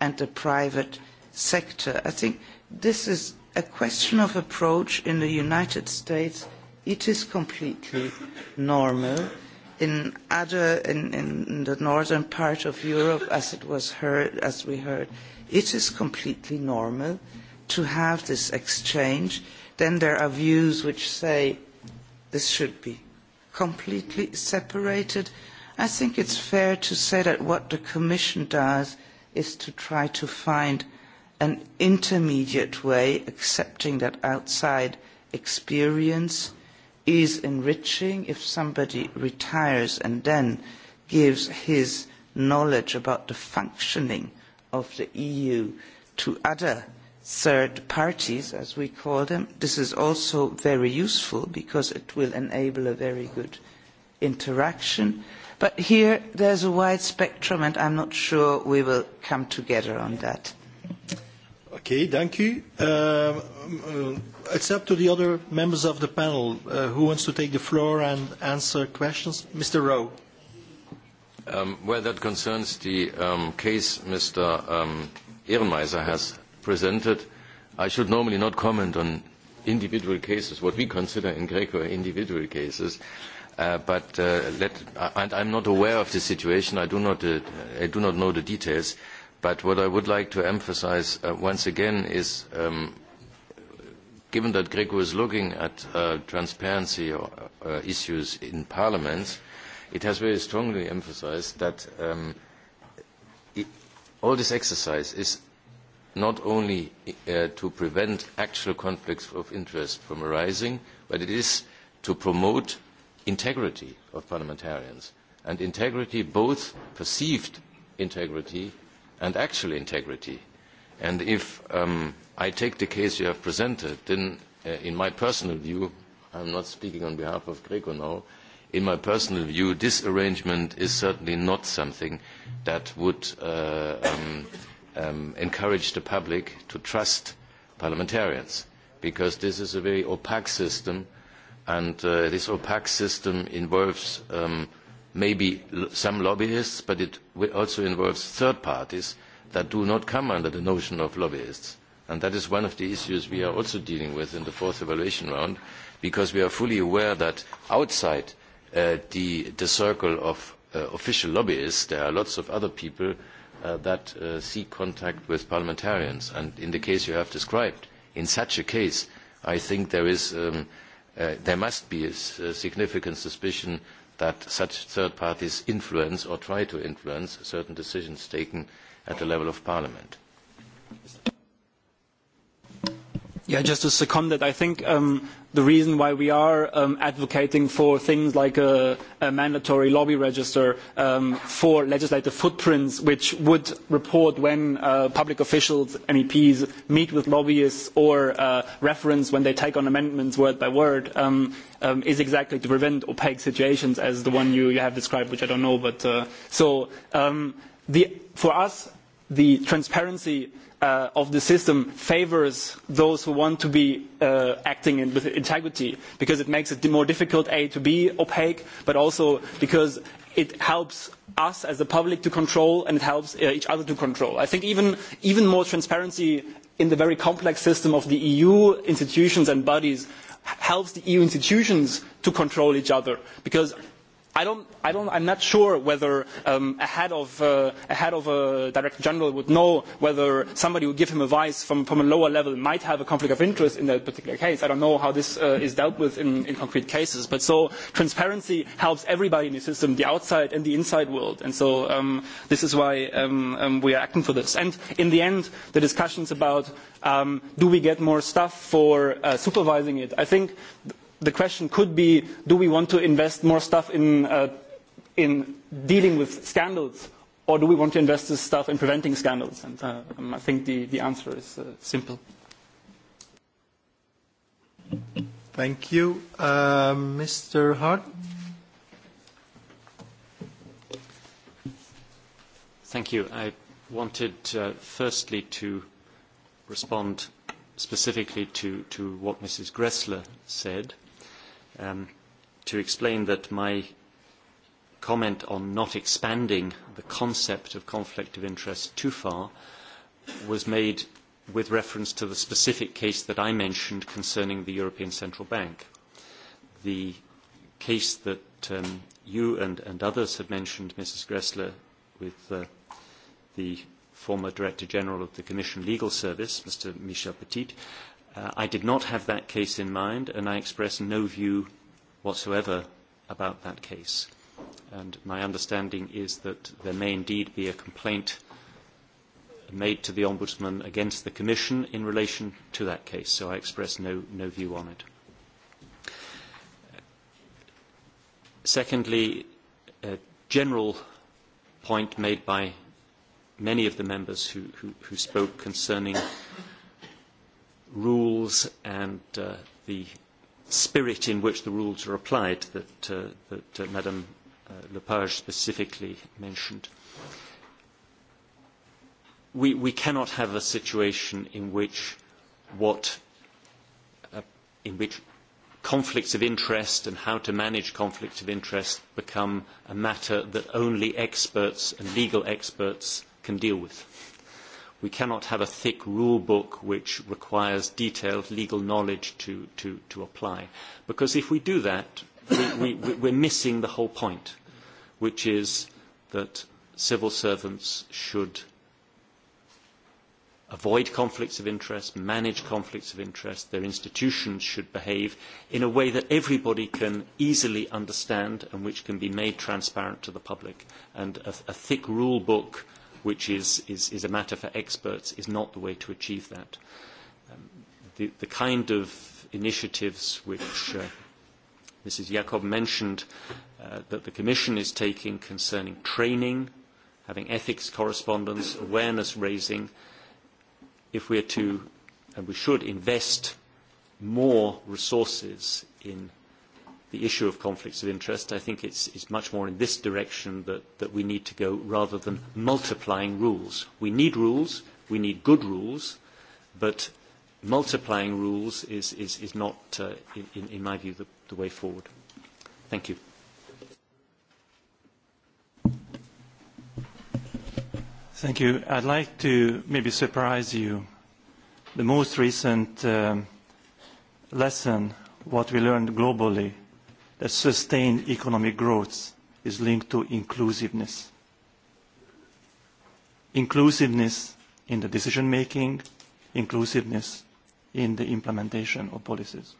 and the private sector. I think this is a question of approach in the United States. It is completely normal. In other, in, in the northern part of Europe, as it was heard, as we heard, it is completely normal to have this exchange Then there are views which say this should be completely separated. I think it's fair to say that what the Commission does is to try to find an intermediate way, accepting that outside experience is enriching if somebody retires and then gives his knowledge about the functioning of the EU to other third parties, as we call them. This is also very useful because it will enable a very good interaction. But here there is a wide spectrum and I am not sure we will come together on that. Okay, thank you. Um, uh, it's up to the other members of the panel uh, who wants to take the floor and answer questions. Mr. Rowe. Um, where well, that concerns the um, case Mr. Um, Ehrenmeiser has presented. I should normally not comment on individual cases, what we consider in Greco individual cases, uh, but uh, let, and I'm not aware of the situation. I do, not, uh, I do not know the details. But what I would like to emphasize uh, once again is, um, given that Greco is looking at uh, transparency or, uh, issues in parliaments, it has very strongly emphasized that um, it, all this exercise is not only uh, to prevent actual conflicts of interest from arising, but it is to promote integrity of parliamentarians. And integrity, both perceived integrity and actual integrity. And if um, I take the case you have presented, then uh, in my personal view, I am not speaking on behalf of Greco now, in my personal view, this arrangement is certainly not something that would uh, um, um, encourage the public to trust parliamentarians because this is a very opaque system and uh, this opaque system involves um, maybe some lobbyists but it also involves third parties that do not come under the notion of lobbyists and that is one of the issues we are also dealing with in the fourth evaluation round because we are fully aware that outside uh, the, the circle of uh, official lobbyists there are lots of other people uh, that uh, seek contact with parliamentarians. And in the case you have described, in such a case, I think there, is, um, uh, there must be a, a significant suspicion that such third parties influence or try to influence certain decisions taken at the level of parliament. Yeah, just to second that, I think um, the reason why we are um, advocating for things like a, a mandatory lobby register um, for legislative footprints, which would report when uh, public officials, MEPs, meet with lobbyists or uh, reference when they take on amendments word by word, um, um, is exactly to prevent opaque situations as the one you, you have described, which I don't know. But uh, so um, the, for us, the transparency uh, of the system favors those who want to be uh, acting in, with integrity because it makes it more difficult a to be opaque but also because it helps us as the public to control and it helps uh, each other to control i think even even more transparency in the very complex system of the eu institutions and bodies helps the eu institutions to control each other because I don't, I don't, I'm not sure whether um, a head of, uh, a head of a director general would know whether somebody would give him advice from, from a lower level might have a conflict of interest in that particular case. I don't know how this uh, is dealt with in, in concrete cases. But so transparency helps everybody in the system, the outside and the inside world. And so um, this is why um, um, we are acting for this. And in the end, the discussions about um, do we get more stuff for uh, supervising it, I think the question could be, do we want to invest more stuff in, uh, in dealing with scandals, or do we want to invest this stuff in preventing scandals? And uh, um, I think the, the answer is uh, simple. Thank you. Uh, Mr. Hart? Thank you. I wanted uh, firstly to respond specifically to, to what Mrs. Gressler said um, to explain that my comment on not expanding the concept of conflict of interest too far was made with reference to the specific case that I mentioned concerning the European Central Bank. The case that um, you and, and others have mentioned, Mrs. Gressler, with uh, the former Director General of the Commission Legal Service, Mr. Michel Petit, Uh, I did not have that case in mind, and I express no view whatsoever about that case. And my understanding is that there may indeed be a complaint made to the Ombudsman against the Commission in relation to that case, so I express no, no view on it. Secondly, a general point made by many of the members who, who, who spoke concerning rules and uh, the spirit in which the rules are applied that, uh, that uh, Madame uh, Lepage specifically mentioned. We, we cannot have a situation in which what uh, in which conflicts of interest and how to manage conflicts of interest become a matter that only experts and legal experts can deal with We cannot have a thick rule book which requires detailed legal knowledge to, to, to apply. Because if we do that, we, we, we're missing the whole point, which is that civil servants should avoid conflicts of interest, manage conflicts of interest, their institutions should behave in a way that everybody can easily understand and which can be made transparent to the public. And a, a thick rule book which is, is, is a matter for experts, is not the way to achieve that. Um, the, the kind of initiatives which uh, Mrs. Jakob mentioned uh, that the Commission is taking concerning training, having ethics correspondence, awareness raising, if we are to, and we should invest more resources in the issue of conflicts of interest. I think it's, it's much more in this direction that, that we need to go rather than multiplying rules. We need rules, we need good rules, but multiplying rules is, is, is not, uh, in, in my view, the, the way forward. Thank you. Thank you. I'd like to maybe surprise you. The most recent um, lesson, what we learned globally, that sustained economic growth is linked to inclusiveness. Inclusiveness in the decision making, inclusiveness in the implementation of policies.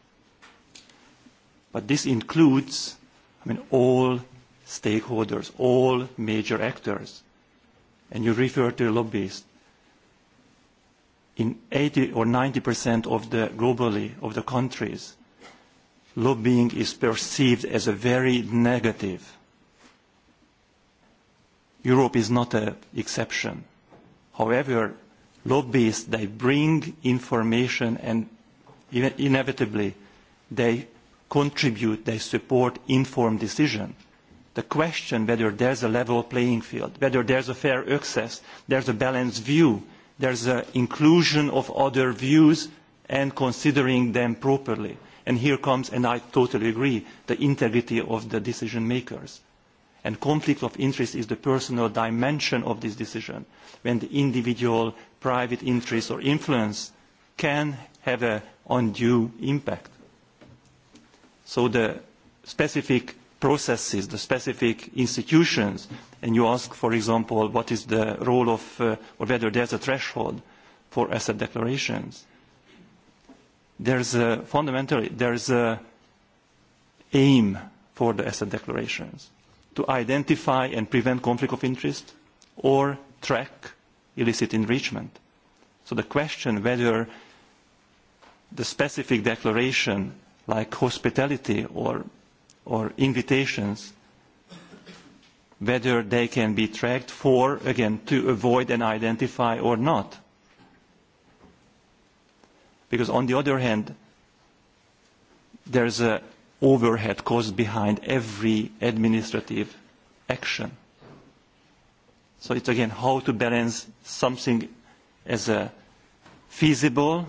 But this includes I mean, all stakeholders, all major actors. And you refer to the lobbyists. In 80 or 90% of the globally of the countries, lobbying is perceived as a very negative. Europe is not an exception. However, lobbyists, they bring information and inevitably they contribute, they support informed decision. The question whether there's a level playing field, whether there's a fair access, there's a balanced view, there's an inclusion of other views and considering them properly And here comes, and I totally agree, the integrity of the decision makers. And conflict of interest is the personal dimension of this decision, when the individual private interest or influence can have an undue impact. So the specific processes, the specific institutions, and you ask, for example, what is the role of, uh, or whether there's a threshold for asset declarations there's a, fundamentally there's a aim for the asset declarations to identify and prevent conflict of interest or track illicit enrichment. So the question whether the specific declaration like hospitality or, or invitations, whether they can be tracked for, again, to avoid and identify or not Because on the other hand, there's an overhead cost behind every administrative action. So it's again how to balance something as a feasible,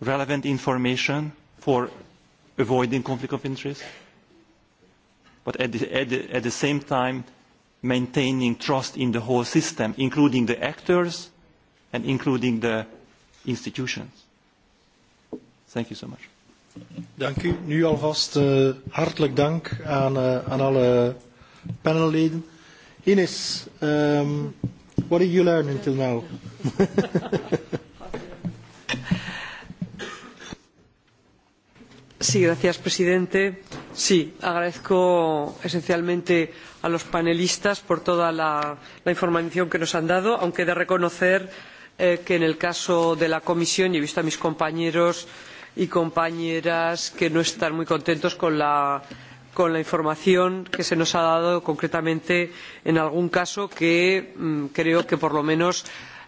relevant information for avoiding conflict of interest, but at the, at the, at the same time maintaining trust in the whole system, including the actors and including the institutions. Thank you so much. Dank u. Nu alvast uh, hartelijk dank aan, uh, aan alle panelleden. Ines, um, what did you learn until now? Sí, gracias, presidente. Sí, agradezco esencialmente a los panelistas por toda la, la información que nos han dado, aunque he de reconocer eh, que en el caso de la comisión, y he visto a mis compañeros, eh, y compañeras que no están muy contentos con la, con la información que se nos ha dado concretamente en algún caso que mm, creo que por lo menos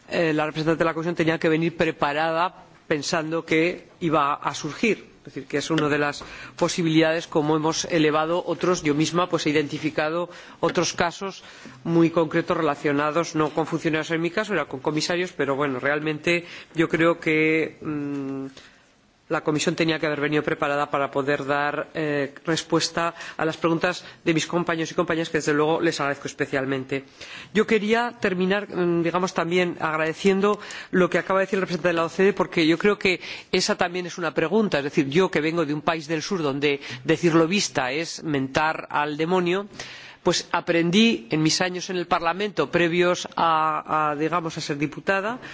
eh, la representante de la Comisión tenía que venir preparada pensando que iba a surgir. Es decir, que es una de las posibilidades como hemos elevado otros. Yo misma pues, he identificado otros casos muy concretos relacionados no con funcionarios en mi caso, era con comisarios, pero bueno, realmente yo creo que mmm, la comisión tenía que haber venido preparada para poder dar eh, respuesta a las preguntas de mis compañeros y compañeras, que desde luego les agradezco especialmente. Yo quería terminar, mm, digamos, también agradeciendo lo que acaba de decir el representante de la OCDE, porque yo creo que esa también es una pregunta. Es decir, yo que vengo de un país del sur donde decir lobista es mentar al demonio, pues aprendí en mis años en el Parlamento previos a, a digamos, a ser diputada, que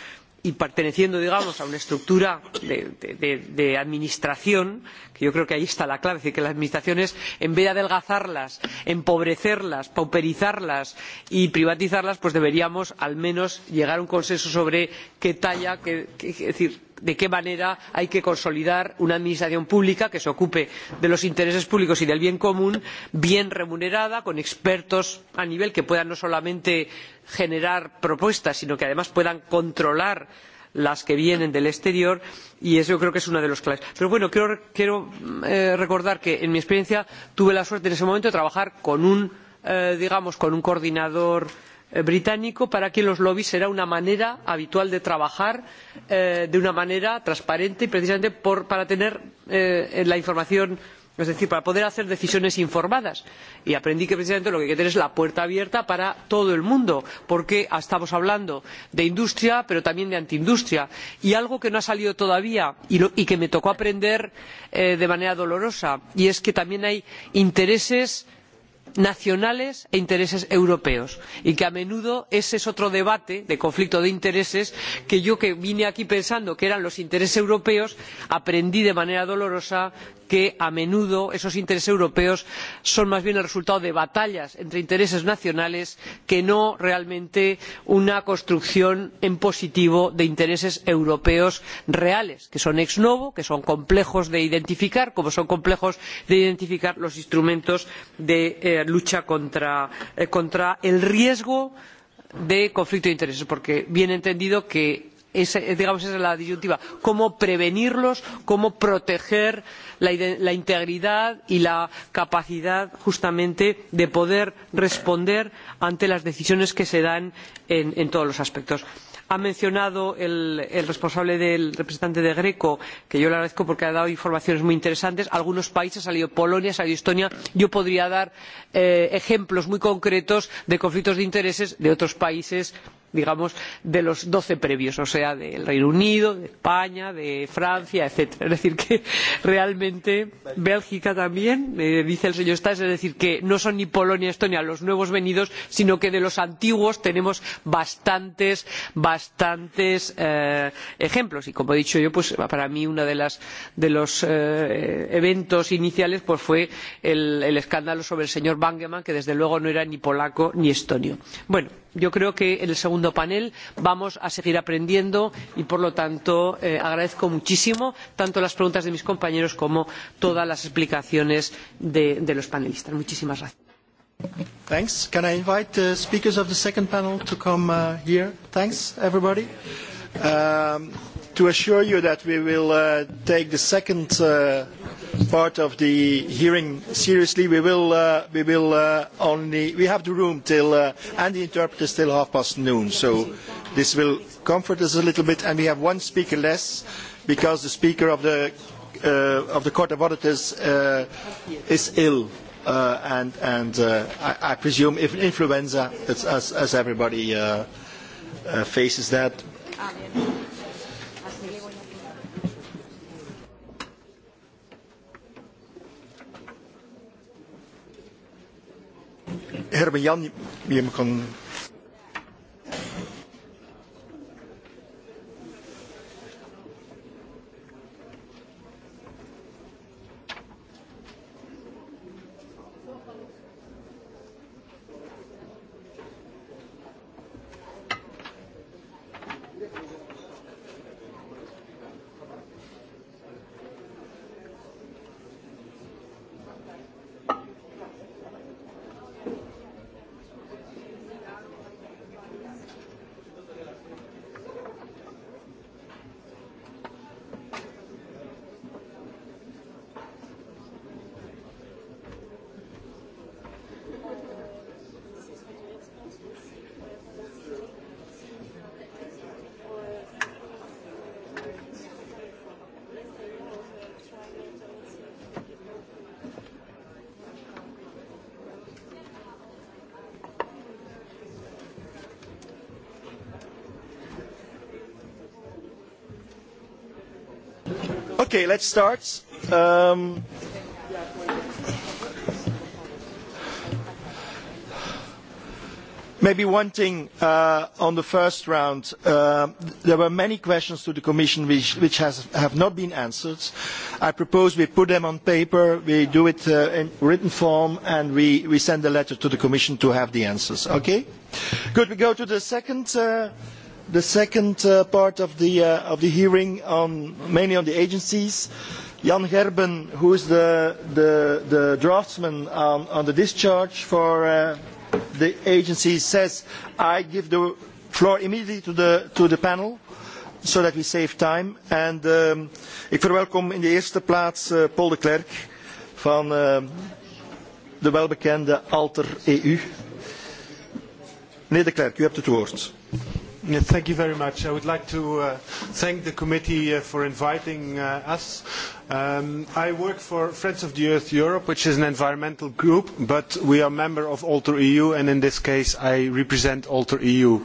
y perteneciendo digamos a una estructura de, de, de, administración que yo creo que ahí está la clave es decir que las administraciones en vez de adelgazarlas empobrecerlas pauperizarlas y privatizarlas pues deberíamos al menos llegar a un consenso sobre qué talla qué, qué, es decir de qué manera hay que consolidar una administración pública que se ocupe de los intereses públicos y del bien común bien remunerada con expertos a nivel que puedan no solamente generar propuestas sino que además puedan controlar las que vienen del exterior y eso creo que es una de las claves. Pero bueno, quiero, quiero eh, recordar que en mi experiencia tuve la suerte en ese momento de trabajar con un, eh, digamos, con un coordinador eh, Eh, británico para que los lobbies será una manera habitual de trabajar eh, de una manera transparente y precisamente por, para tener eh, la información es decir, para poder hacer decisiones informadas. Y aprendí que precisamente lo que hay que tener es la puerta abierta para todo el mundo, porque estamos hablando de industria, pero también de antiindustria. Y algo que no ha salido todavía y, lo, y que me tocó aprender eh, de manera dolorosa, y es que también hay intereses nacionales e intereses europeos y que a menudo ese es otro debate de conflicto de intereses que yo que vine aquí pensando que eran los intereses europeos aprendí de manera dolorosa que a menudo esos intereses europeos son más bien el resultado de batallas entre intereses nacionales que no realmente una construcción en positivo de intereses europeos reales que son ex novo que son complejos de identificar como son complejos de identificar los instrumentos de eh, lucha contra, eh, contra el riesgo de conflicto de intereses porque bien entendido que esa, digamos, esa es la disyuntiva. Cómo prevenirlos, cómo proteger la, la integridad y la capacidad justamente de poder responder ante las decisiones que se dan en, en todos los aspectos. Ha mencionado el, el responsable del representante de Greco, que yo le agradezco porque ha dado informaciones muy interesantes. Algunos países, ha salido Polonia, ha salido Estonia. Yo podría dar eh, ejemplos muy concretos de conflictos de intereses de otros países digamos, de los doce previos, o sea, del Reino Unido, de España, de Francia, etc. Es decir, que realmente Bélgica también, eh, dice el señor Stas, es decir, que no son ni Polonia ni Estonia los nuevos venidos, sino que de los antiguos tenemos bastantes, bastantes eh, ejemplos. Y como he dicho yo, pues para mí uno de, de los eh, eventos iniciales pues fue el, el escándalo sobre el señor Bangeman, que desde luego no era ni polaco ni estonio. Bueno yo creo que en el segundo panel vamos a seguir aprendiendo y por lo tanto eh, agradezco muchísimo tanto las preguntas de mis compañeros como todas las explicaciones de, de los panelistas. Muchísimas gracias. Thanks. Can I invite the speakers of the second panel to come uh, here? Thanks, everybody. Um, to assure you that we will uh, take the second uh, part of the hearing seriously. We will, uh, we will uh, only, we have the room till, uh, and the interpreters till half past noon. So this will comfort us a little bit and we have one speaker less because the speaker of the, uh, of the Court of Auditors uh, is ill. Uh, and and uh, I, I presume if influenza, as as, as everybody uh, uh, faces that. Herman Jan, jem kon Okay, let's start. Um, maybe one thing uh, on the first round. Uh, there were many questions to the Commission which, which has, have not been answered. I propose we put them on paper, we do it uh, in written form, and we, we send a letter to the Commission to have the answers. Okay? Good, we go to the second. Uh, the second uh, part of the, uh, of the hearing, on, mainly on the agencies. Jan Gerben, who is the, the, the draftsman on, on the discharge for uh, the agency, says, I give the floor immediately to the, to the panel so that we save time. And um, ik verwelkom in de eerste plaats uh, Paul de Klerk van uh, de welbekende Alter EU. Meneer de Klerk, u hebt het woord. Yeah, thank you very much. I would like to uh, thank the committee uh, for inviting uh, us. Um, I work for Friends of the Earth Europe, which is an environmental group, but we are a member of Alter EU, and in this case, I represent Alter EU.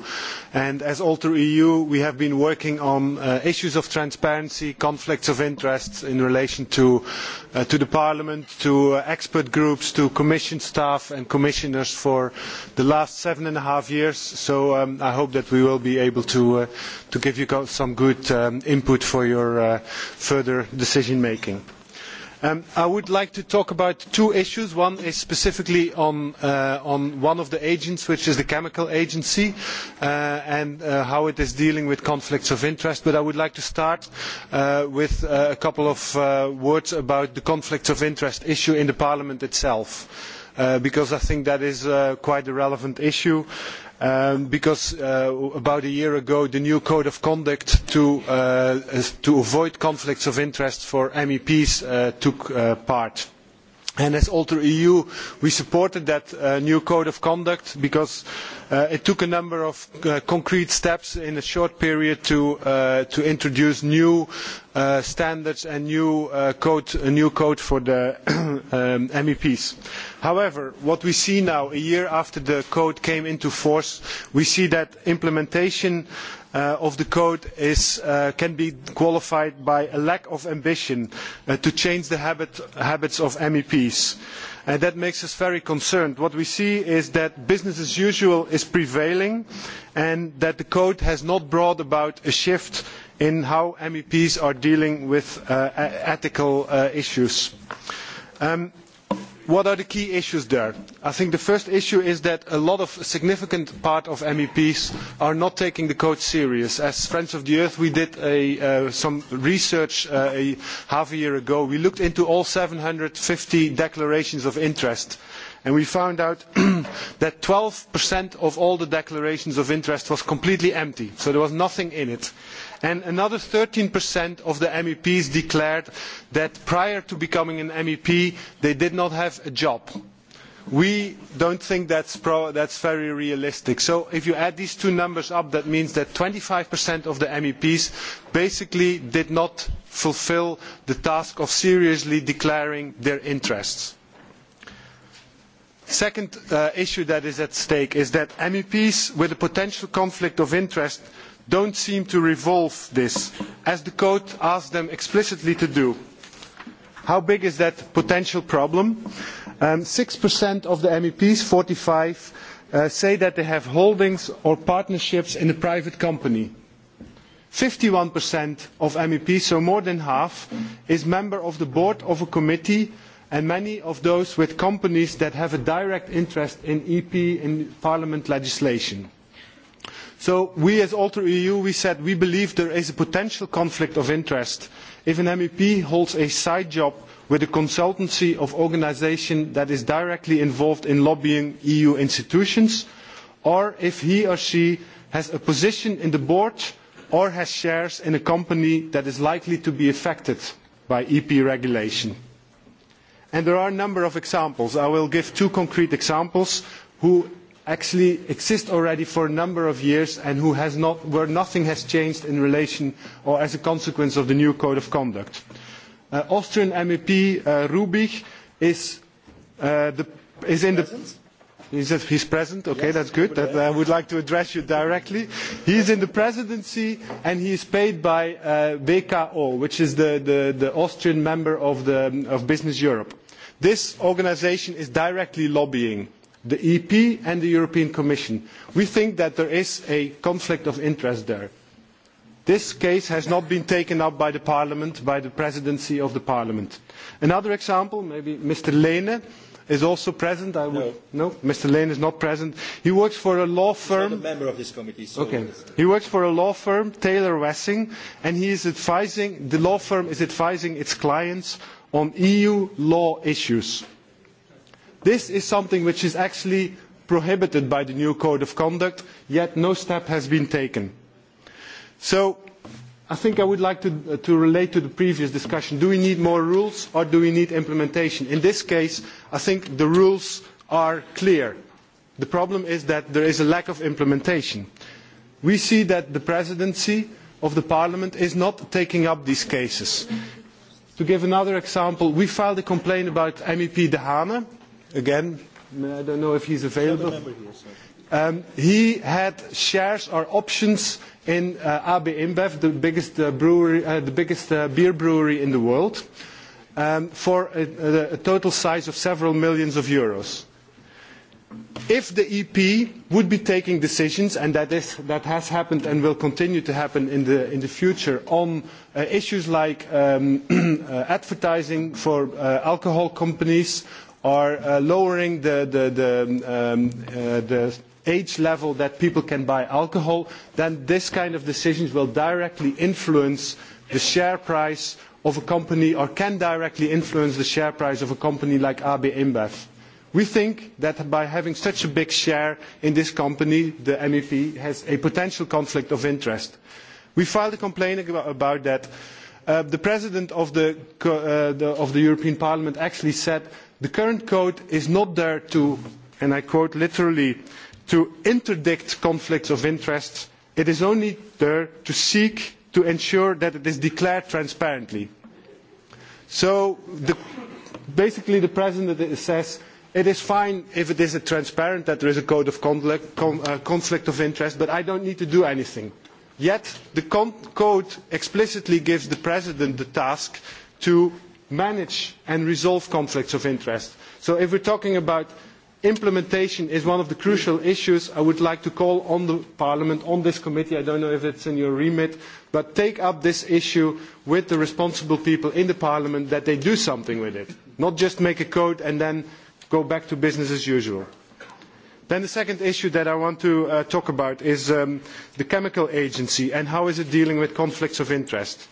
And as Alter EU, we have been working on uh, issues of transparency, conflicts of interest in relation to, uh, to the Parliament, to uh, expert groups, to Commission staff and commissioners for the last seven and a half years. So um, I hope that we will be able to, uh, to give you some good um, input for your uh, further decision making making. Um, I would like to talk about two issues. One is specifically on, uh, on one of the agents, which is the chemical agency, uh, and uh, how it is dealing with conflicts of interest. But I would like to start uh, with uh, a couple of uh, words about the conflicts of interest issue in Parliament itself. because I think that is quite a relevant issue Um, because uh, about a year ago the new code of conduct to, uh, to avoid conflicts of interest for MEPs uh, took uh, part. And as Alter EU, we supported that uh, new code of conduct because uh, it took a number of uh, concrete steps in a short period to, uh, to introduce new uh, standards and new, uh, code, a new code for the um, MEPs. However, what we see now, a year after the code came into force, we see that implementation uh, uh, of the code is, uh, can be qualified by a lack of ambition uh, to change the habit, habits of MEPs. And uh, that makes us very concerned. What we see is that business as usual is prevailing and that the code has not brought about a shift in how MEPs are dealing with uh, ethical uh, issues. Um, what are the key issues there? I think the first issue is that a lot of a significant part of MEPs are not taking the code serious. As Friends of the Earth, we did a, uh, some research uh, a half a year ago. We looked into all seven hundred and fifty declarations of interest and we found out that 12% of all the declarations of interest was completely empty, so there was nothing in it and another 13% of the MEPs declared that prior to becoming an MEP they did not have a job. We don't think that's, pro that's very realistic. So if you add these two numbers up, that means that 25% of the MEPs basically did not fulfill the task of seriously declaring their interests. The Second uh, issue that is at stake is that MEPs with a potential conflict of interest do not seem to revolve this, as the Code asks them explicitly to do. How big is that potential problem? Um, six um, percent of the MEPs, forty five, uh, say that they have holdings or partnerships in a private company. Fifty one percent of MEPs, so more than half, is member of the board of a committee and many of those with companies that have a direct interest in EP in Parliament legislation. So we as Alter EU, we said we believe there is a potential conflict of interest if an MEP holds a side job with a consultancy of organisation that is directly involved in lobbying EU institutions, or if he or she has a position in the board or has shares in a company that is likely to be affected by EP regulation. And there are a number of examples. I will give two concrete examples who actually exist already for a number of years and who has not, where nothing has changed in relation or as a consequence of the new code of conduct. Uh, Austrian MEP uh, Rubich is, uh, the, is in present? the... he's present, okay, yes, that's good. That, I would like to address you directly. He's in the presidency and he is paid by uh, which is the, the, the Austrian member of, the, of Business Europe. This organization is directly lobbying the EP and the European Commission. We think that there is a conflict of interest there. This case has not been taken up by the Parliament, by the presidency of the Parliament. Another example, maybe Mr. Lehne is also present. I would, no. no, Mr. Lehne is not present. He works for a law firm. He's not a member of this committee. So okay. He works for a law firm, Taylor Wessing, and he is advising, the law firm is advising its clients on EU law issues. This is something which is actually prohibited by the new code of conduct, yet no step has been taken. So I think I would like to, uh, to relate to the previous discussion. Do we need more rules or do we need implementation? In this case, I think the rules are clear. The problem is that there is a lack of implementation. We see that the presidency of the parliament is not taking up these cases. To give another example, we filed a complaint about MEP De Hane, again. I don't know if he's available. um, he had shares or options in uh, AB InBev, the biggest, uh, brewery, uh, the biggest uh, beer brewery in the world, um, for a, a total size of several millions of euros. If the EP would be taking decisions, and that, is, that has happened and will continue to happen in the, in the future, on uh, issues like um, uh, advertising for uh, alcohol companies, are uh, lowering the, the, the, um, um, uh, the age level that people can buy alcohol, then this kind of decisions will directly influence the share price of a company or can directly influence the share price of a company like AB InBev. We think that by having such a big share in this company, the MEP has a potential conflict of interest. We filed a complaint about that. Uh, the President of the, uh, the, of the European Parliament actually said The current code is not there to, and I quote literally, to interdict conflicts of interest. It is only there to seek to ensure that it is declared transparently. So the, basically the president says it is fine if it is transparent that there is a code of conflict, uh, conflict of interest, but I don't need to do anything. Yet the code explicitly gives the president the task to manage and resolve conflicts of interest. So if we are talking about implementation is one of the crucial issues I would like to call on Parliament, on this committee, I do not know if it is in your remit, but take up this issue with the responsible people in Parliament that they do something with it, not just make a code and then go back to business as usual. Then the second issue that I want to uh, talk about is um, the chemical agency and how is it dealing with conflicts of interest.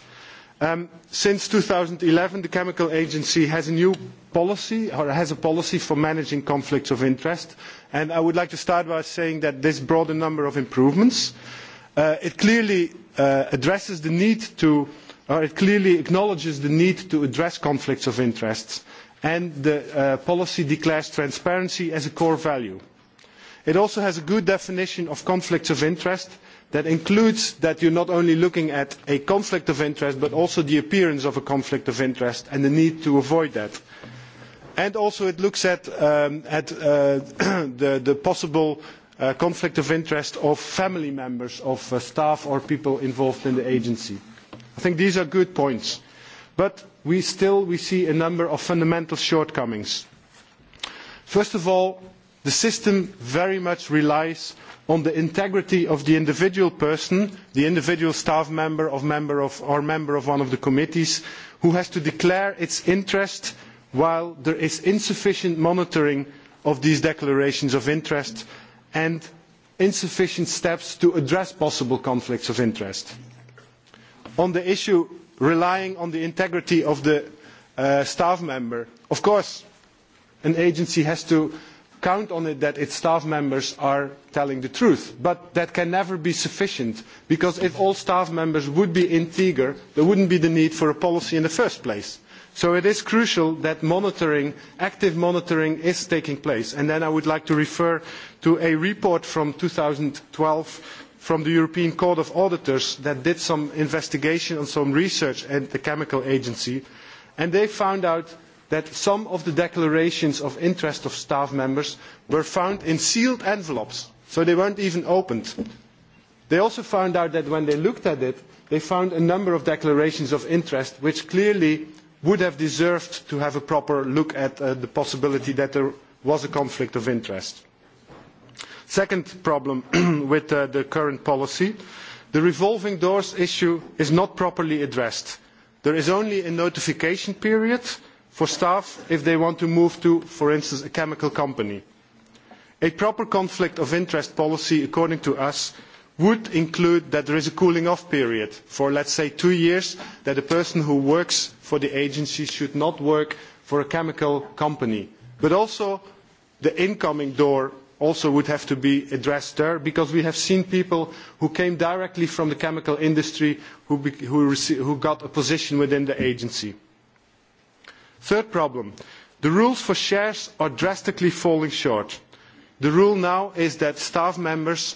Um, since 2011, the Chemical Agency has a new policy, or has a policy for managing conflicts of interest. And I would like to start by saying that this brought a number of improvements. Uh, it clearly uh, addresses the need to, or it clearly acknowledges the need to address conflicts of interest. And the uh, policy declares transparency as a core value. It also has a good definition of conflicts of interest That includes that you are not only looking at a conflict of interest, but also the appearance of a conflict of interest and the need to avoid that. And also it looks at, um, at uh, the, the, possible uh, conflict of interest of family members of uh, staff or people involved in the agency. I think these are good points. But we still we see a number of fundamental shortcomings. First of all, the system very much relies on the integrity of the individual person, the individual staff member, of member of, or member of one of the committees, who has to declare its interest while there is insufficient monitoring of these declarations of interest and insufficient steps to address possible conflicts of interest. On the issue relying on the integrity of the uh, staff member, of course, an agency has to count on it that its staff members are telling the truth. But that can never be sufficient because if all staff members would be integer, there would not be the need for a policy in the first place. So it is crucial that monitoring, active monitoring is taking place. And then I would like to refer to a report from twelve from the European Court of Auditors that did some investigation and some research at the chemical agency. And they found out that some of the declarations of interest of staff members were found in sealed envelopes, so they were not even opened. They also found out that when they looked at it, they found a number of declarations of interest which clearly would have deserved to have a proper look at uh, the possibility that there was a conflict of interest. Second problem with uh, the current policy, the revolving doors issue is not properly addressed. There is only a notification period, for staff if they want to move to, for instance, a chemical company. A proper conflict of interest policy, according to us, would include that there is a cooling off period for, let us say, two years, that a person who works for the agency should not work for a chemical company. But also, the incoming door also would have to be addressed there because we have seen people who came directly from the chemical industry who, who, who got a position within the agency. Third problem, the rules for shares are drastically falling short. The rule now is that staff members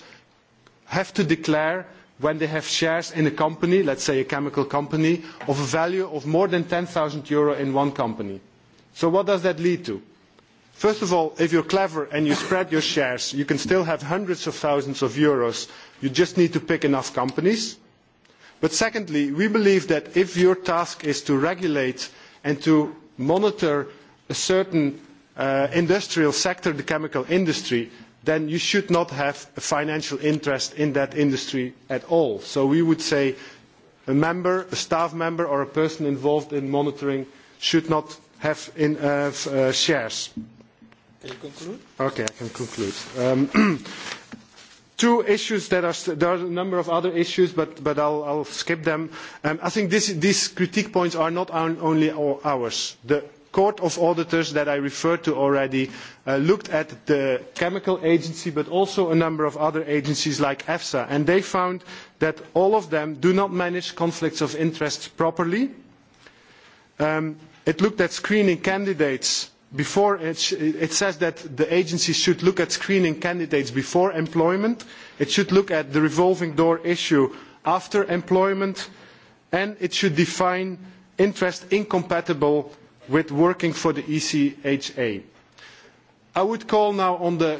have to declare when they have shares in a company, let us say a chemical company, of a value of more than 10,000 euro in one company. So what does that lead to? First of all, if you are clever and you spread your shares, you can still have hundreds of thousands of euros. You just need to pick enough companies. But secondly, we believe that if your task is to regulate and to monitor a certain uh, industrial sector, the chemical industry, then you should not have a financial interest in that industry at all. So we would say a member, a staff member or a person involved in monitoring should not have in, uh, uh, shares. Can you conclude? Okay, I can conclude. Um, two issues that are there are a number of other issues but but i'll i'll skip them um, i think this these critique points are not only ours the court of auditors that i referred to already uh, looked at the chemical agency but also a number of other agencies like efsa and they found that all of them do not manage conflicts of interest properly um, it looked at screening candidates before it says that the agency should look at screening candidates before employment, it should look at the revolving door issue after employment, and it should define interest incompatible with working for the ECHA. I would call now on the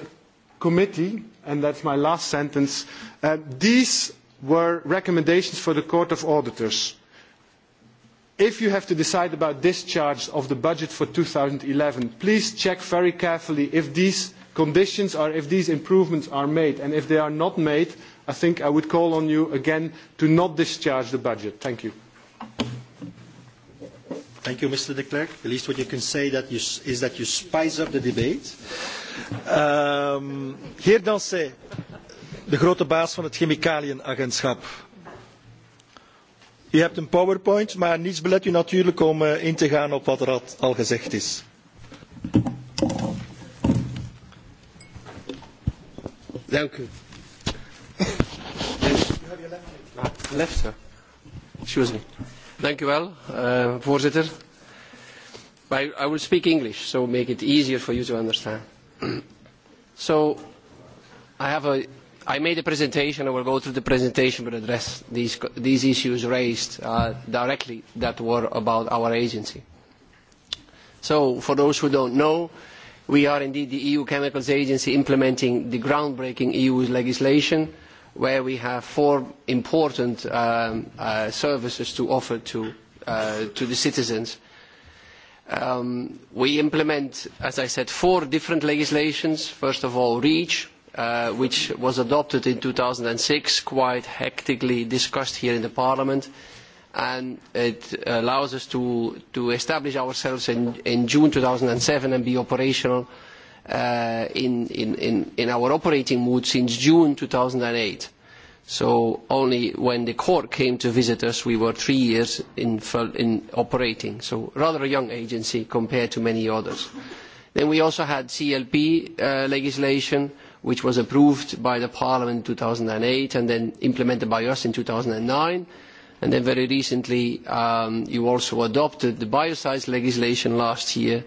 committee, and that is my last sentence, uh, these were recommendations for the Court of Auditors if you have to decide about discharge of the budget for eleven, please check very carefully if these conditions are, if these improvements are made. And if they are not made, I think I would call on you again to not discharge the budget. Thank you. Thank you, Mr. de Klerk. At least what you can say that you, is that you spice up the debate. Um, heer Danset, de grote baas van het chemicaliënagentschap. Je hebt een PowerPoint, maar niets belet u natuurlijk om eh, in te gaan op wat er al gezegd is. Dank u. Left, sir. Excuse me. uh, voorzitter. I, I will speak English, so make it easier for you to understand. so, I have a I made a presentation, I will go through the presentation but address these, these issues raised uh, directly that were about our agency. So, for those who don't know, we are indeed the EU Chemicals Agency implementing the groundbreaking EU legislation where we have four important um, uh, services to offer to, uh, to the citizens. Um, we implement, as I said, four different legislations. First of all, REACH, uh, which was adopted in 2006, quite hectically discussed here in the Parliament, and it allows us to, to establish ourselves in, in June 2007 and be operational uh, in, in, in our operating mood since June 2008. So only when the court came to visit us, we were three years in, in operating. So rather a young agency compared to many others. Then we also had CLP uh, legislation, uh, which was approved by the Parliament in 2008 and then implemented by us in 2009. And then very recently, um, you also adopted the biocides legislation last year,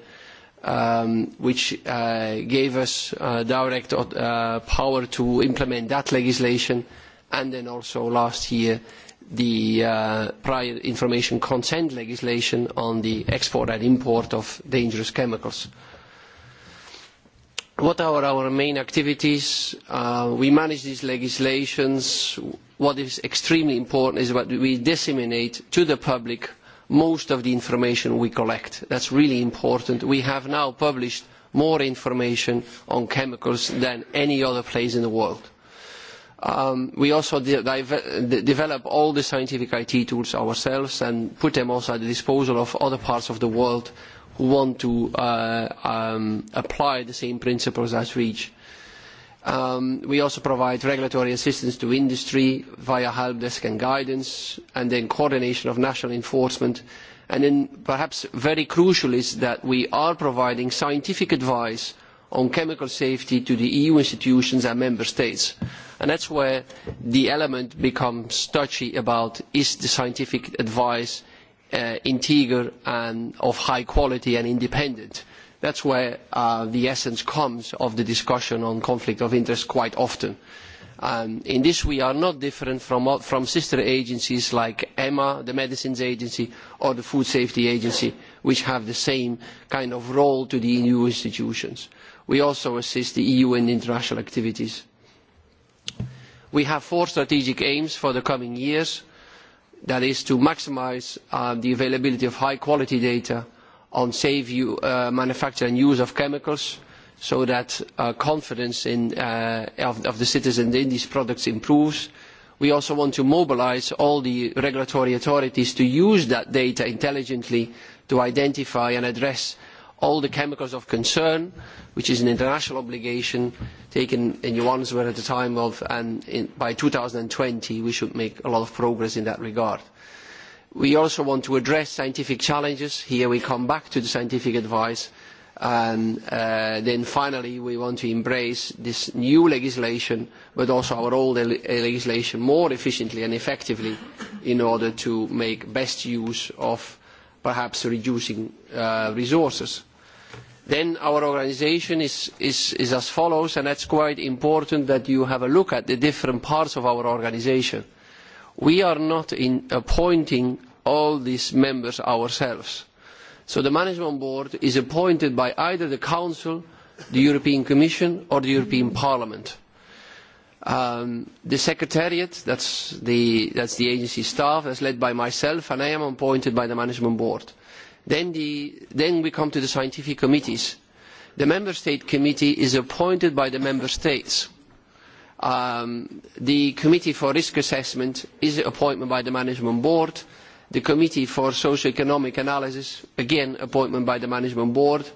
um, which uh, gave us uh, direct uh, power to implement that legislation. And then also last year, the uh, prior information consent legislation on the export and import of dangerous chemicals. Uh, what are our main activities? Uh, we manage these legislations. What is extremely important is that we disseminate to the public most of the information we collect. That is really important. We have now published more information on chemicals than any other place in the world. Um, we also de develop all the scientific IT tools ourselves and put them also at the disposal of other parts of the world want to uh, um, apply the same principles as REACH. Um, we also provide regulatory assistance to industry via help desk and guidance, and then coordination of national enforcement. And then perhaps very crucial is that we are providing scientific advice on chemical safety to the EU institutions and member states. And is where the element becomes touchy about is the scientific advice uh, integer and of high quality and independent. That's where uh, the essence comes of the discussion on conflict of interest quite often. Um, in this we are not different from, uh, from sister agencies like EMA, the Medicines Agency, or the Food Safety Agency, which have the same kind of role to the EU institutions. We also assist the EU in international activities. We have four strategic aims for the coming years that is to maximise uh, the availability of high quality data on safe uh, manufacture and use of chemicals so that uh, confidence in, uh, of, of, the citizens in these products improves. We also want to mobilise all the regulatory authorities to use that data intelligently to identify and address all the chemicals of concern, which is an international obligation taken in Johannesburg at the time of, and in, by 2020 we should make a lot of progress in that regard. We also want to address scientific challenges. Here we come back to the scientific advice. And uh, then finally, we want to embrace this new legislation, but also our old legislation more efficiently and effectively in order to make best use of perhaps reducing uh, resources then our organisation is, is, is as follows, and that's quite important that you have a look at the different parts of our organisation. We are not in appointing all these members ourselves. So the management board is appointed by either the Council, the European Commission or the European Parliament. Um, the Secretariat, that's the, that's the agency staff, is led by myself and I am appointed by the management board. Then, the, then we come to the scientific committees. The member state committee is appointed by the member states. Um, the committee for risk assessment is an appointment by the management board. The committee for socio-economic analysis, again, appointment by the management board.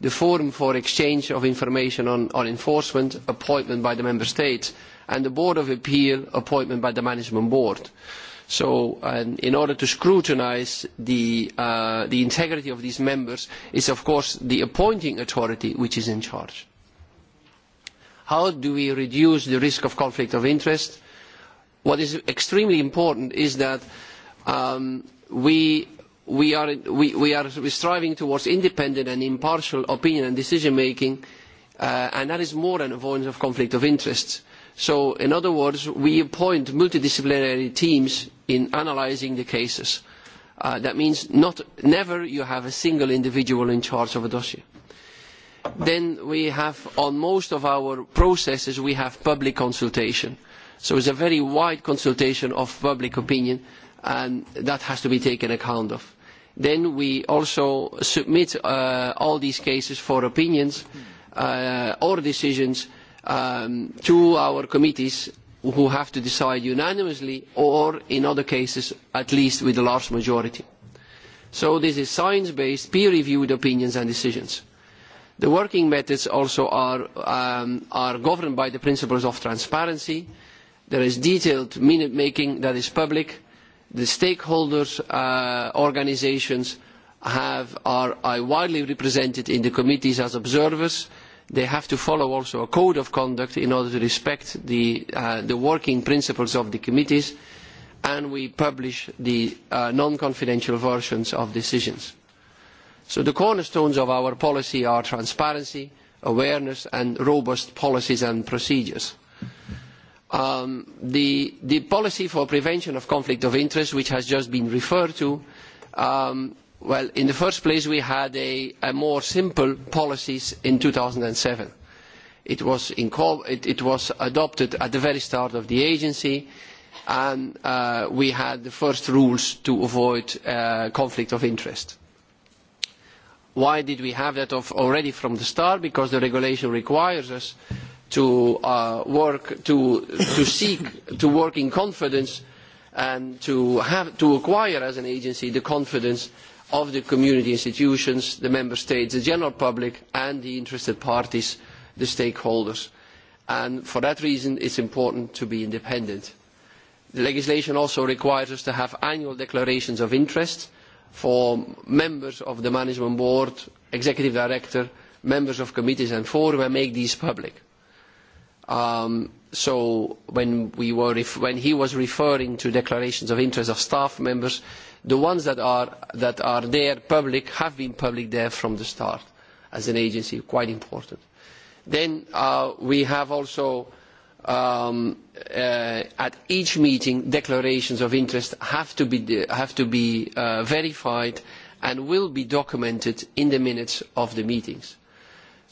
The forum for exchange of information on, on enforcement, appointment by the member states. And the board of appeal, appointment by the management board. So um, in order to scrutinise the, uh, the integrity of these members is of course the appointing authority which is in charge. How do we reduce the risk of conflict of interest? What is extremely important is that um, we, we, are, we, we are striving towards independent and impartial opinion and decision making uh, and that is more than avoidance of conflict of interest So, in other words, we appoint multidisciplinary teams in analysing the cases. Uh, that means not, never you have a single individual in charge of a dossier. Then we have, on most of our processes, we have public consultation. So it's a very wide consultation of public opinion, and that has to be taken account of. Then we also submit uh, all these cases for opinions uh, or decisions um, to our committees who have to decide unanimously or in other cases at least with a large majority. So this is science-based, peer-reviewed opinions and decisions. The working methods also are, um, are governed by the principles of transparency. There is detailed minute-making that is public. The stakeholders' uh, organisations have, are, are widely represented in the committees as observers they have to follow also a code of conduct in order to respect the, uh, the working principles of the committees and we publish the uh, non-confidential versions of decisions. So the cornerstones of our policy are transparency, awareness and robust policies and procedures. Um, the, the policy for prevention of conflict of interest, which has just been referred to, um, Well, in the first place, we had a, a more simple policies in 2007. It was, in call, it, it was adopted at the very start of the agency, and uh, we had the first rules to avoid uh, conflict of interest. Why did we have that of already from the start? Because the regulation requires us to uh, work, to, to seek, to work in confidence and to, have, to acquire as an agency the confidence of the community institutions, the member states, the general public and the interested parties, the stakeholders. And for that reason, it is important to be independent. The legislation also requires us to have annual declarations of interest for members of the management board, executive director, members of committees and forum and make these public. Um, so when, we were, when he was referring to declarations of interest of staff members, the ones that are, that are there public have been public there from the start as an agency, quite important. Then uh, we have also um, uh, at each meeting declarations of interest have to be, have to be uh, verified and will be documented in the minutes of the meetings.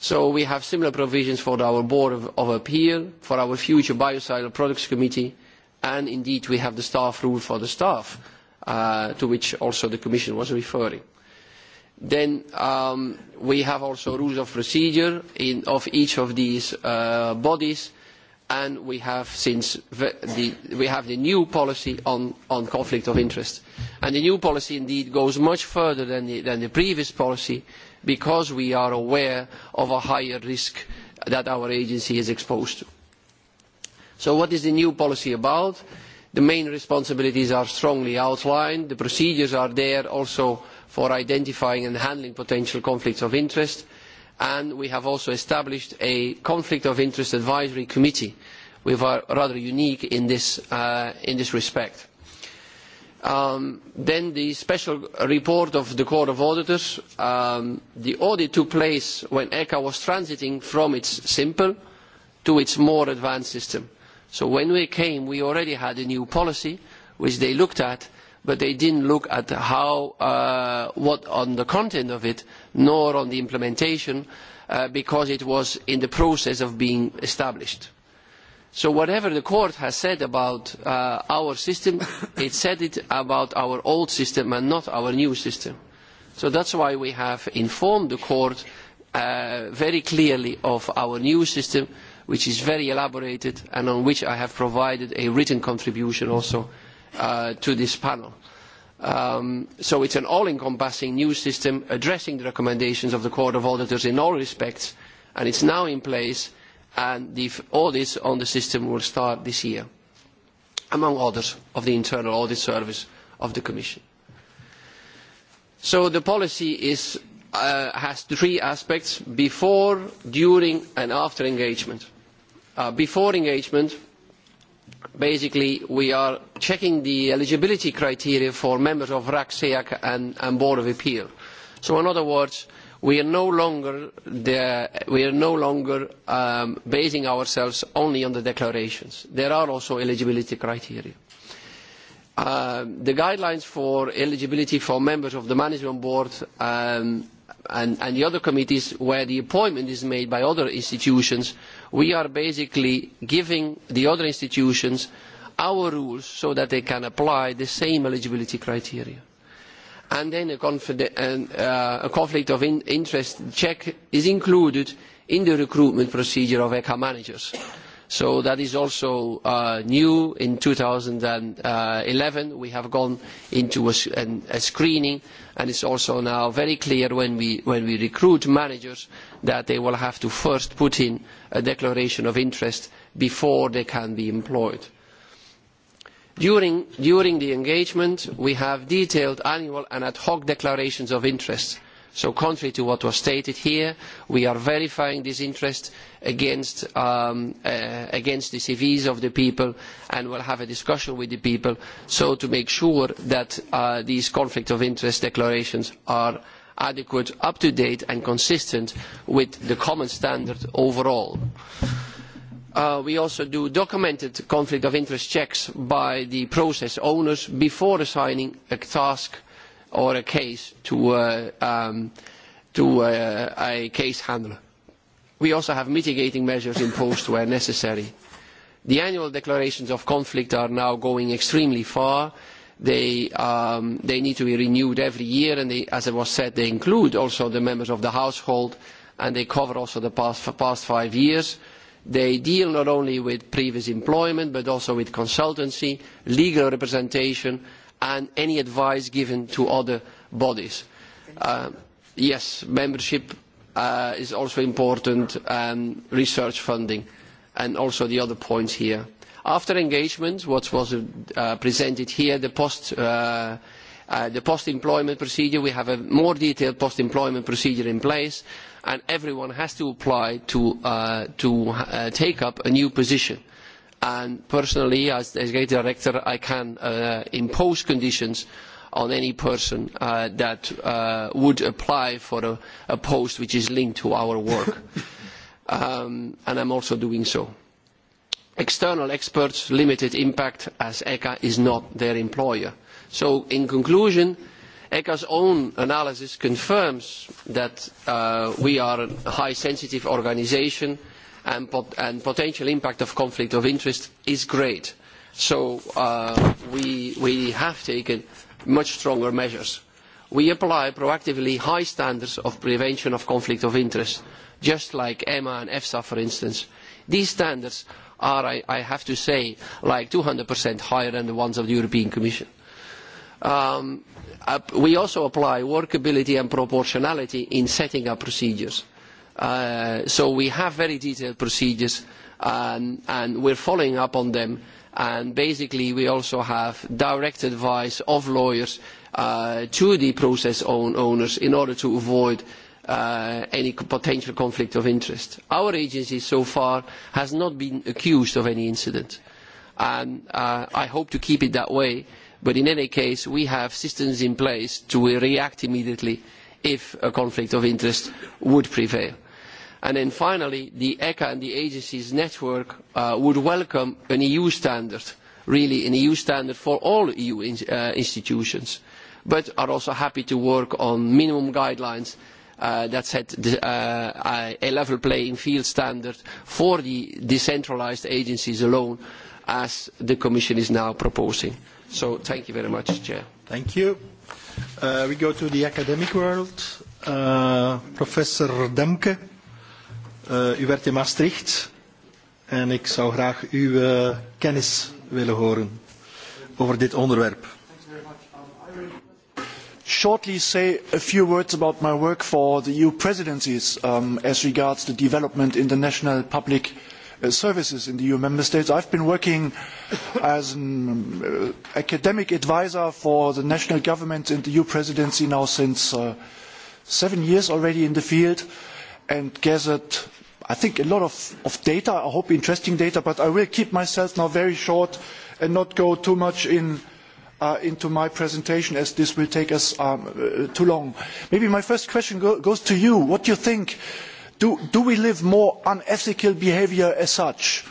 So we have similar provisions for our Board of, of Appeal, for our future Biocidal Products Committee, and indeed we have the staff rule for the staff uh, to which also the Commission was referring. Then um, we have also rules of procedure in, of each of these uh, bodies, and we have since the, we have the new policy on, on conflict of interest. And the new policy indeed goes much further than the, than the previous policy because we are aware of a higher risk that our agency is exposed to. So what is the new policy about? The main responsibilities are strongly outlined. The procedures are there also for identifying and handling potential conflicts of interest. And we have also established a conflict of interest advisory committee. We are rather unique in this, uh, in this respect. Um, then the special report of the Court of Auditors. Um, the audit took place when ECHA was transiting from its simple to its more advanced system. So when we came, we already had a new policy, which they looked at, but they didn't look at how, uh, what on the content of it, nor on the implementation, uh, because it was in the process of being established. So whatever the court has said about uh, our system, it said it about our old system and not our new system. So that's why we have informed the court uh, very clearly of our new system which is very elaborated and on which I have provided a written contribution also uh, to this panel. Um, so it's an all-encompassing new system addressing the recommendations of the Court of Auditors in all respects, and it's now in place, and the audits on the system will start this year, among others, of the Internal Audit Service of the Commission. So the policy is, uh, has three aspects, before, during, and after engagement. Uh, before engagement, basically we are checking the eligibility criteria for members of RAC, SEAC and, and Board of Appeal. So in other words, we are no longer, the, we are no longer um, basing ourselves only on the declarations. There are also eligibility criteria. Uh, the guidelines for eligibility for members of the management board um, and, and the other committees where the appointment is made by other institutions we are basically giving the other institutions our rules so that they can apply the same eligibility criteria. And then a, and, uh, a conflict of in interest check is included in the recruitment procedure of ECHA managers. So that is also uh, new. In 2011, we have gone into a, a screening, and it's also now very clear when we, when we recruit managers that they will have to first put in a declaration of interest before they can be employed. During, during the engagement, we have detailed annual and ad hoc declarations of interest So contrary to what was stated here, we are verifying this interest against, um, uh, against the CVs of the people and will have a discussion with the people so to make sure that uh, these conflict of interest declarations are adequate, up to date and consistent with the common standard overall. Uh, we also do documented conflict of interest checks by the process owners before assigning a task or a case to, uh, um, to uh, a case handler. We also have mitigating measures imposed where necessary. The annual declarations of conflict are now going extremely far. They, um, they need to be renewed every year and they, as it was said, they include also the members of the household and they cover also the past, for past five years. They deal not only with previous employment but also with consultancy, legal representation, and any advice given to other bodies. Uh, yes, membership uh, is also important, um, research funding, and also the other points here. After engagement, what was uh, presented here, the post, uh, uh, the post-employment procedure, we have a more detailed post-employment procedure in place, and everyone has to apply to, uh, to uh, take up a new position. And personally, as executive director, I can uh, impose conditions on any person uh, that uh, would apply for a, a post which is linked to our work. um, and I'm also doing so. External experts, limited impact, as ECA is not their employer. So in conclusion, ECA's own analysis confirms that uh, we are a high sensitive organization and, pot and potential impact of conflict of interest is great. So uh, we, we have taken much stronger measures. We apply proactively high standards of prevention of conflict of interest, just like EMA and EFSA, for instance. These standards are, I, I have to say, like 200% higher than the ones of the European Commission. Um, uh, we also apply workability and proportionality in setting up procedures. Uh, so we have very detailed procedures and and we're following up on them and basically we also have direct advice of lawyers uh, to the process own owners in order to avoid uh, any potential conflict of interest. Our agency so far has not been accused of any incident and uh, I hope to keep it that way but in any case we have systems in place to react immediately if a conflict of interest would prevail. And then finally, the ECA and the agencies network uh, would welcome an EU standard, really an EU standard for all EU in, uh, institutions, but are also happy to work on minimum guidelines uh, that set the, uh, a level playing field standard for the decentralized agencies alone, as the Commission is now proposing. So thank you very much, Chair. Thank you. Uh, we go to the academic world. Uh, Professor Demke. Eh, u werkt in Maastricht en ik zou graag uw eh, kennis willen horen over dit onderwerp. Shortly say a few words about my work for the EU presidencies um, as regards the development in the national public uh, services in the EU member states. I've been working as an um, uh, academic advisor for the national government in the EU presidency now since uh, seven years already in the field and gathered I think a lot of, of data, I hope interesting data, but I will keep myself now very short and not go too much in, uh, into my presentation as this will take us um, uh, too long. Maybe my first question go goes to you. What do you think? Do, do we live more unethical behaviour as such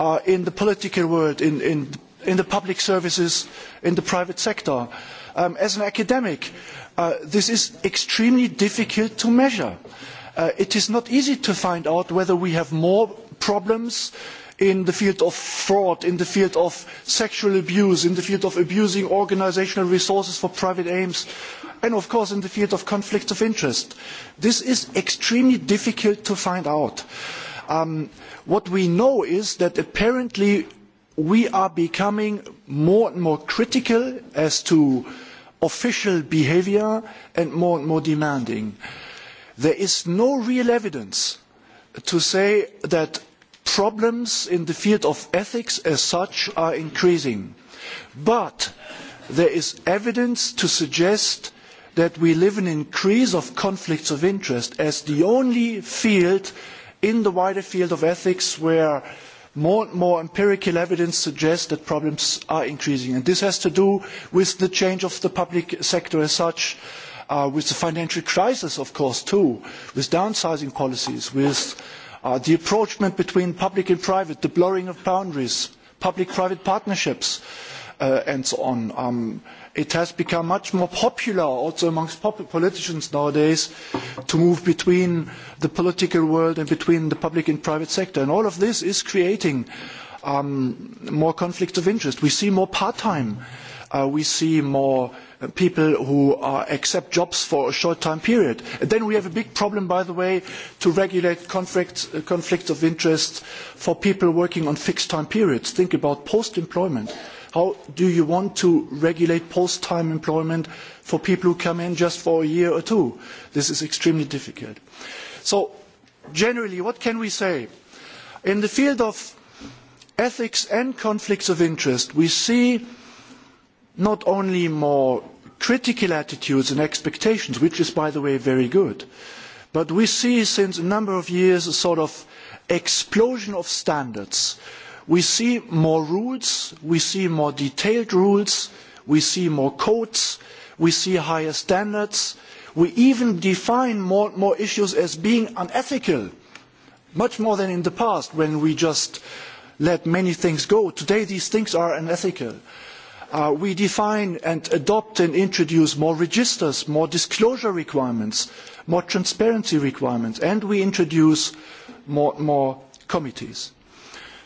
uh, in the political world, in, in, in, the public services, in the private sector? Um, as an academic, uh, this is extremely difficult to measure. Uh, it is not easy to find out whether we have more problems in the field of fraud, in the field of sexual abuse, in the field of abusing organisational resources for private aims, and of course in the field of conflicts of interest. This is extremely difficult to find out. Um, what we know is that apparently we are becoming more and more critical as to official behaviour and more and more demanding. Uh, there is no real evidence to say that problems in the field of ethics as such are increasing. But there is evidence to suggest that we live in an increase of conflicts of interest as the only field in the wider field of ethics where more and more empirical evidence suggests that problems are increasing. And this has to do with the change of the public sector as such, uh, with the financial crisis, of course, too, with downsizing policies, with uh, the approachment between public and private, the blurring of boundaries, public-private partnerships, uh, and so on. Um, it has become much more popular also amongst politicians nowadays to move between the political world and between the public and private sector. And all of this is creating um, more conflicts of interest. We see more part-time. Uh, we see more people who are, uh, accept jobs for a short time period. And then we have a big problem, by the way, to regulate uh, conflicts of interest for people working on fixed time periods. Think about post-employment. How do you want to regulate post-time employment for people who come in just for a year or two? This is extremely difficult. So generally, what can we say? In the field of ethics and conflicts of interest, we see not only more critical attitudes and expectations, which is, by the way, very good. But we see since a number of years a sort of explosion of standards. We see more rules, we see more detailed rules, we see more codes, we see higher standards, we even define more, more issues as being unethical, much more than in the past when we just let many things go. Today these things are unethical. Uh, we define and adopt and introduce more registers, more disclosure requirements, more transparency requirements, and we introduce more, more committees.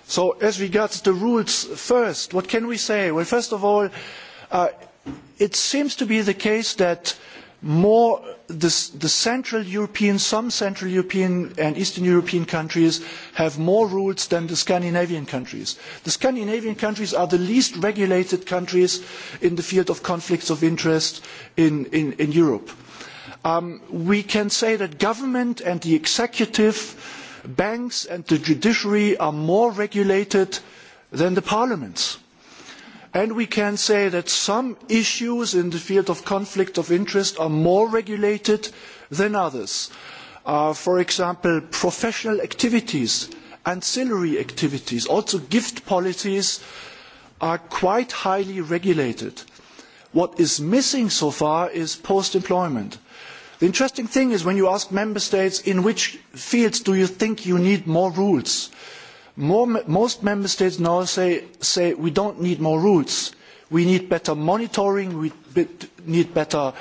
So as regards the rules first, what can we say? Well, first of all, uh, it seems to be the case that more the, the central European, some central European and Eastern European countries have more rules than the Scandinavian countries. The Scandinavian countries are the least regulated countries in the field of conflicts of interest in, in, in Europe. Um, we can say that government and the executive, banks and the judiciary are more regulated than the parliaments. And we can say that some issues in the field of conflict of interest are more regulated than others. Uh, for example, professional activities, ancillary activities, also gift policies are quite highly regulated. What is missing so far is post-employment. The interesting thing is when you ask member states in which fields do you think you need more rules, More, most member states now say, say we don't need more rules. We need better monitoring, we need better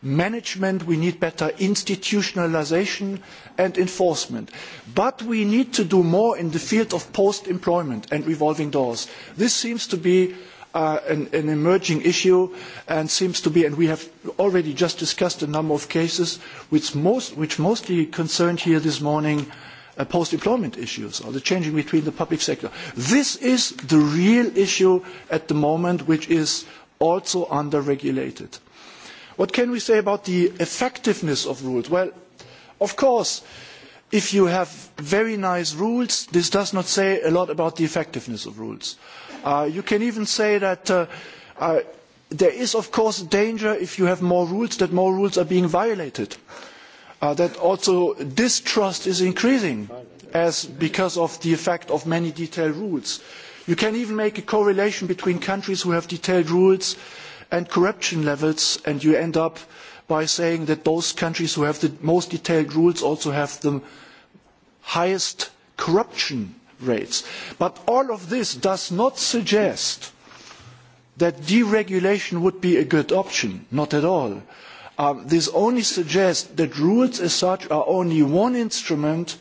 management, we need better institutionalisation and enforcement. But we need to do more in the field of post-employment and revolving doors. This seems to be uh, an, an, emerging issue and seems to be, and we have already just discussed a number of cases which, most, which mostly concerned here this morning uh, post-employment issues or the changing between the public sector. This is the real issue at the moment which is also under-regulated. What can we say about the effectiveness of rules? Well, of course, if you have very nice rules, this does not say a lot about the effectiveness of rules. Uh, you can even say that uh, uh, there is, of course, danger if you have more rules that more rules are being violated uh, that also distrust is increasing as because of the effect of many detailed rules. You can even make a correlation between countries who have detailed rules and corruption levels, and you end up by saying that those countries who have the most detailed rules also have the highest corruption rates. But all of this does not suggest that deregulation would be a good option, not at all. Uh, this only suggests that rules as such are only one instrument,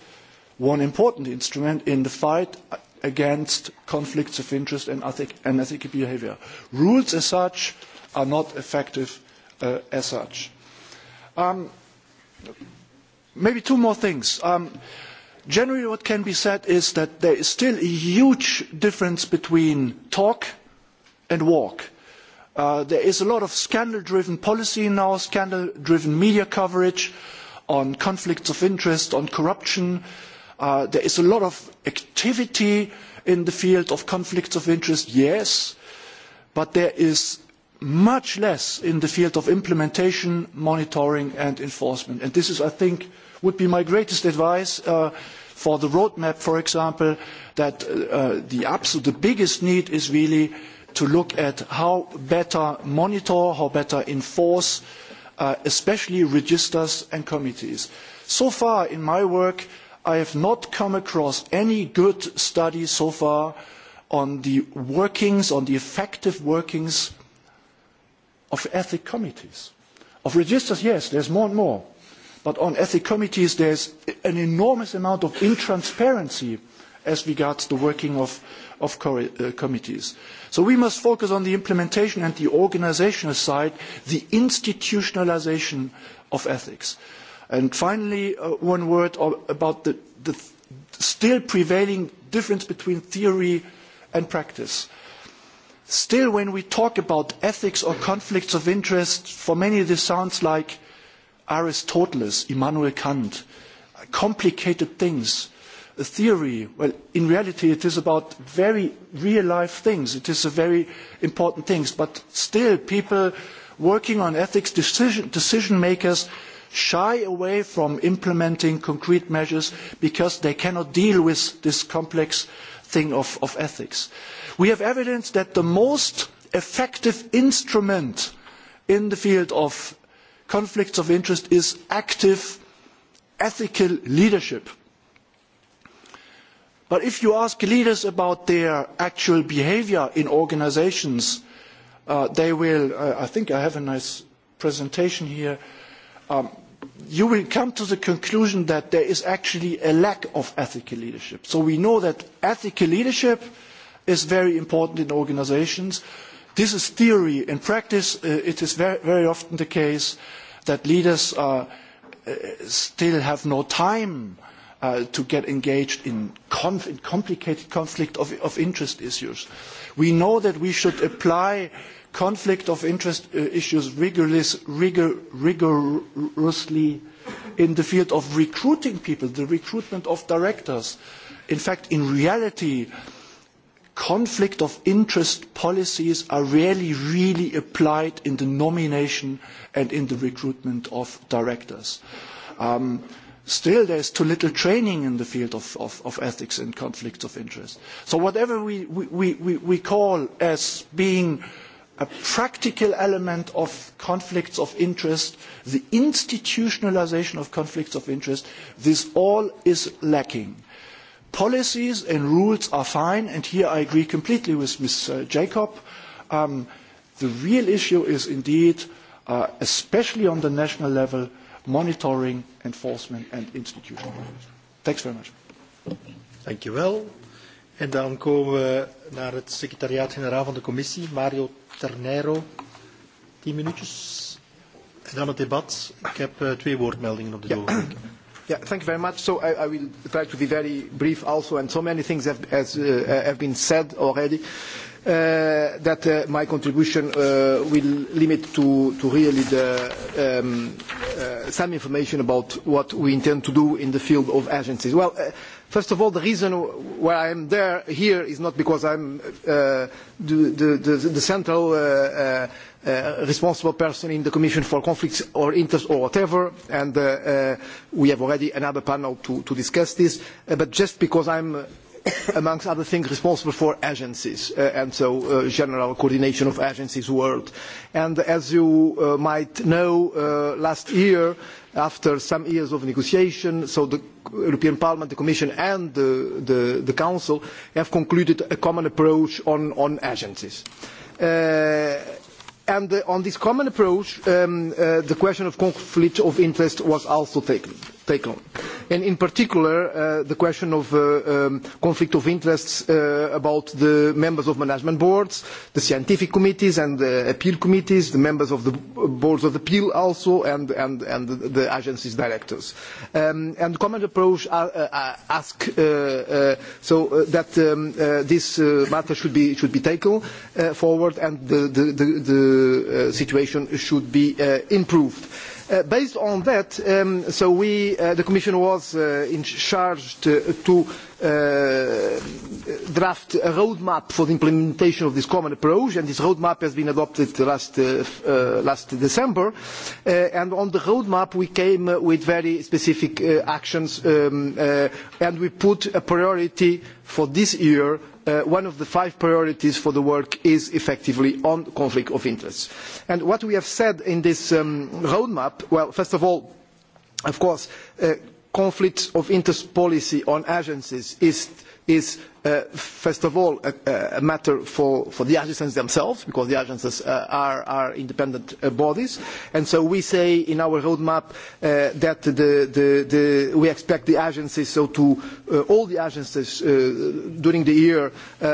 one important instrument in the fight against conflicts of interest and unethical behaviour. Rules as such are not effective uh, as such. Um, maybe two more things. Um, generally what can be said is that there is still a huge difference between talk and walk. Uh, there is a lot of scandal-driven policy now, scandal-driven media coverage on conflicts of interest, on corruption. Uh, there is a lot of activity in the field of conflicts of interest, yes, but there is much less in the field of implementation, monitoring and enforcement. And this is, I think, would be my greatest advice uh, for the roadmap, for example, that uh, the absolute, the biggest need is really to look at how better monitor, how better enforce, uh, especially registers and committees. So far in my work, I have not come across any good study so far on the workings, on the effective workings of ethic committees. Of registers, yes, there's more and more. But on ethic committees, there's an enormous amount of intransparency as regards the working of, of uh, committees. So we must focus on the implementation and the organisational side, the institutionalisation of ethics. And finally, uh, one word about the, the still prevailing difference between theory and practice. Still, when we talk about ethics or conflicts of interest, for many this sounds like Aristoteles, Immanuel Kant, complicated things a theory. Well, in reality, it is about very real-life things. It is a very important things. But still, people working on ethics, decision, decision makers, shy away from implementing concrete measures because they cannot deal with this complex thing of, of ethics. We have evidence that the most effective instrument in the field of conflicts of interest is active ethical leadership. But if you ask leaders about their actual behaviour in organisations, uh, they will, uh, I think I have a nice presentation here, um, you will come to the conclusion that there is actually a lack of ethical leadership. So we know that ethical leadership is very important in organisations. This is theory. In practice, uh, it is very, very often the case that leaders uh, uh still have no time Uh, to get engaged in, conf in complicated conflict of, of interest issues. We know that we should apply conflict of interest uh, issues rigorous, rigor, rigorously in the field of recruiting people, the recruitment of directors. In fact, in reality, conflict of interest policies are rarely really applied in the nomination and in the recruitment of directors. Um, Still, there is too little training in the field of, of, of ethics and conflicts of interest. So whatever we, we, we, we call as being a practical element of conflicts of interest, the institutionalization of conflicts of interest, this all is lacking. Policies and rules are fine, and here I agree completely with Ms. Uh, Jacob. Um, the real issue is indeed, uh, especially on the national level, monitoring, enforcement and institutional management. Thanks very much. Thank you well. En dan komen we naar het secretariaat-generaal van de commissie, Mario Ternero. Tien minuutjes. En dan het debat. Ik heb uh, twee woordmeldingen op de doel. Yeah. Yeah, thank you very much. So I, I will try to be very brief also, and so many things have, has, uh, eh, have been said already uh, that uh, my contribution uh, will limit to, to really the, um, uh, some information about what we intend to do in the field of agencies. Well, uh, first of all, the reason why I am there here is not because I am uh, the, the, the, the central uh, uh, uh, responsible person in the Commission for conflicts or interest or whatever, and uh, uh, we have already another panel to, to discuss this, uh, but just because I'm uh, amongst other things, responsible for agencies, uh, and so uh, general coordination of agencies world. And as you uh, might know, uh, last year, after some years of negotiation, so the European Parliament, the Commission and the, the, the Council have concluded a common approach on, on agencies. Uh, and uh, on this common approach, um, uh, the question of conflict of interest was also taken take on. And in particular, uh, the question of uh, um, conflict of interests uh, about the members of management boards, the scientific committees and the appeal committees, the members of the boards of appeal also, and, and, and the agencies directors. Um, and common approach are, uh, uh, uh, ask uh, uh, so uh, that um, uh, this uh, matter should be, should be taken uh, forward and the, the, the, the uh, situation should be uh, improved. Uh, based on that, um, so we, uh, the Commission was uh, in charge to, uh, to uh, draft a roadmap for the implementation of this common approach, and this roadmap has been adopted last, uh, uh, last December. Uh, and on the roadmap, we came uh, with very specific uh, actions, um, uh, and we put a priority for this year uh, one of the five priorities for the work is effectively on conflict of interests. And what we have said in this um, roadmap, well, first of all, of course, uh, conflict of interest policy on agencies is, is Uh, first of all, a, a matter for, for, the agencies themselves, because the agencies uh, are, are, independent uh, bodies. And so we say in our roadmap uh, that the, the, the, we expect the agencies, so to uh, all the agencies during the year,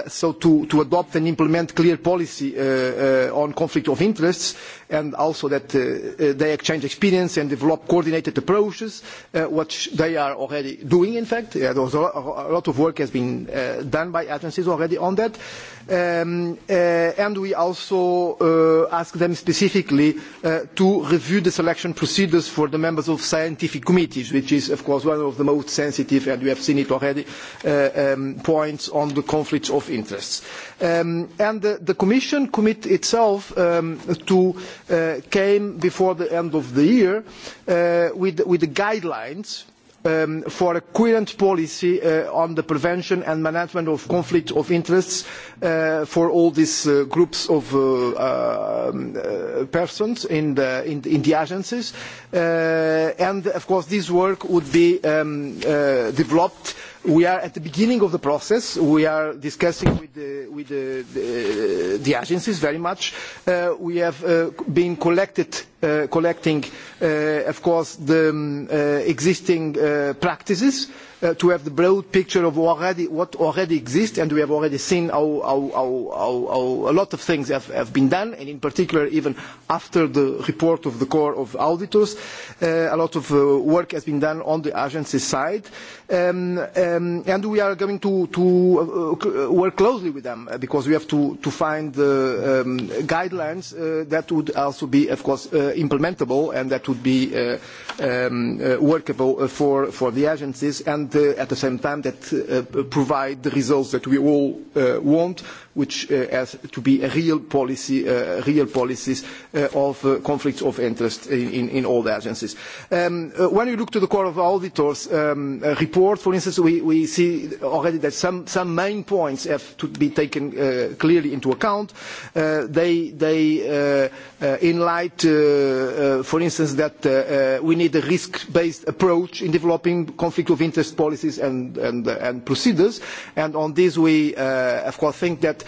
so to, to, adopt and implement clear policy on conflict of interests and also that uh, uh, they exchange experience and develop coordinated approaches, uh, which they are already doing, in fact. Uh, there was a lot of work has been uh, done by agencies already on that. Uh, Um, uh, and we also uh, ask them specifically uh, to review the selection procedures for the members of scientific committees, which is, of course, one of the most sensitive, and we have seen it already, uh, um, points on the conflicts of interests. Um, and the, the, Commission commit itself um, to uh, came before the end of the year uh, with, with the guidelines um, for a coherent policy uh, on the prevention and management of conflict of interests uh, for all these uh, groups of uh, um, uh, persons in the, in, in the agencies. Uh, and of course this work would be um, developed we are at the beginning of the process. We are discussing with the, with the, the, the agencies very much. Uh, we have uh, been collected, uh, collecting, uh, of course, the um, uh, existing uh, practices Uh, to have the broad picture of already, what already exists, and we have already seen how, how, how, how a lot of things have, have, been done, and in particular, even after the report of the Corps of Auditors, uh, a lot of uh, work has been done on the agency side, um, um, and we are going to, to uh, uh, work closely with them because we have to, to find the um, guidelines that would also be, of course, implementable and that would be um, workable for, for the agencies and and uh, at the same time that uh, provide the results that we all uh, want which has uh, to be a real policy, uh, real policies uh, of conflicts of interest in, in, in all the agencies. Um, when you look to the Core of Auditors um, report, for instance, we, we see already that some, some main points have to be taken clearly into account. they, they in light, for instance, that we need a risk-based approach in developing conflict of interest policies and, and, and procedures. And on this, we, uh, of course, think that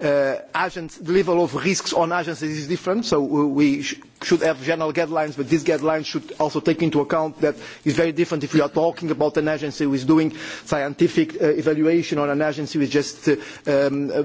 uh, agents, the level of risks on agencies is different, so we sh should have general guidelines, but these guidelines should also take into account that it's very different if we are talking about an agency who is doing scientific uh, evaluation or an agency who is just uh, um, uh,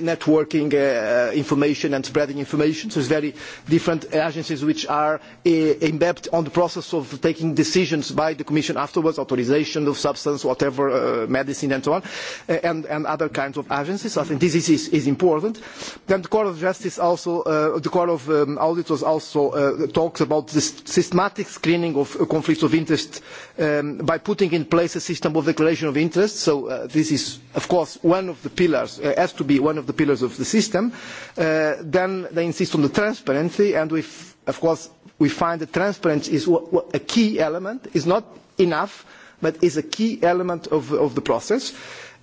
networking uh, uh, information and spreading information. So it's very different agencies which are uh, embedded on the process of taking decisions by the Commission afterwards, authorization of substance, whatever, uh, medicine and so on, uh, and, and other kinds of agencies. So I think this is, is important important. Then the Court of Justice also, uh, the Court of um, Auditors also uh, talks about this systematic screening of uh, conflicts of interest um, by putting in place a system of declaration of interest. So uh, this is, of course, one of the pillars, uh, has to be one of the pillars of the system. Uh, then they insist on the transparency and we of course, we find that transparency is a key element, is not enough, but is a key element of, of the process. Uh,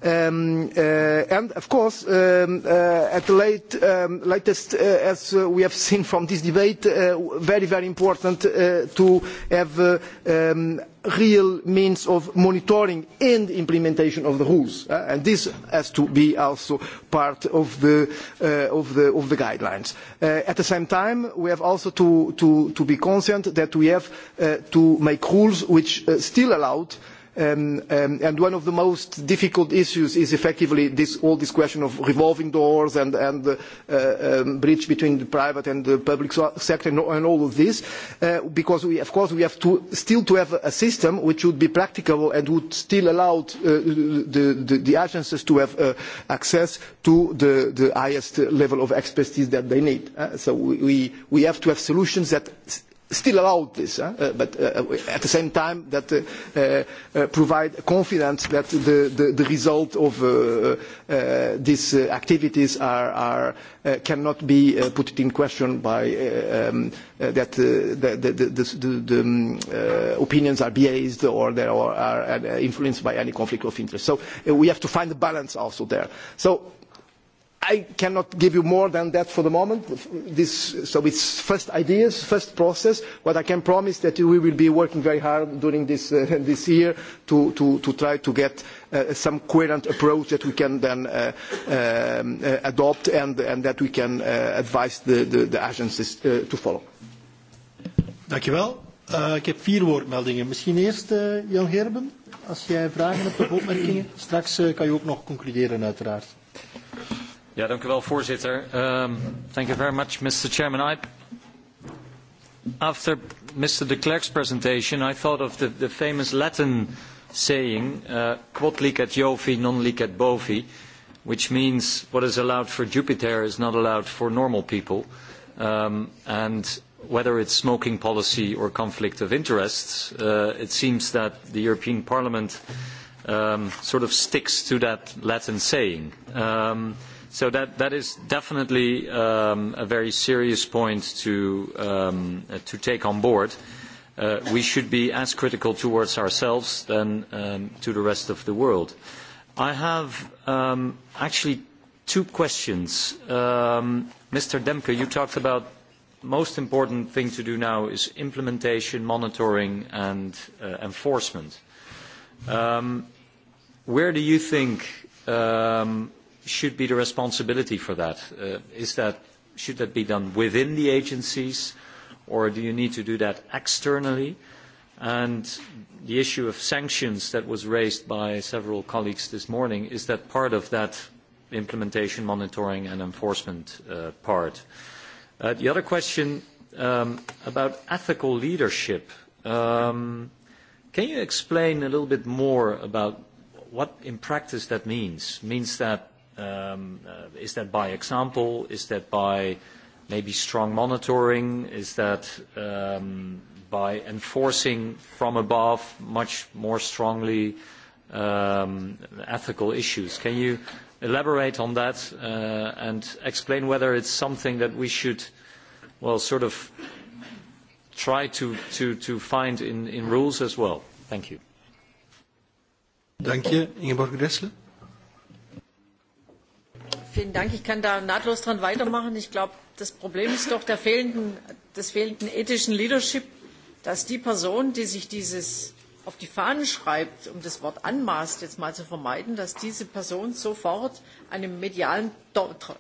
Um, uh, and of course, um, uh, at the late, um, latest, uh, as uh, we have seen from this debate, uh, very, very important uh, to have uh, um, real means of monitoring and implementation of the rules. Uh, and this has to be also part of the, uh, of the, of the guidelines. Uh, at the same time, we have also to, to, to be conscious that we have uh, to make rules which uh, still allowed Um, um, and one of the most difficult issues is effectively this, all this question of revolving doors and, and uh, um, bridge between the private and the public sector and, all of this, uh, because we, of course we have to, still to have a system which would be practicable and would still allow uh, the, the, the agencies to have uh, access to the, the highest level of expertise that they need. Uh, so we, we have to have solutions that still allowed this, eh? eh but eh, eh, at the same time that uh provide confidence that the, the, the result of uh uh these uh activities are, are uh cannot be put in question by um, that uh the, the, the the the the um, opinions are biased or they are, are uh influenced by any conflict of interest. So we have to find a balance also there. So I cannot give you more than that for the moment. This, so it's first ideas, first process, but I can promise that we will be working very hard during this, uh, this year to, to, to try to get uh, some coherent approach that we can then uh, um, uh, adopt and, and that we can uh, advise the, the, the agencies uh, to follow. Dank u wel. Uh, ik heb vier woordmeldingen. Misschien eerst uh, Jan Gerben, als jij vragen hebt of opmerkingen. Straks uh, kan je ook nog concluderen uiteraard. Ja, dank u wel, voorzitter. Um, thank you very much, Mr. Chairman. I, after Mr. de Klerk's presentation, I thought of the, the famous Latin saying, uh, quod licet Jovi, non licet Bovi, which means what is allowed for Jupiter is not allowed for normal people. Um, and whether it's smoking policy or conflict of interests, uh, it seems that the European Parliament um, sort of sticks to that Latin saying. Um, So that, that is definitely um, a very serious point to, um, uh, to take on board. Uh, we should be as critical towards ourselves than um, to the rest of the world. I have um, actually two questions. Um, Mr. Demke, you talked about the most important thing to do now is implementation, monitoring and uh, enforcement. Um, where do you think um, should be the responsibility for that? Uh, is that? Should that be done within the agencies, or do you need to do that externally? And the issue of sanctions that was raised by several colleagues this morning, is that part of that implementation, monitoring and enforcement uh, part? Uh, the other question um, about ethical leadership. Um, can you explain a little bit more about what in practice that means? Means that Um, uh, is that by example? Is that by maybe strong monitoring? Is that um, by enforcing from above much more strongly um, ethical issues? Can you elaborate on that uh, and explain whether it's something that we should, well, sort of try to, to, to find in, in rules as well? Thank you. Thank you. Ingeborg Gressler vielen Dank. Ich kann da nahtlos dran weitermachen. Ich glaube, das Problem ist doch der fehlenden, des fehlenden ethischen Leadership, dass die Person, die sich dieses auf die Fahnen schreibt, um das Wort anmaßt jetzt mal zu vermeiden, dass diese Person sofort einem medialen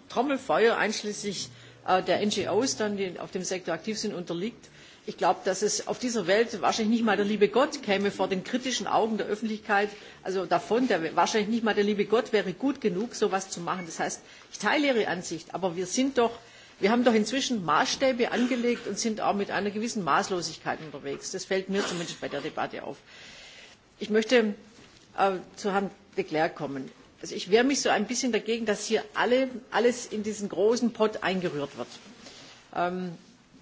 Trommelfeuer einschließlich äh, der NGOs, dann, die auf dem Sektor aktiv sind, unterliegt Ich glaube, dass es auf dieser Welt wahrscheinlich nicht mal der liebe Gott käme vor den kritischen Augen der Öffentlichkeit, also davon, der, wahrscheinlich nicht mal der liebe Gott wäre gut genug, so etwas zu machen. Das heißt, ich teile Ihre Ansicht, aber wir sind doch, wir haben doch inzwischen Maßstäbe angelegt und sind auch mit einer gewissen Maßlosigkeit unterwegs. Das fällt mir zumindest bei der Debatte auf. Ich möchte äh, zu Herrn de Klerk kommen. Also ich wehre mich so ein bisschen dagegen, dass hier alle, alles in diesen großen Pott eingerührt wird. Ähm,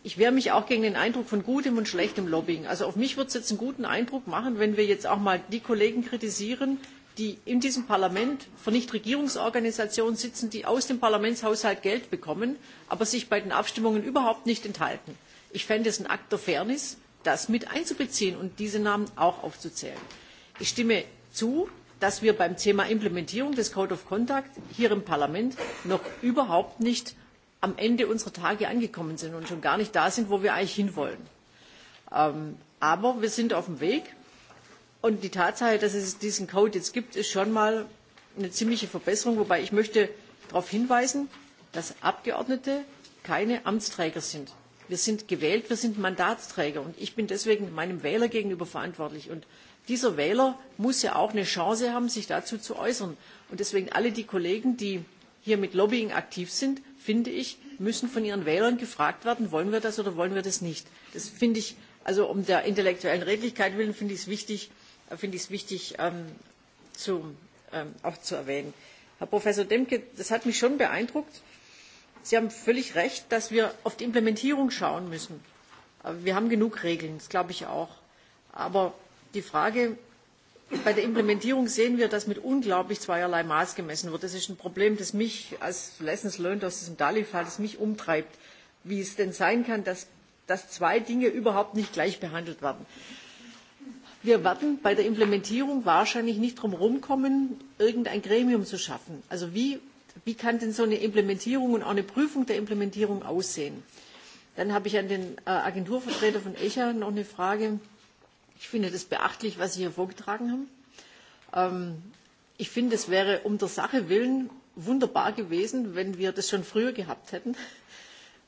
ich wehre mich auch gegen den Eindruck von gutem und schlechtem Lobbying. Also auf mich wird es jetzt einen guten Eindruck machen, wenn wir jetzt auch mal die Kollegen kritisieren, die in diesem Parlament von Nichtregierungsorganisationen sitzen, die aus dem Parlamentshaushalt Geld bekommen, aber sich bei den Abstimmungen überhaupt nicht enthalten. Ich fände es ein Akt der Fairness, das mit einzubeziehen und diese Namen auch aufzuzählen. Ich stimme zu, dass wir beim Thema Implementierung des Code of Conduct hier im Parlament noch überhaupt nicht am Ende unserer Tage angekommen sind und schon gar nicht da sind, wo wir eigentlich hinwollen. Ähm, aber wir sind auf dem Weg und die Tatsache, dass es diesen Code jetzt gibt, ist schon mal eine ziemliche Verbesserung, wobei ich möchte darauf hinweisen, dass Abgeordnete keine Amtsträger sind. Wir sind gewählt, wir sind Mandatsträger und ich bin deswegen meinem Wähler gegenüber verantwortlich. Und dieser Wähler muss ja auch eine Chance haben, sich dazu zu äußern. Und deswegen alle die Kollegen, die hier mit Lobbying aktiv sind, finde ich, müssen von ihren Wählern gefragt werden, wollen wir das oder wollen wir das nicht. Das finde ich, also um der intellektuellen Redlichkeit willen, finde ich es wichtig, finde ich es wichtig ähm, zu, ähm, auch zu erwähnen. Herr Professor Demke, das hat mich schon beeindruckt. Sie haben völlig recht, dass wir auf die Implementierung schauen müssen. Wir haben genug Regeln, das glaube ich auch. Aber die Frage, bei der Implementierung sehen wir, dass mit unglaublich zweierlei Maß gemessen wird. Das ist ein Problem, das mich als Lessons Learned aus diesem Dali-Fall, das mich umtreibt, wie es denn sein kann, dass, dass zwei Dinge überhaupt nicht gleich behandelt werden. Wir werden bei der Implementierung wahrscheinlich nicht drum kommen, irgendein Gremium zu schaffen. Also wie, wie kann denn so eine Implementierung und auch eine Prüfung der Implementierung aussehen? Dann habe ich an den äh, Agenturvertreter von ECHA noch eine Frage Ich finde das beachtlich, was Sie hier vorgetragen haben. Ähm, ich finde, es wäre um der Sache willen wunderbar gewesen, wenn wir das schon früher gehabt hätten.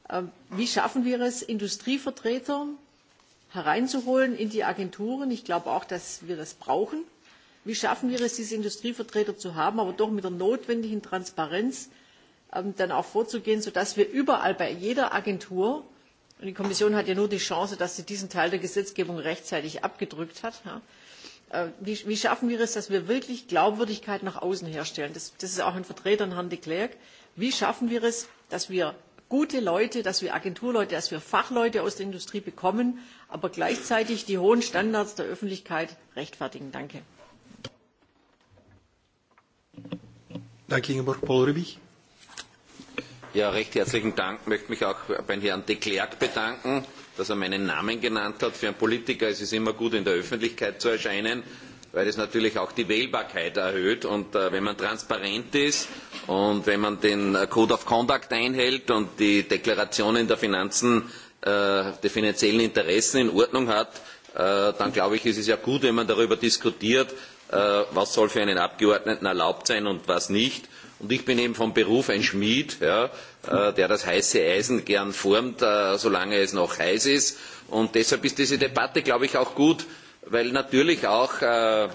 Ähm, wie schaffen wir es, Industrievertreter hereinzuholen in die Agenturen? Ich glaube auch, dass wir das brauchen. Wie schaffen wir es, diese Industrievertreter zu haben, aber doch mit der notwendigen Transparenz ähm, dann auch vorzugehen, sodass wir überall bei jeder Agentur Und die Kommission hat ja nur die Chance, dass sie diesen Teil der Gesetzgebung rechtzeitig abgedrückt hat. Ja? Äh, wie, wie schaffen wir es, dass wir wirklich Glaubwürdigkeit nach außen herstellen? Das, das ist auch ein Vertreter an Herrn de Klerk. Wie schaffen wir es, dass wir gute Leute, dass wir Agenturleute, dass wir Fachleute aus der Industrie bekommen, aber gleichzeitig die hohen Standards der Öffentlichkeit rechtfertigen? Danke. Danke, Ingeborg Paul Ja, recht herzlichen Dank. Ich möchte mich auch beim Herrn de Klerk bedanken, dass er meinen Namen genannt hat. Für einen Politiker ist es immer gut, in der Öffentlichkeit zu erscheinen, weil es natürlich auch die Wählbarkeit erhöht. Und äh, wenn man transparent ist und wenn man den äh, Code of Conduct einhält und die Deklarationen der Finanzen, äh, der finanziellen Interessen in Ordnung hat, äh, dann glaube ich, ist es ja gut, wenn man darüber diskutiert, äh, was soll für einen Abgeordneten erlaubt sein und was nicht. Und ich bin eben vom Beruf ein Schmied, ja, äh, der das heiße Eisen gern formt, äh, solange es noch heiß ist. Und deshalb ist diese Debatte, glaube ich, auch gut, weil natürlich auch äh,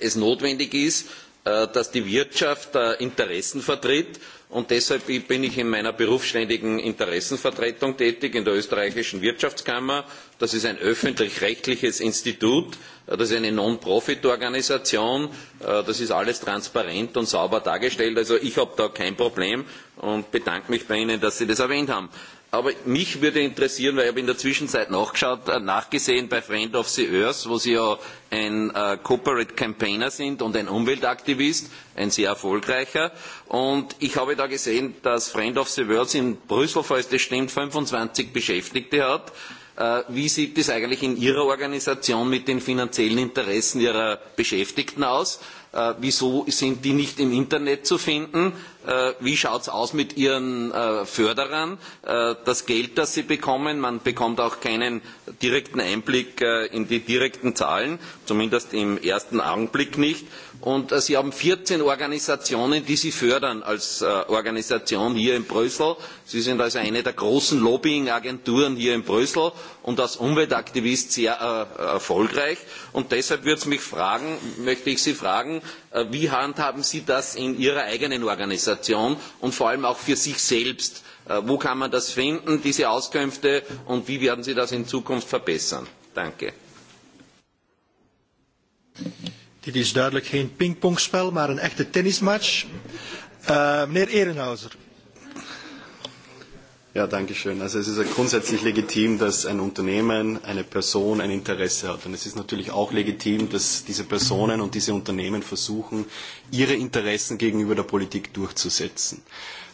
es notwendig ist, äh, dass die Wirtschaft äh, Interessen vertritt Und deshalb bin ich in meiner berufsständigen Interessenvertretung tätig in der österreichischen Wirtschaftskammer. Das ist ein öffentlich-rechtliches Institut, das ist eine Non-Profit-Organisation, das ist alles transparent und sauber dargestellt. Also ich habe da kein Problem und bedanke mich bei Ihnen, dass Sie das erwähnt haben. Aber mich würde interessieren, weil ich habe in der Zwischenzeit nachgeschaut, äh, nachgesehen bei Friend of the Earth, wo Sie ja ein äh, Corporate Campaigner sind und ein Umweltaktivist, ein sehr erfolgreicher. Und ich habe da gesehen, dass Friend of the Earth in Brüssel, falls das stimmt, 25 Beschäftigte hat. Äh, wie sieht es eigentlich in Ihrer Organisation mit den finanziellen Interessen Ihrer Beschäftigten aus? Äh, wieso sind die nicht im Internet zu finden? Äh, wie schaut es aus mit ihren äh, Förderern? Äh, das Geld, das sie bekommen, man bekommt auch keinen direkten Einblick äh, in die direkten Zahlen, zumindest im ersten Augenblick nicht. Und äh, sie haben vierzehn Organisationen, die sie fördern als Organisation hier in Brüssel. Sie sind also eine der großen Lobbying-Agenturen hier in Brüssel und als Umweltaktivist sehr äh, erfolgreich. Und deshalb würde mich fragen, möchte ich Sie fragen, äh, wie handhaben Sie das in Ihrer eigenen Organisation und vor allem auch für sich selbst? Äh, wo kann man das finden, diese Auskünfte, und wie werden Sie das in Zukunft verbessern? Danke. Dit is duidelijk geen pingpongspel, maar een echte tennismatch. Uh, meneer Ehrenhauser. Ja, danke schön. Also es ist ja grundsätzlich legitim, dass ein Unternehmen, eine Person ein Interesse hat. Und es ist natürlich auch legitim, dass diese Personen und diese Unternehmen versuchen, ihre Interessen gegenüber der Politik durchzusetzen.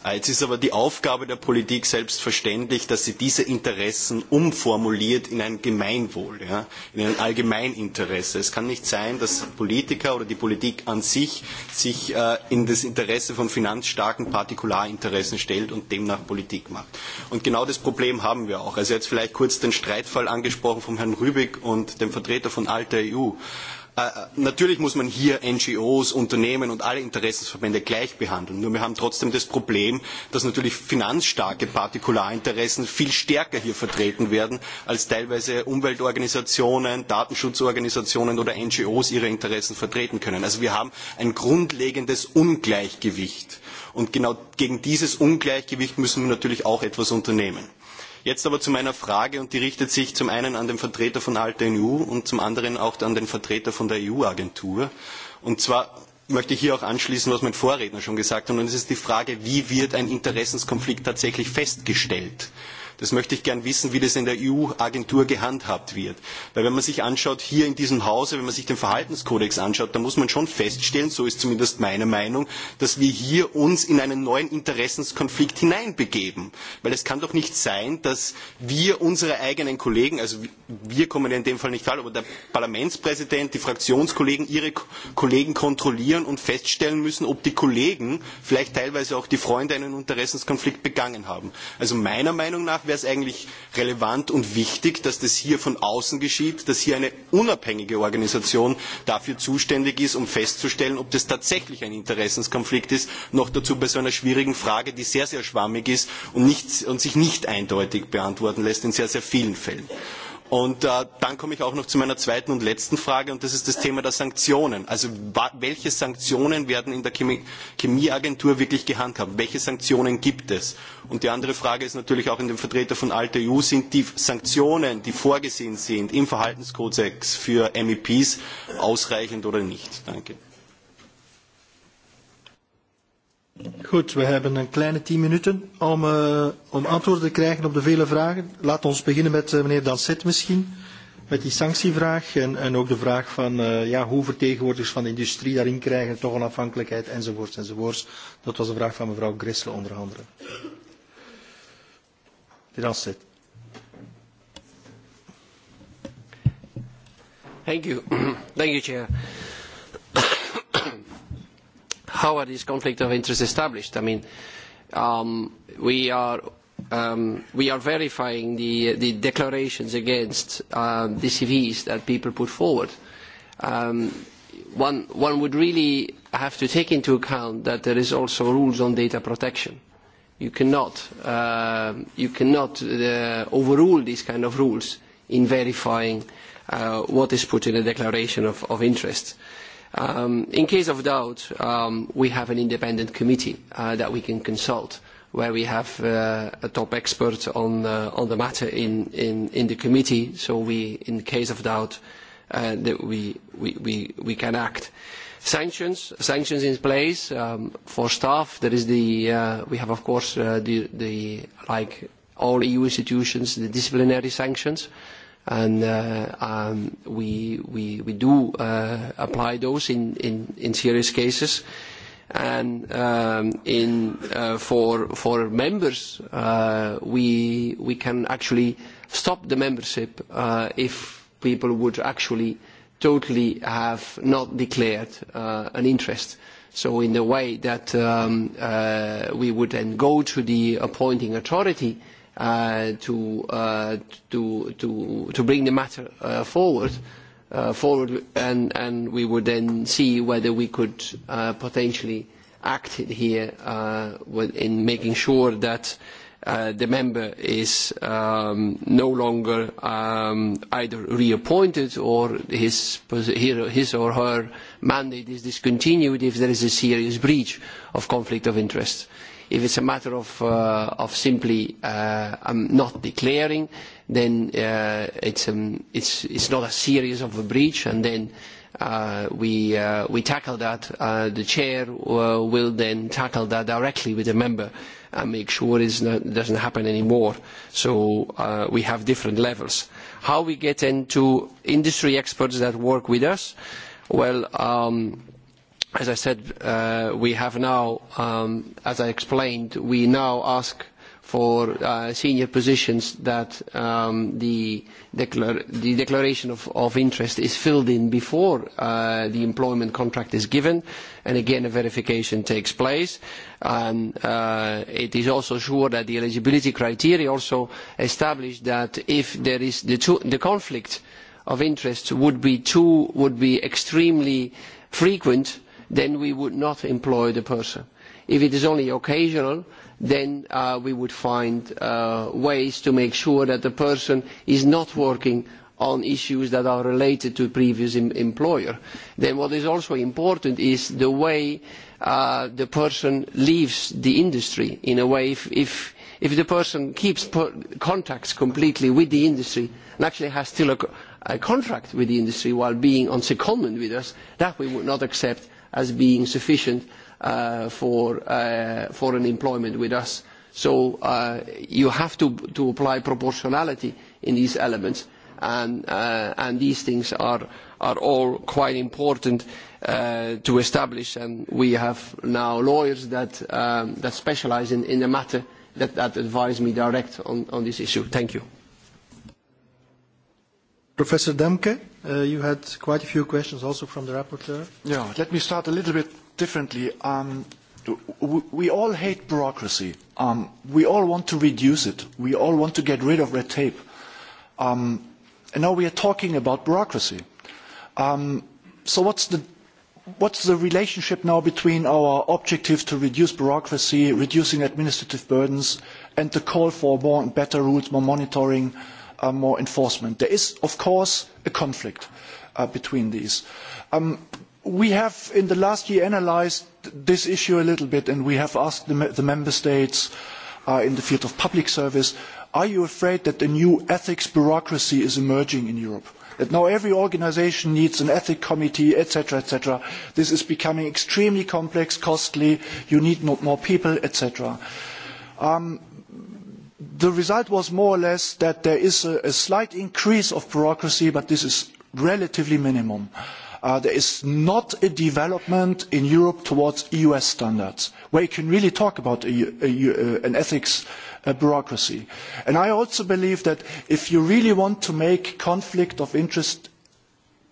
Ah, jetzt ist aber die Aufgabe der Politik selbstverständlich, dass sie diese Interessen umformuliert in ein Gemeinwohl, ja, in ein Allgemeininteresse. Es kann nicht sein, dass Politiker oder die Politik an sich sich äh, in das Interesse von finanzstarken Partikularinteressen stellt und demnach Politik macht. Und genau das Problem haben wir auch. Also jetzt vielleicht kurz den Streitfall angesprochen von Herrn Rübig und dem Vertreter von Alter EU. Äh, äh, natürlich muss man hier NGOs, Unternehmen und alle Interessensverbände gleich behandeln. Nur wir haben trotzdem das Problem, dass natürlich finanzstarke Partikularinteressen viel stärker hier vertreten werden, als teilweise Umweltorganisationen, Datenschutzorganisationen oder NGOs ihre Interessen vertreten können. Also wir haben ein grundlegendes Ungleichgewicht. Und genau gegen dieses Ungleichgewicht müssen wir natürlich auch etwas unternehmen. Jetzt aber zu meiner Frage und die richtet sich zum einen an den Vertreter von Alta EU und zum anderen auch an den Vertreter von der EU-Agentur. Und zwar möchte ich hier auch anschließen, was mein Vorredner schon gesagt hat, und es ist die Frage, wie wird ein Interessenskonflikt tatsächlich festgestellt? Das möchte ich gern wissen, wie das in der EU-Agentur gehandhabt wird. Weil wenn man sich anschaut, hier in diesem Hause, wenn man sich den Verhaltenskodex anschaut, dann muss man schon feststellen, so ist zumindest meine Meinung, dass wir hier uns in einen neuen Interessenskonflikt hineinbegeben. Weil es kann doch nicht sein, dass wir unsere eigenen Kollegen, also wir kommen ja in dem Fall nicht falsch, aber der Parlamentspräsident, die Fraktionskollegen, ihre Kollegen kontrollieren und feststellen müssen, ob die Kollegen, vielleicht teilweise auch die Freunde, einen Interessenskonflikt begangen haben. Also meiner Meinung nach wäre es eigentlich relevant und wichtig, dass das hier von außen geschieht, dass hier eine unabhängige Organisation dafür zuständig ist, um festzustellen, ob das tatsächlich ein Interessenskonflikt ist, noch dazu bei so einer schwierigen Frage, die sehr, sehr schwammig ist und, nicht, und sich nicht eindeutig beantworten lässt in sehr, sehr vielen Fällen. Und äh, dann komme ich auch noch zu meiner zweiten und letzten Frage, und das ist das Thema der Sanktionen. Also welche Sanktionen werden in der Chemie Chemieagentur wirklich gehandhabt? Welche Sanktionen gibt es? Und die andere Frage ist natürlich auch in dem Vertreter von Alter EU, sind die Sanktionen, die vorgesehen sind im Verhaltenskodex für MEPs ausreichend oder nicht? Danke. Goed, we hebben een kleine tien minuten om, uh, om antwoorden te krijgen op de vele vragen. Laat ons beginnen met uh, meneer Danset misschien, met die sanctievraag en, en ook de vraag van uh, ja, hoe vertegenwoordigers van de industrie daarin krijgen, toch onafhankelijkheid enzovoorts enzovoorts. Dat was een vraag van mevrouw Grissel onder andere. Meneer Danset. Thank you. Thank you, Chair how are these conflicts of interest established? I mean, um, we are um, we are verifying the, the declarations against uh, the CVs that people put forward. Um, one, one would really have to take into account that there is also rules on data protection. You cannot, uh, you cannot uh, overrule these kind of rules in verifying uh, what is put in a declaration of, of interest. Um, in case of doubt, um, we have an independent committee uh, that we can consult where we have uh, a top expert on, uh, on the matter in, in, in the committee, so we, in case of doubt, uh, that we, we, we, we can act. Sanctions, sanctions in place um, for staff. There is the, uh, we have of course uh, the, the, like all EU institutions, the disciplinary sanctions. Uh, and uh, um, we, we, we do uh, apply those in, in, in serious cases and um, in, uh, for, for members uh, we, we can actually stop the membership uh, if people would actually totally have not declared uh, an interest. So in the way that um, uh, we would then go to the appointing authority uh, uh, to, uh, to, to, to bring the matter uh, forward, uh, forward and, and we would then see whether we could uh, potentially act here uh, in making sure that uh, the member is um, no longer um, either reappointed or his, his or her mandate is discontinued if there is a serious breach of conflict of interest. If it's a matter of, uh, of simply uh, um, not declaring, then uh, it's, um, it's, it's not as serious of a breach, and then uh, we, uh, we tackle that. Uh, the chair uh, will then tackle that directly with the member and make sure it doesn't happen anymore. So uh, we have different levels. How we get into industry experts that work with us? Well, um, as I said, uh, we have now, um, as I explained, we now ask for uh, senior positions that um, the, declar the declaration of, of interest is filled in before uh, the employment contract is given, and again a verification takes place. And uh, it is also sure that the eligibility criteria also establish that if there is the, two, the conflict of interest would be too, would be extremely frequent then we would not employ the person. If it is only occasional, then uh, we would find uh, ways to make sure that the person is not working on issues that are related to previous em employer. Then what is also important is the way uh, the person leaves the industry. In a way, if, if, if the person keeps per contacts completely with the industry and actually has still a, a contract with the industry while being on secondment with us, that we would not accept as being sufficient uh, for uh, employment with us. So uh, you have to, to apply proportionality in these elements, and, uh, and these things are, are all quite important uh, to establish, and we have now lawyers that, um, that specialize in, in the matter that, that advise me direct on, on this issue. Thank you. Professor Demke? Uh, you had quite a few questions also from the rapporteur. Yeah, let me start a little bit differently. Um, we all hate bureaucracy. Um, we all want to reduce it. We all want to get rid of red tape. Um, and now we are talking about bureaucracy. Um, so what's the, what's the relationship now between our objective to reduce bureaucracy, reducing administrative burdens, and the call for more and better rules, more monitoring, uh, more enforcement. There is, of course, a conflict uh, between these. Um, we have, in the last year, analysed this issue a little bit, and we have asked the, the member states uh, in the field of public service, are you afraid that a new ethics bureaucracy is emerging in Europe? That now every organisation needs an ethics committee, etc., etc. This is becoming extremely complex, costly. You need not more people, etc. Um, the result was more or less that there is a, a slight increase of bureaucracy, but this is relatively minimum. Uh, there is not a development in Europe towards e US standards, where you can really talk about a, a, an ethics uh, bureaucracy. And I also believe that if you really want to make conflict of interest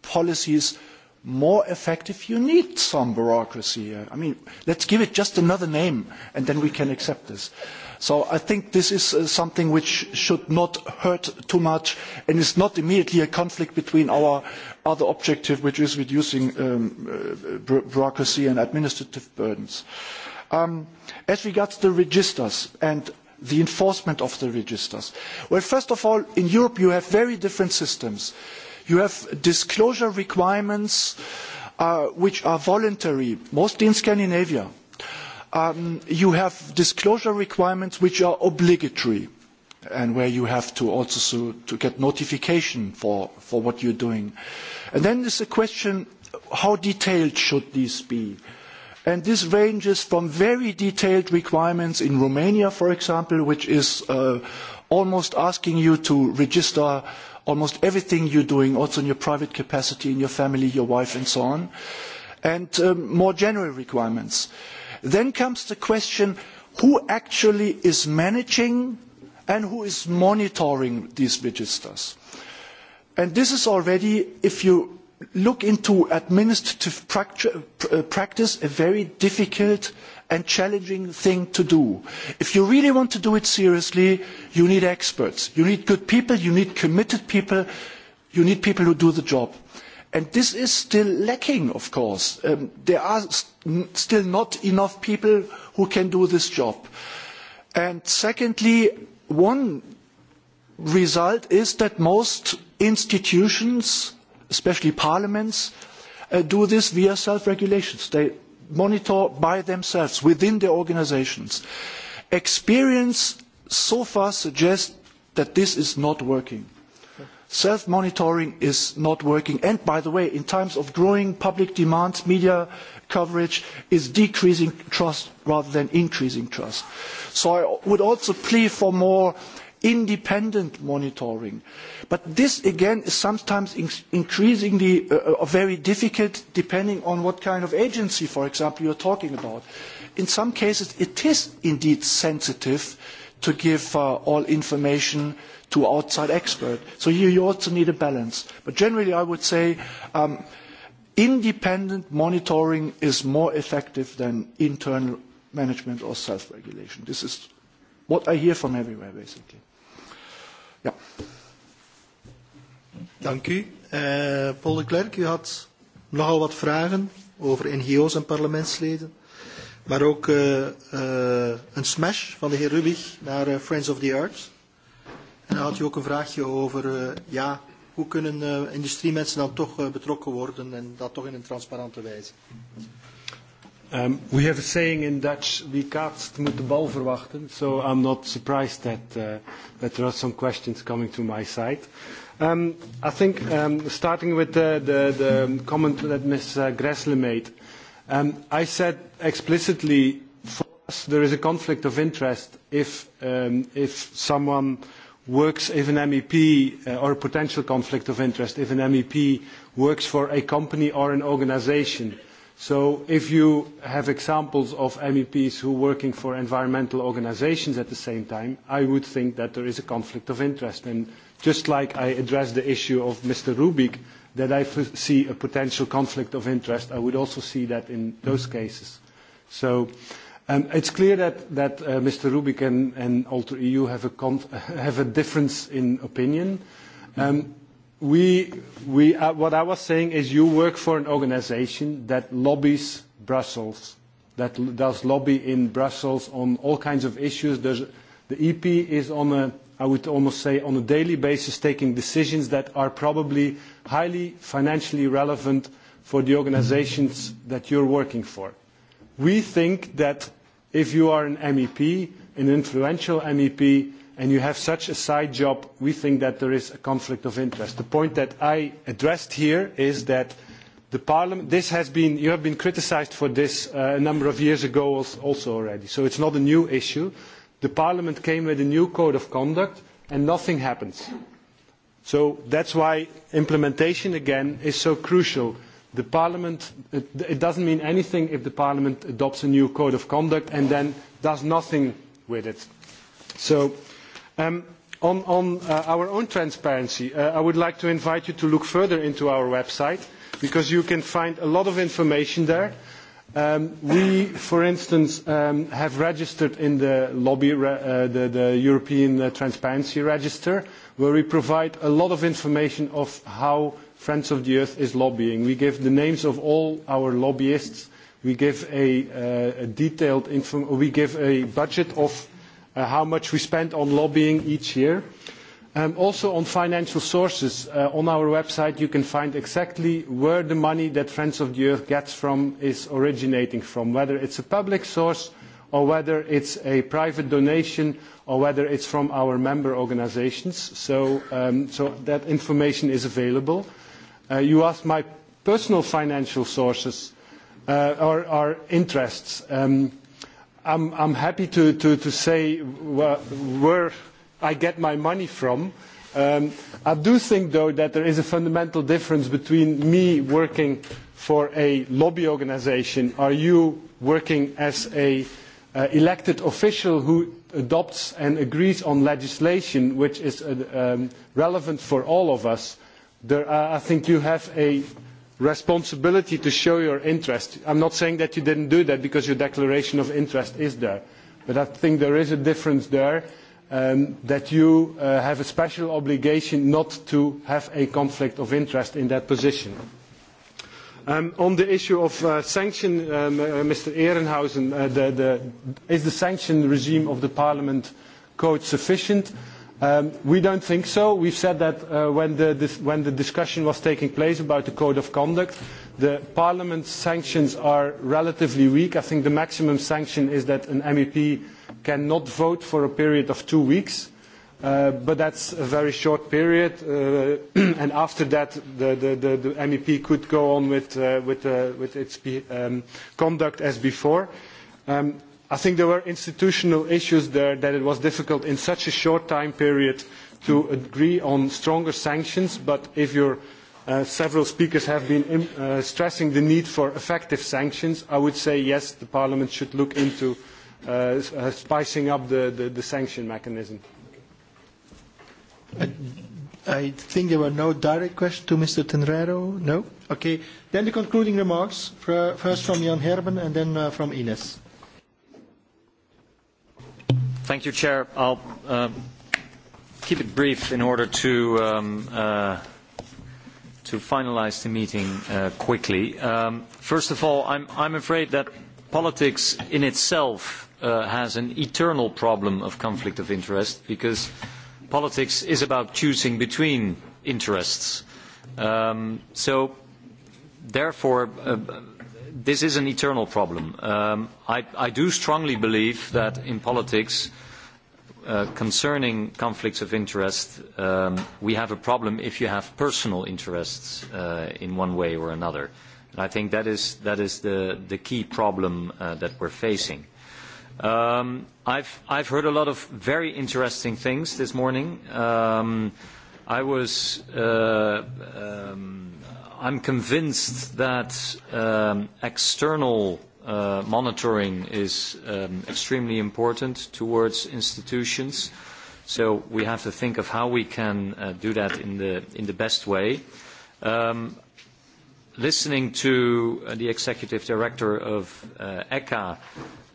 policies more effective, you need some bureaucracy. I mean, let's give it just another name, and then we can accept this. Uh, So I think this is uh, something which should not hurt too much and is not immediately a conflict between our other objective, which is reducing um, uh, bureaucracy and administrative burdens. Um, as regards the registers and the enforcement of the registers, well, first of all, in Europe you have very different systems. You have disclosure requirements uh, which are voluntary, mostly in Scandinavia. Um, you have disclosure requirements which are obligatory and where you have to also to get notification for, for what you're doing. And then there's a question, how detailed should these be? And this ranges from very detailed requirements in Romania, for example, which is uh, almost asking you to register almost everything you're doing, also in your private capacity, in your family, your wife, and so on, and um, more general requirements. Then comes the question, who actually is managing and who is monitoring these registers? And this is already, if you look into administrative uh, practice, a very difficult and challenging thing to do. If you really want to do it seriously, you need experts. You need good people, you need committed people, you need people who do the job. And this is still lacking, of course. Um, there are st still not enough people who can do this job. And secondly, one result is that most institutions, especially parliaments, uh, do this via self-regulations. They monitor by themselves within their organisations. Experience so far suggests that this is not working. Self-monitoring is not working. And by the way, in times of growing public demands, media coverage is decreasing trust rather than increasing trust. So I would also plea for more independent monitoring. But this again is sometimes in increasingly uh, uh very difficult depending on what kind of agency, for example, you are talking about. In some cases, it is indeed sensitive to give uh, all information uh, to outside expert. So here you also need a balance. But generally, I would say um, independent monitoring is more effective than internal management or self-regulation. This is what I hear from everywhere, basically. Yeah. Thank you. Uh, eh, Paul de Klerk, you had nogal wat vragen over NGO's en parlementsleden. Maar ook uh, uh, een smash van de heer Rubig naar uh, Friends of the Arts. En dan had u ook een vraagje over, uh, ja, hoe kunnen uh, industriemensen dan toch uh, betrokken worden en dat toch in een transparante wijze? Um, we have a saying in Dutch, wie kaatst moet de bal verwachten, so I'm not surprised that, uh, that there are some questions coming to my side. Um, I think um, starting with the, the, the comment that Ms. Uh, Gressler made, um, I said explicitly for us there is a conflict of interest if, um, if someone works if an MEP uh, or a potential conflict of interest if an MEP works for a company or an organisation. So if you have examples of MEPs who are working for environmental organisations at the same time, I would think that there is a conflict of interest. And just like I addressed the issue of Mr. Rubik, that I see a potential conflict of interest, I would also see that in those cases. So Um, it's clear that, that uh, Mr. Rubik and, and Alter EU have a, have a difference in opinion. Um, we, we, uh, what I was saying is you work for an organization that lobbies Brussels, that does lobby in Brussels on all kinds of issues. the EP is on a, I would almost say, on a daily basis taking decisions that are probably highly financially relevant for the organizations that you're working for. We think that if you are an MEP, an influential MEP, and you have such a side job, we think that there is a conflict of interest. The point that I addressed here is that the parliament, this has been, you have been criticised for this uh, a number of years ago also already, so it's not a new issue. The parliament came with a new code of conduct and nothing happens. So that's why implementation again is so crucial the parliament, it, it doesn't mean anything if the parliament adopts a new code of conduct and then does nothing with it. So um, on, on uh, our own transparency, uh, I would like to invite you to look further into our website because you can find a lot of information there. Um, we, for instance, um, have registered in the lobby, re uh, the, the European uh, Transparency Register, where we provide a lot of information of how Friends of the Earth is lobbying. We give the names of all our lobbyists. We give a, uh, a detailed info we give a budget of uh, how much we spend on lobbying each year. Um, also on financial sources, uh, on our website you can find exactly where the money that Friends of the Earth gets from is originating from, whether it's a public source or whether it's a private donation or whether it's from our member organizations. So, um, so that information is available. Uh, you asked my personal financial sources uh, or, or interests. Um, I'm, I'm happy to, to, to say wh where I get my money from. Um, I do think, though, that there is a fundamental difference between me working for a lobby organization or you working as an uh, elected official who adopts and agrees on legislation which is uh, um, relevant for all of us there are, uh, I think you have a responsibility to show your interest. I am not saying that you did not do that because your declaration of interest is there, but I think there is a difference there um, that you uh, have a special obligation not to have a conflict of interest in that position. Um, on the issue of uh, sanction, um, uh, Mr. Ehrenhausen, uh, the, the, is the sanction regime of the Parliament Code sufficient? Um, we don't think so. We've said that uh, when, the, discussion was taking place about the code of conduct, the parliament's sanctions are relatively weak. I think the maximum sanction is that an MEP cannot vote for a period of two weeks. Uh, but that's a very short period, uh, and after that, the, MEP could go on with, its um, conduct as before. Um, I think there were institutional issues there that it was difficult in such a short time period to agree on stronger sanctions, but if your Uh, several speakers have been uh, stressing the need for effective sanctions. I would say yes, the Parliament should look into uh, uh spicing up the, the, the, sanction mechanism. I, I think there were no direct questions to Mr. Tenrero. No? Okay. Then the concluding remarks, first from Jan Herben and then uh, from Ines. Thank you, Chair. I'll uh, keep it brief in order to, um, uh, to finalize the meeting uh, quickly. Um, first of all, I'm, I'm afraid that politics in itself uh, has an eternal problem of conflict of interest because politics is about choosing between interests. Um, so, therefore, uh, this is an eternal problem. Um, I, I do strongly believe that in politics, uh, concerning conflicts of interest, um, we have a problem if you have personal interests uh, in one way or another. And I think that is, that is the, the key problem uh, that we're facing. Um, I've, I've heard a lot of very interesting things this morning. Um, I was uh, um, I am convinced that um, external uh, monitoring is um, extremely important towards institutions. So we have to think of how we can uh, do that in the, in the best way. Um, listening to uh, the executive director of uh, ECA,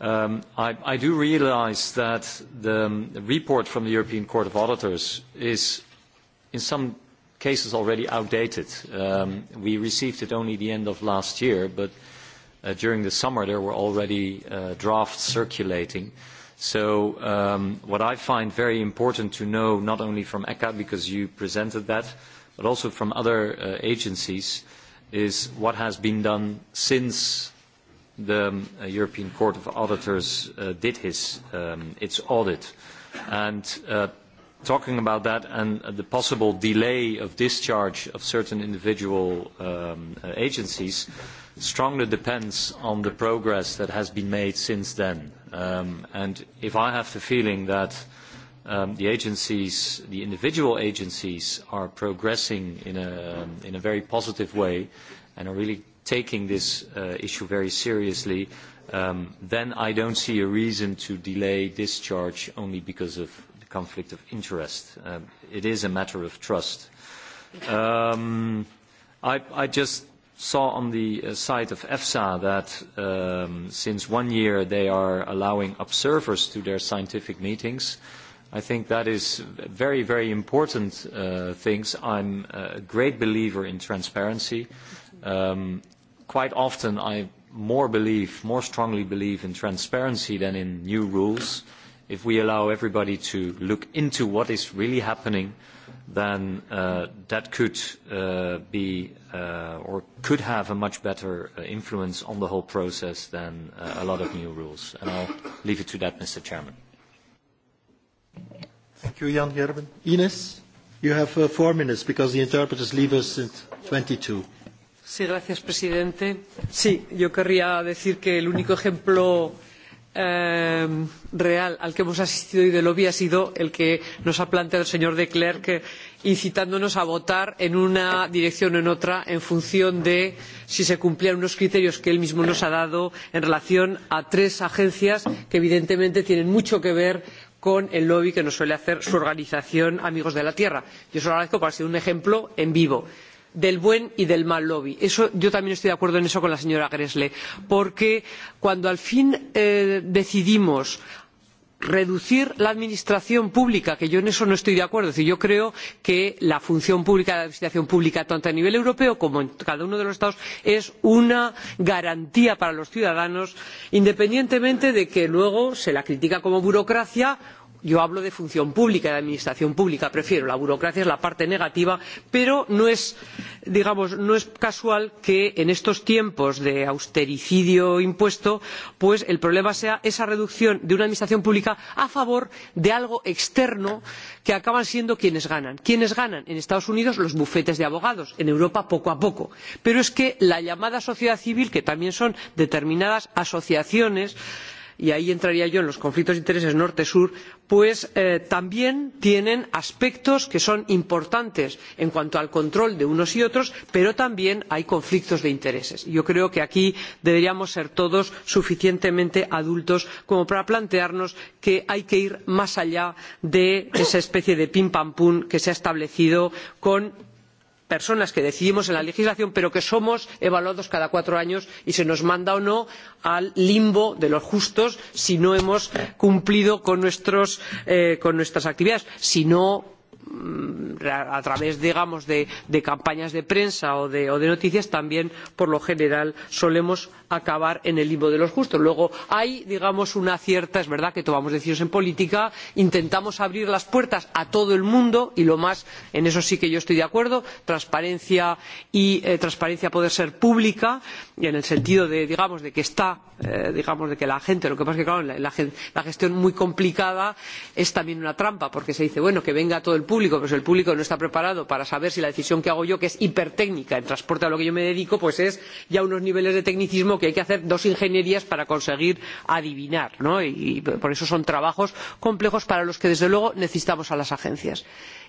um, I, I do realise that the, um, the report from the European Court of Auditors is in some case is already outdated. Um, we received it only the end of last year, but uh, during the summer there were already uh, drafts circulating. So um, what I find very important to know, not only from ECHA, because you presented that, but also from other uh, agencies, is what has been done since the um, uh, European Court of Auditors uh, did his, um, its audit. And uh, talking about that and the possible delay of discharge of certain individual um, uh, agencies strongly depends on the progress that has been made since then. Um, and if I have the feeling that um, the agencies, the individual agencies are progressing in a, um, in a very positive way and are really taking this uh, issue very seriously, um, then I don't see a reason to delay discharge only because of conflict of interest. Um, it is a matter of trust. Um, I, I just saw on the uh, site of EFSA that um, since one year they are allowing observers to their scientific meetings. I think that is very, very important uh, things. I'm a great believer in transparency. Um, quite often I more believe, more strongly believe in transparency than in new rules. Uh, if we allow everybody to look into what is really happening, then uh, that could uh, be uh, or could have a much better uh, influence on the whole process than uh, a lot of new rules. And I'll leave it to that, Mr. Chairman. Thank you, Jan Gerben. Ines, you have uh, four minutes because the interpreters leave us at 22. Sí, gracias, presidente. Sí, yo querría decir que el único ejemplo real al que hemos asistido hoy de lobby ha sido el que nos ha planteado el señor de Clercq eh, incitándonos a votar en una dirección o en otra en función de si se cumplían unos criterios que él mismo nos ha dado en relación con tres agencias que evidentemente tienen mucho que ver con el lobby que nos suele hacer su organización Amigos de la Tierra. Yo se lo agradezco porque ha sido un ejemplo en vivo del buen y del mal lobby. Eso, yo también estoy de acuerdo en eso con la señora Gressle, porque cuando al fin eh, decidimos reducir la administración pública, que yo en eso no estoy de acuerdo. Es decir, yo creo que la función pública, la administración pública, tanto a nivel europeo como en cada uno de los Estados, es una garantía para los ciudadanos, independientemente de que luego se la critica como burocracia Yo hablo de función pública, de administración pública, prefiero la burocracia es la parte negativa, pero no es, digamos, no es casual que en estos tiempos de austericidio impuesto, pues el problema sea esa reducción de una administración pública a favor de algo externo que acaban siendo quienes ganan. Quienes ganan en Estados Unidos los bufetes de abogados, en Europa poco a poco. Pero es que la llamada sociedad civil, que también son determinadas asociaciones, y ahí entraría yo en los conflictos de intereses norte sur pues eh, también tienen aspectos que son importantes en cuanto al control de unos y otros pero también hay conflictos de intereses. yo creo que aquí deberíamos ser todos suficientemente adultos como para plantearnos que hay que ir más allá de esa especie de pim pam pum que se ha establecido con personas que decidimos en la legislación pero que somos evaluados cada cuatro años y se nos manda o no al limbo de los justos si no hemos cumplido con, nuestros, eh, con nuestras actividades si no mm, a través digamos de, de campañas de prensa o de, o de noticias también por lo general solemos acabar en el limbo de los justos. Luego hay, digamos, una cierta, es verdad que tomamos decisiones en política, intentamos abrir las puertas a todo el mundo y lo más, en eso sí que yo estoy de acuerdo, transparencia y eh, transparencia poder ser pública y en el sentido de, digamos, de que está, eh, digamos, de que la gente, lo que pasa es que claro, la, la, la gestión muy complicada es también una trampa porque se dice, bueno, que venga todo el público, pero si el público no está preparado para saber si la decisión que hago yo, que es hipertécnica en transporte a lo que yo me dedico, pues es ya unos niveles de tecnicismo que hay que hacer dos ingenierías para conseguir adivinar, ¿no? Y, y por eso son trabajos complejos para los que desde luego necesitamos a las agencias.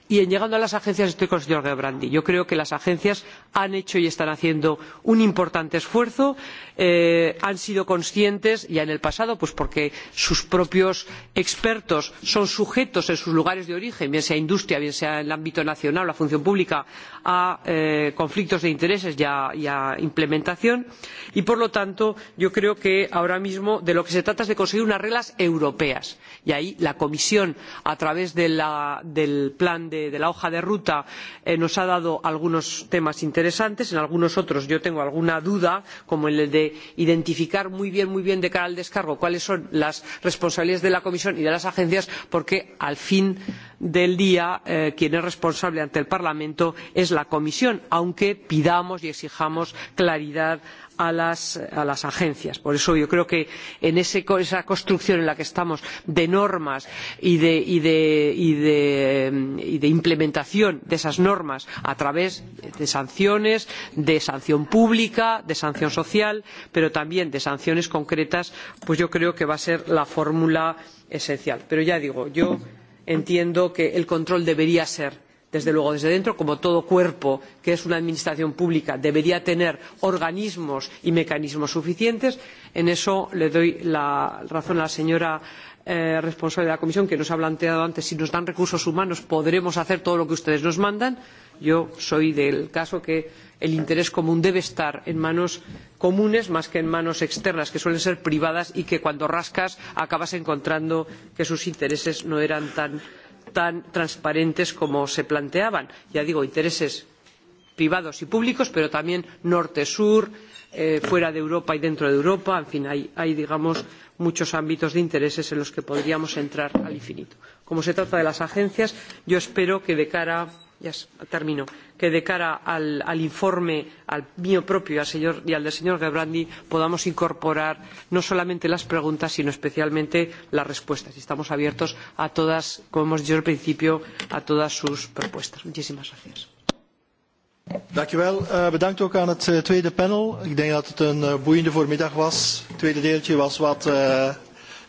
Y en llegando a las agencias, estoy con el señor Gebrandi. Yo creo que las agencias han hecho y están haciendo un importante esfuerzo, eh, han sido conscientes ya en el pasado, pues porque sus propios expertos son sujetos en sus lugares de origen, bien sea industria, bien sea en el ámbito nacional, o la función pública, a eh, conflictos de intereses y a, y a implementación. Y por lo tanto, yo creo que ahora mismo de lo que se trata es de conseguir unas reglas europeas. Y ahí la Comisión, a través de la, del plan de, de la hoja de ruta eh, nos ha dado algunos temas interesantes en algunos otros yo tengo alguna duda como el de identificar muy bien muy bien de cara al descargo cuáles son las responsabilidades de la comisión y de las agencias porque al fin del día eh, quien es responsable ante el parlamento es la comisión aunque pidamos y exijamos claridad a las, a las agencias. Por eso yo creo que en ese, esa construcción en la que estamos de normas y de, y, de, y, de, y de implementación de esas normas a través de sanciones, de sanción pública, de sanción social, pero también de sanciones concretas, pues yo creo que va a ser la fórmula esencial. Pero ya digo, yo entiendo que el control debería ser desde luego desde dentro, como todo cuerpo que es una administración pública debería tener organismos y mecanismos suficientes. En eso le doy la razón a la señora eh, responsable de la comisión que nos ha planteado antes si nos dan recursos humanos podremos hacer todo lo que ustedes nos mandan. Yo soy del caso que el interés común debe estar en manos comunes más que en manos externas que suelen ser privadas y que cuando rascas acabas encontrando que sus intereses no eran tan tan transparentes como se planteaban. Ya digo, intereses privados y públicos, pero también norte-sur, eh, fuera de Europa y dentro de Europa. En fin, hay, hay, digamos, muchos ámbitos de intereses en los que podríamos entrar al infinito. Como se trata de las agencias, yo espero que de cara, ya yes, termino, que de cara al, al informe, al mío propio y al, señor, y al del señor Gebrandi, podamos incorporar no solamente las preguntas, sino especialmente las respuestas. Y estamos abiertos a todas, como hemos dicho al principio, a todas sus propuestas. Muchísimas gracias. Uh, bedankt ook aan het uh, tweede panel. Ik denk dat het een uh, boeiende voormiddag was. Het tweede deeltje was wat uh,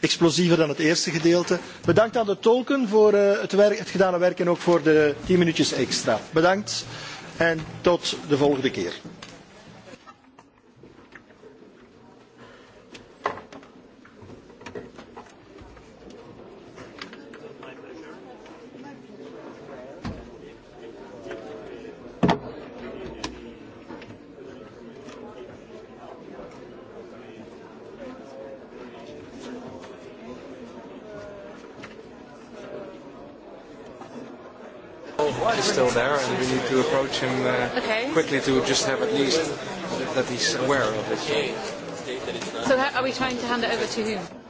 explosiever dan het eerste gedeelte. Bedankt aan de tolken voor uh, het, werk, het gedane werk en ook voor de 10 minuutjes extra. Bedankt en tot de volgende keer. is still there, and we need to approach him uh, okay. quickly to just have at least that he's aware of it. So how are we trying to hand it over to whom?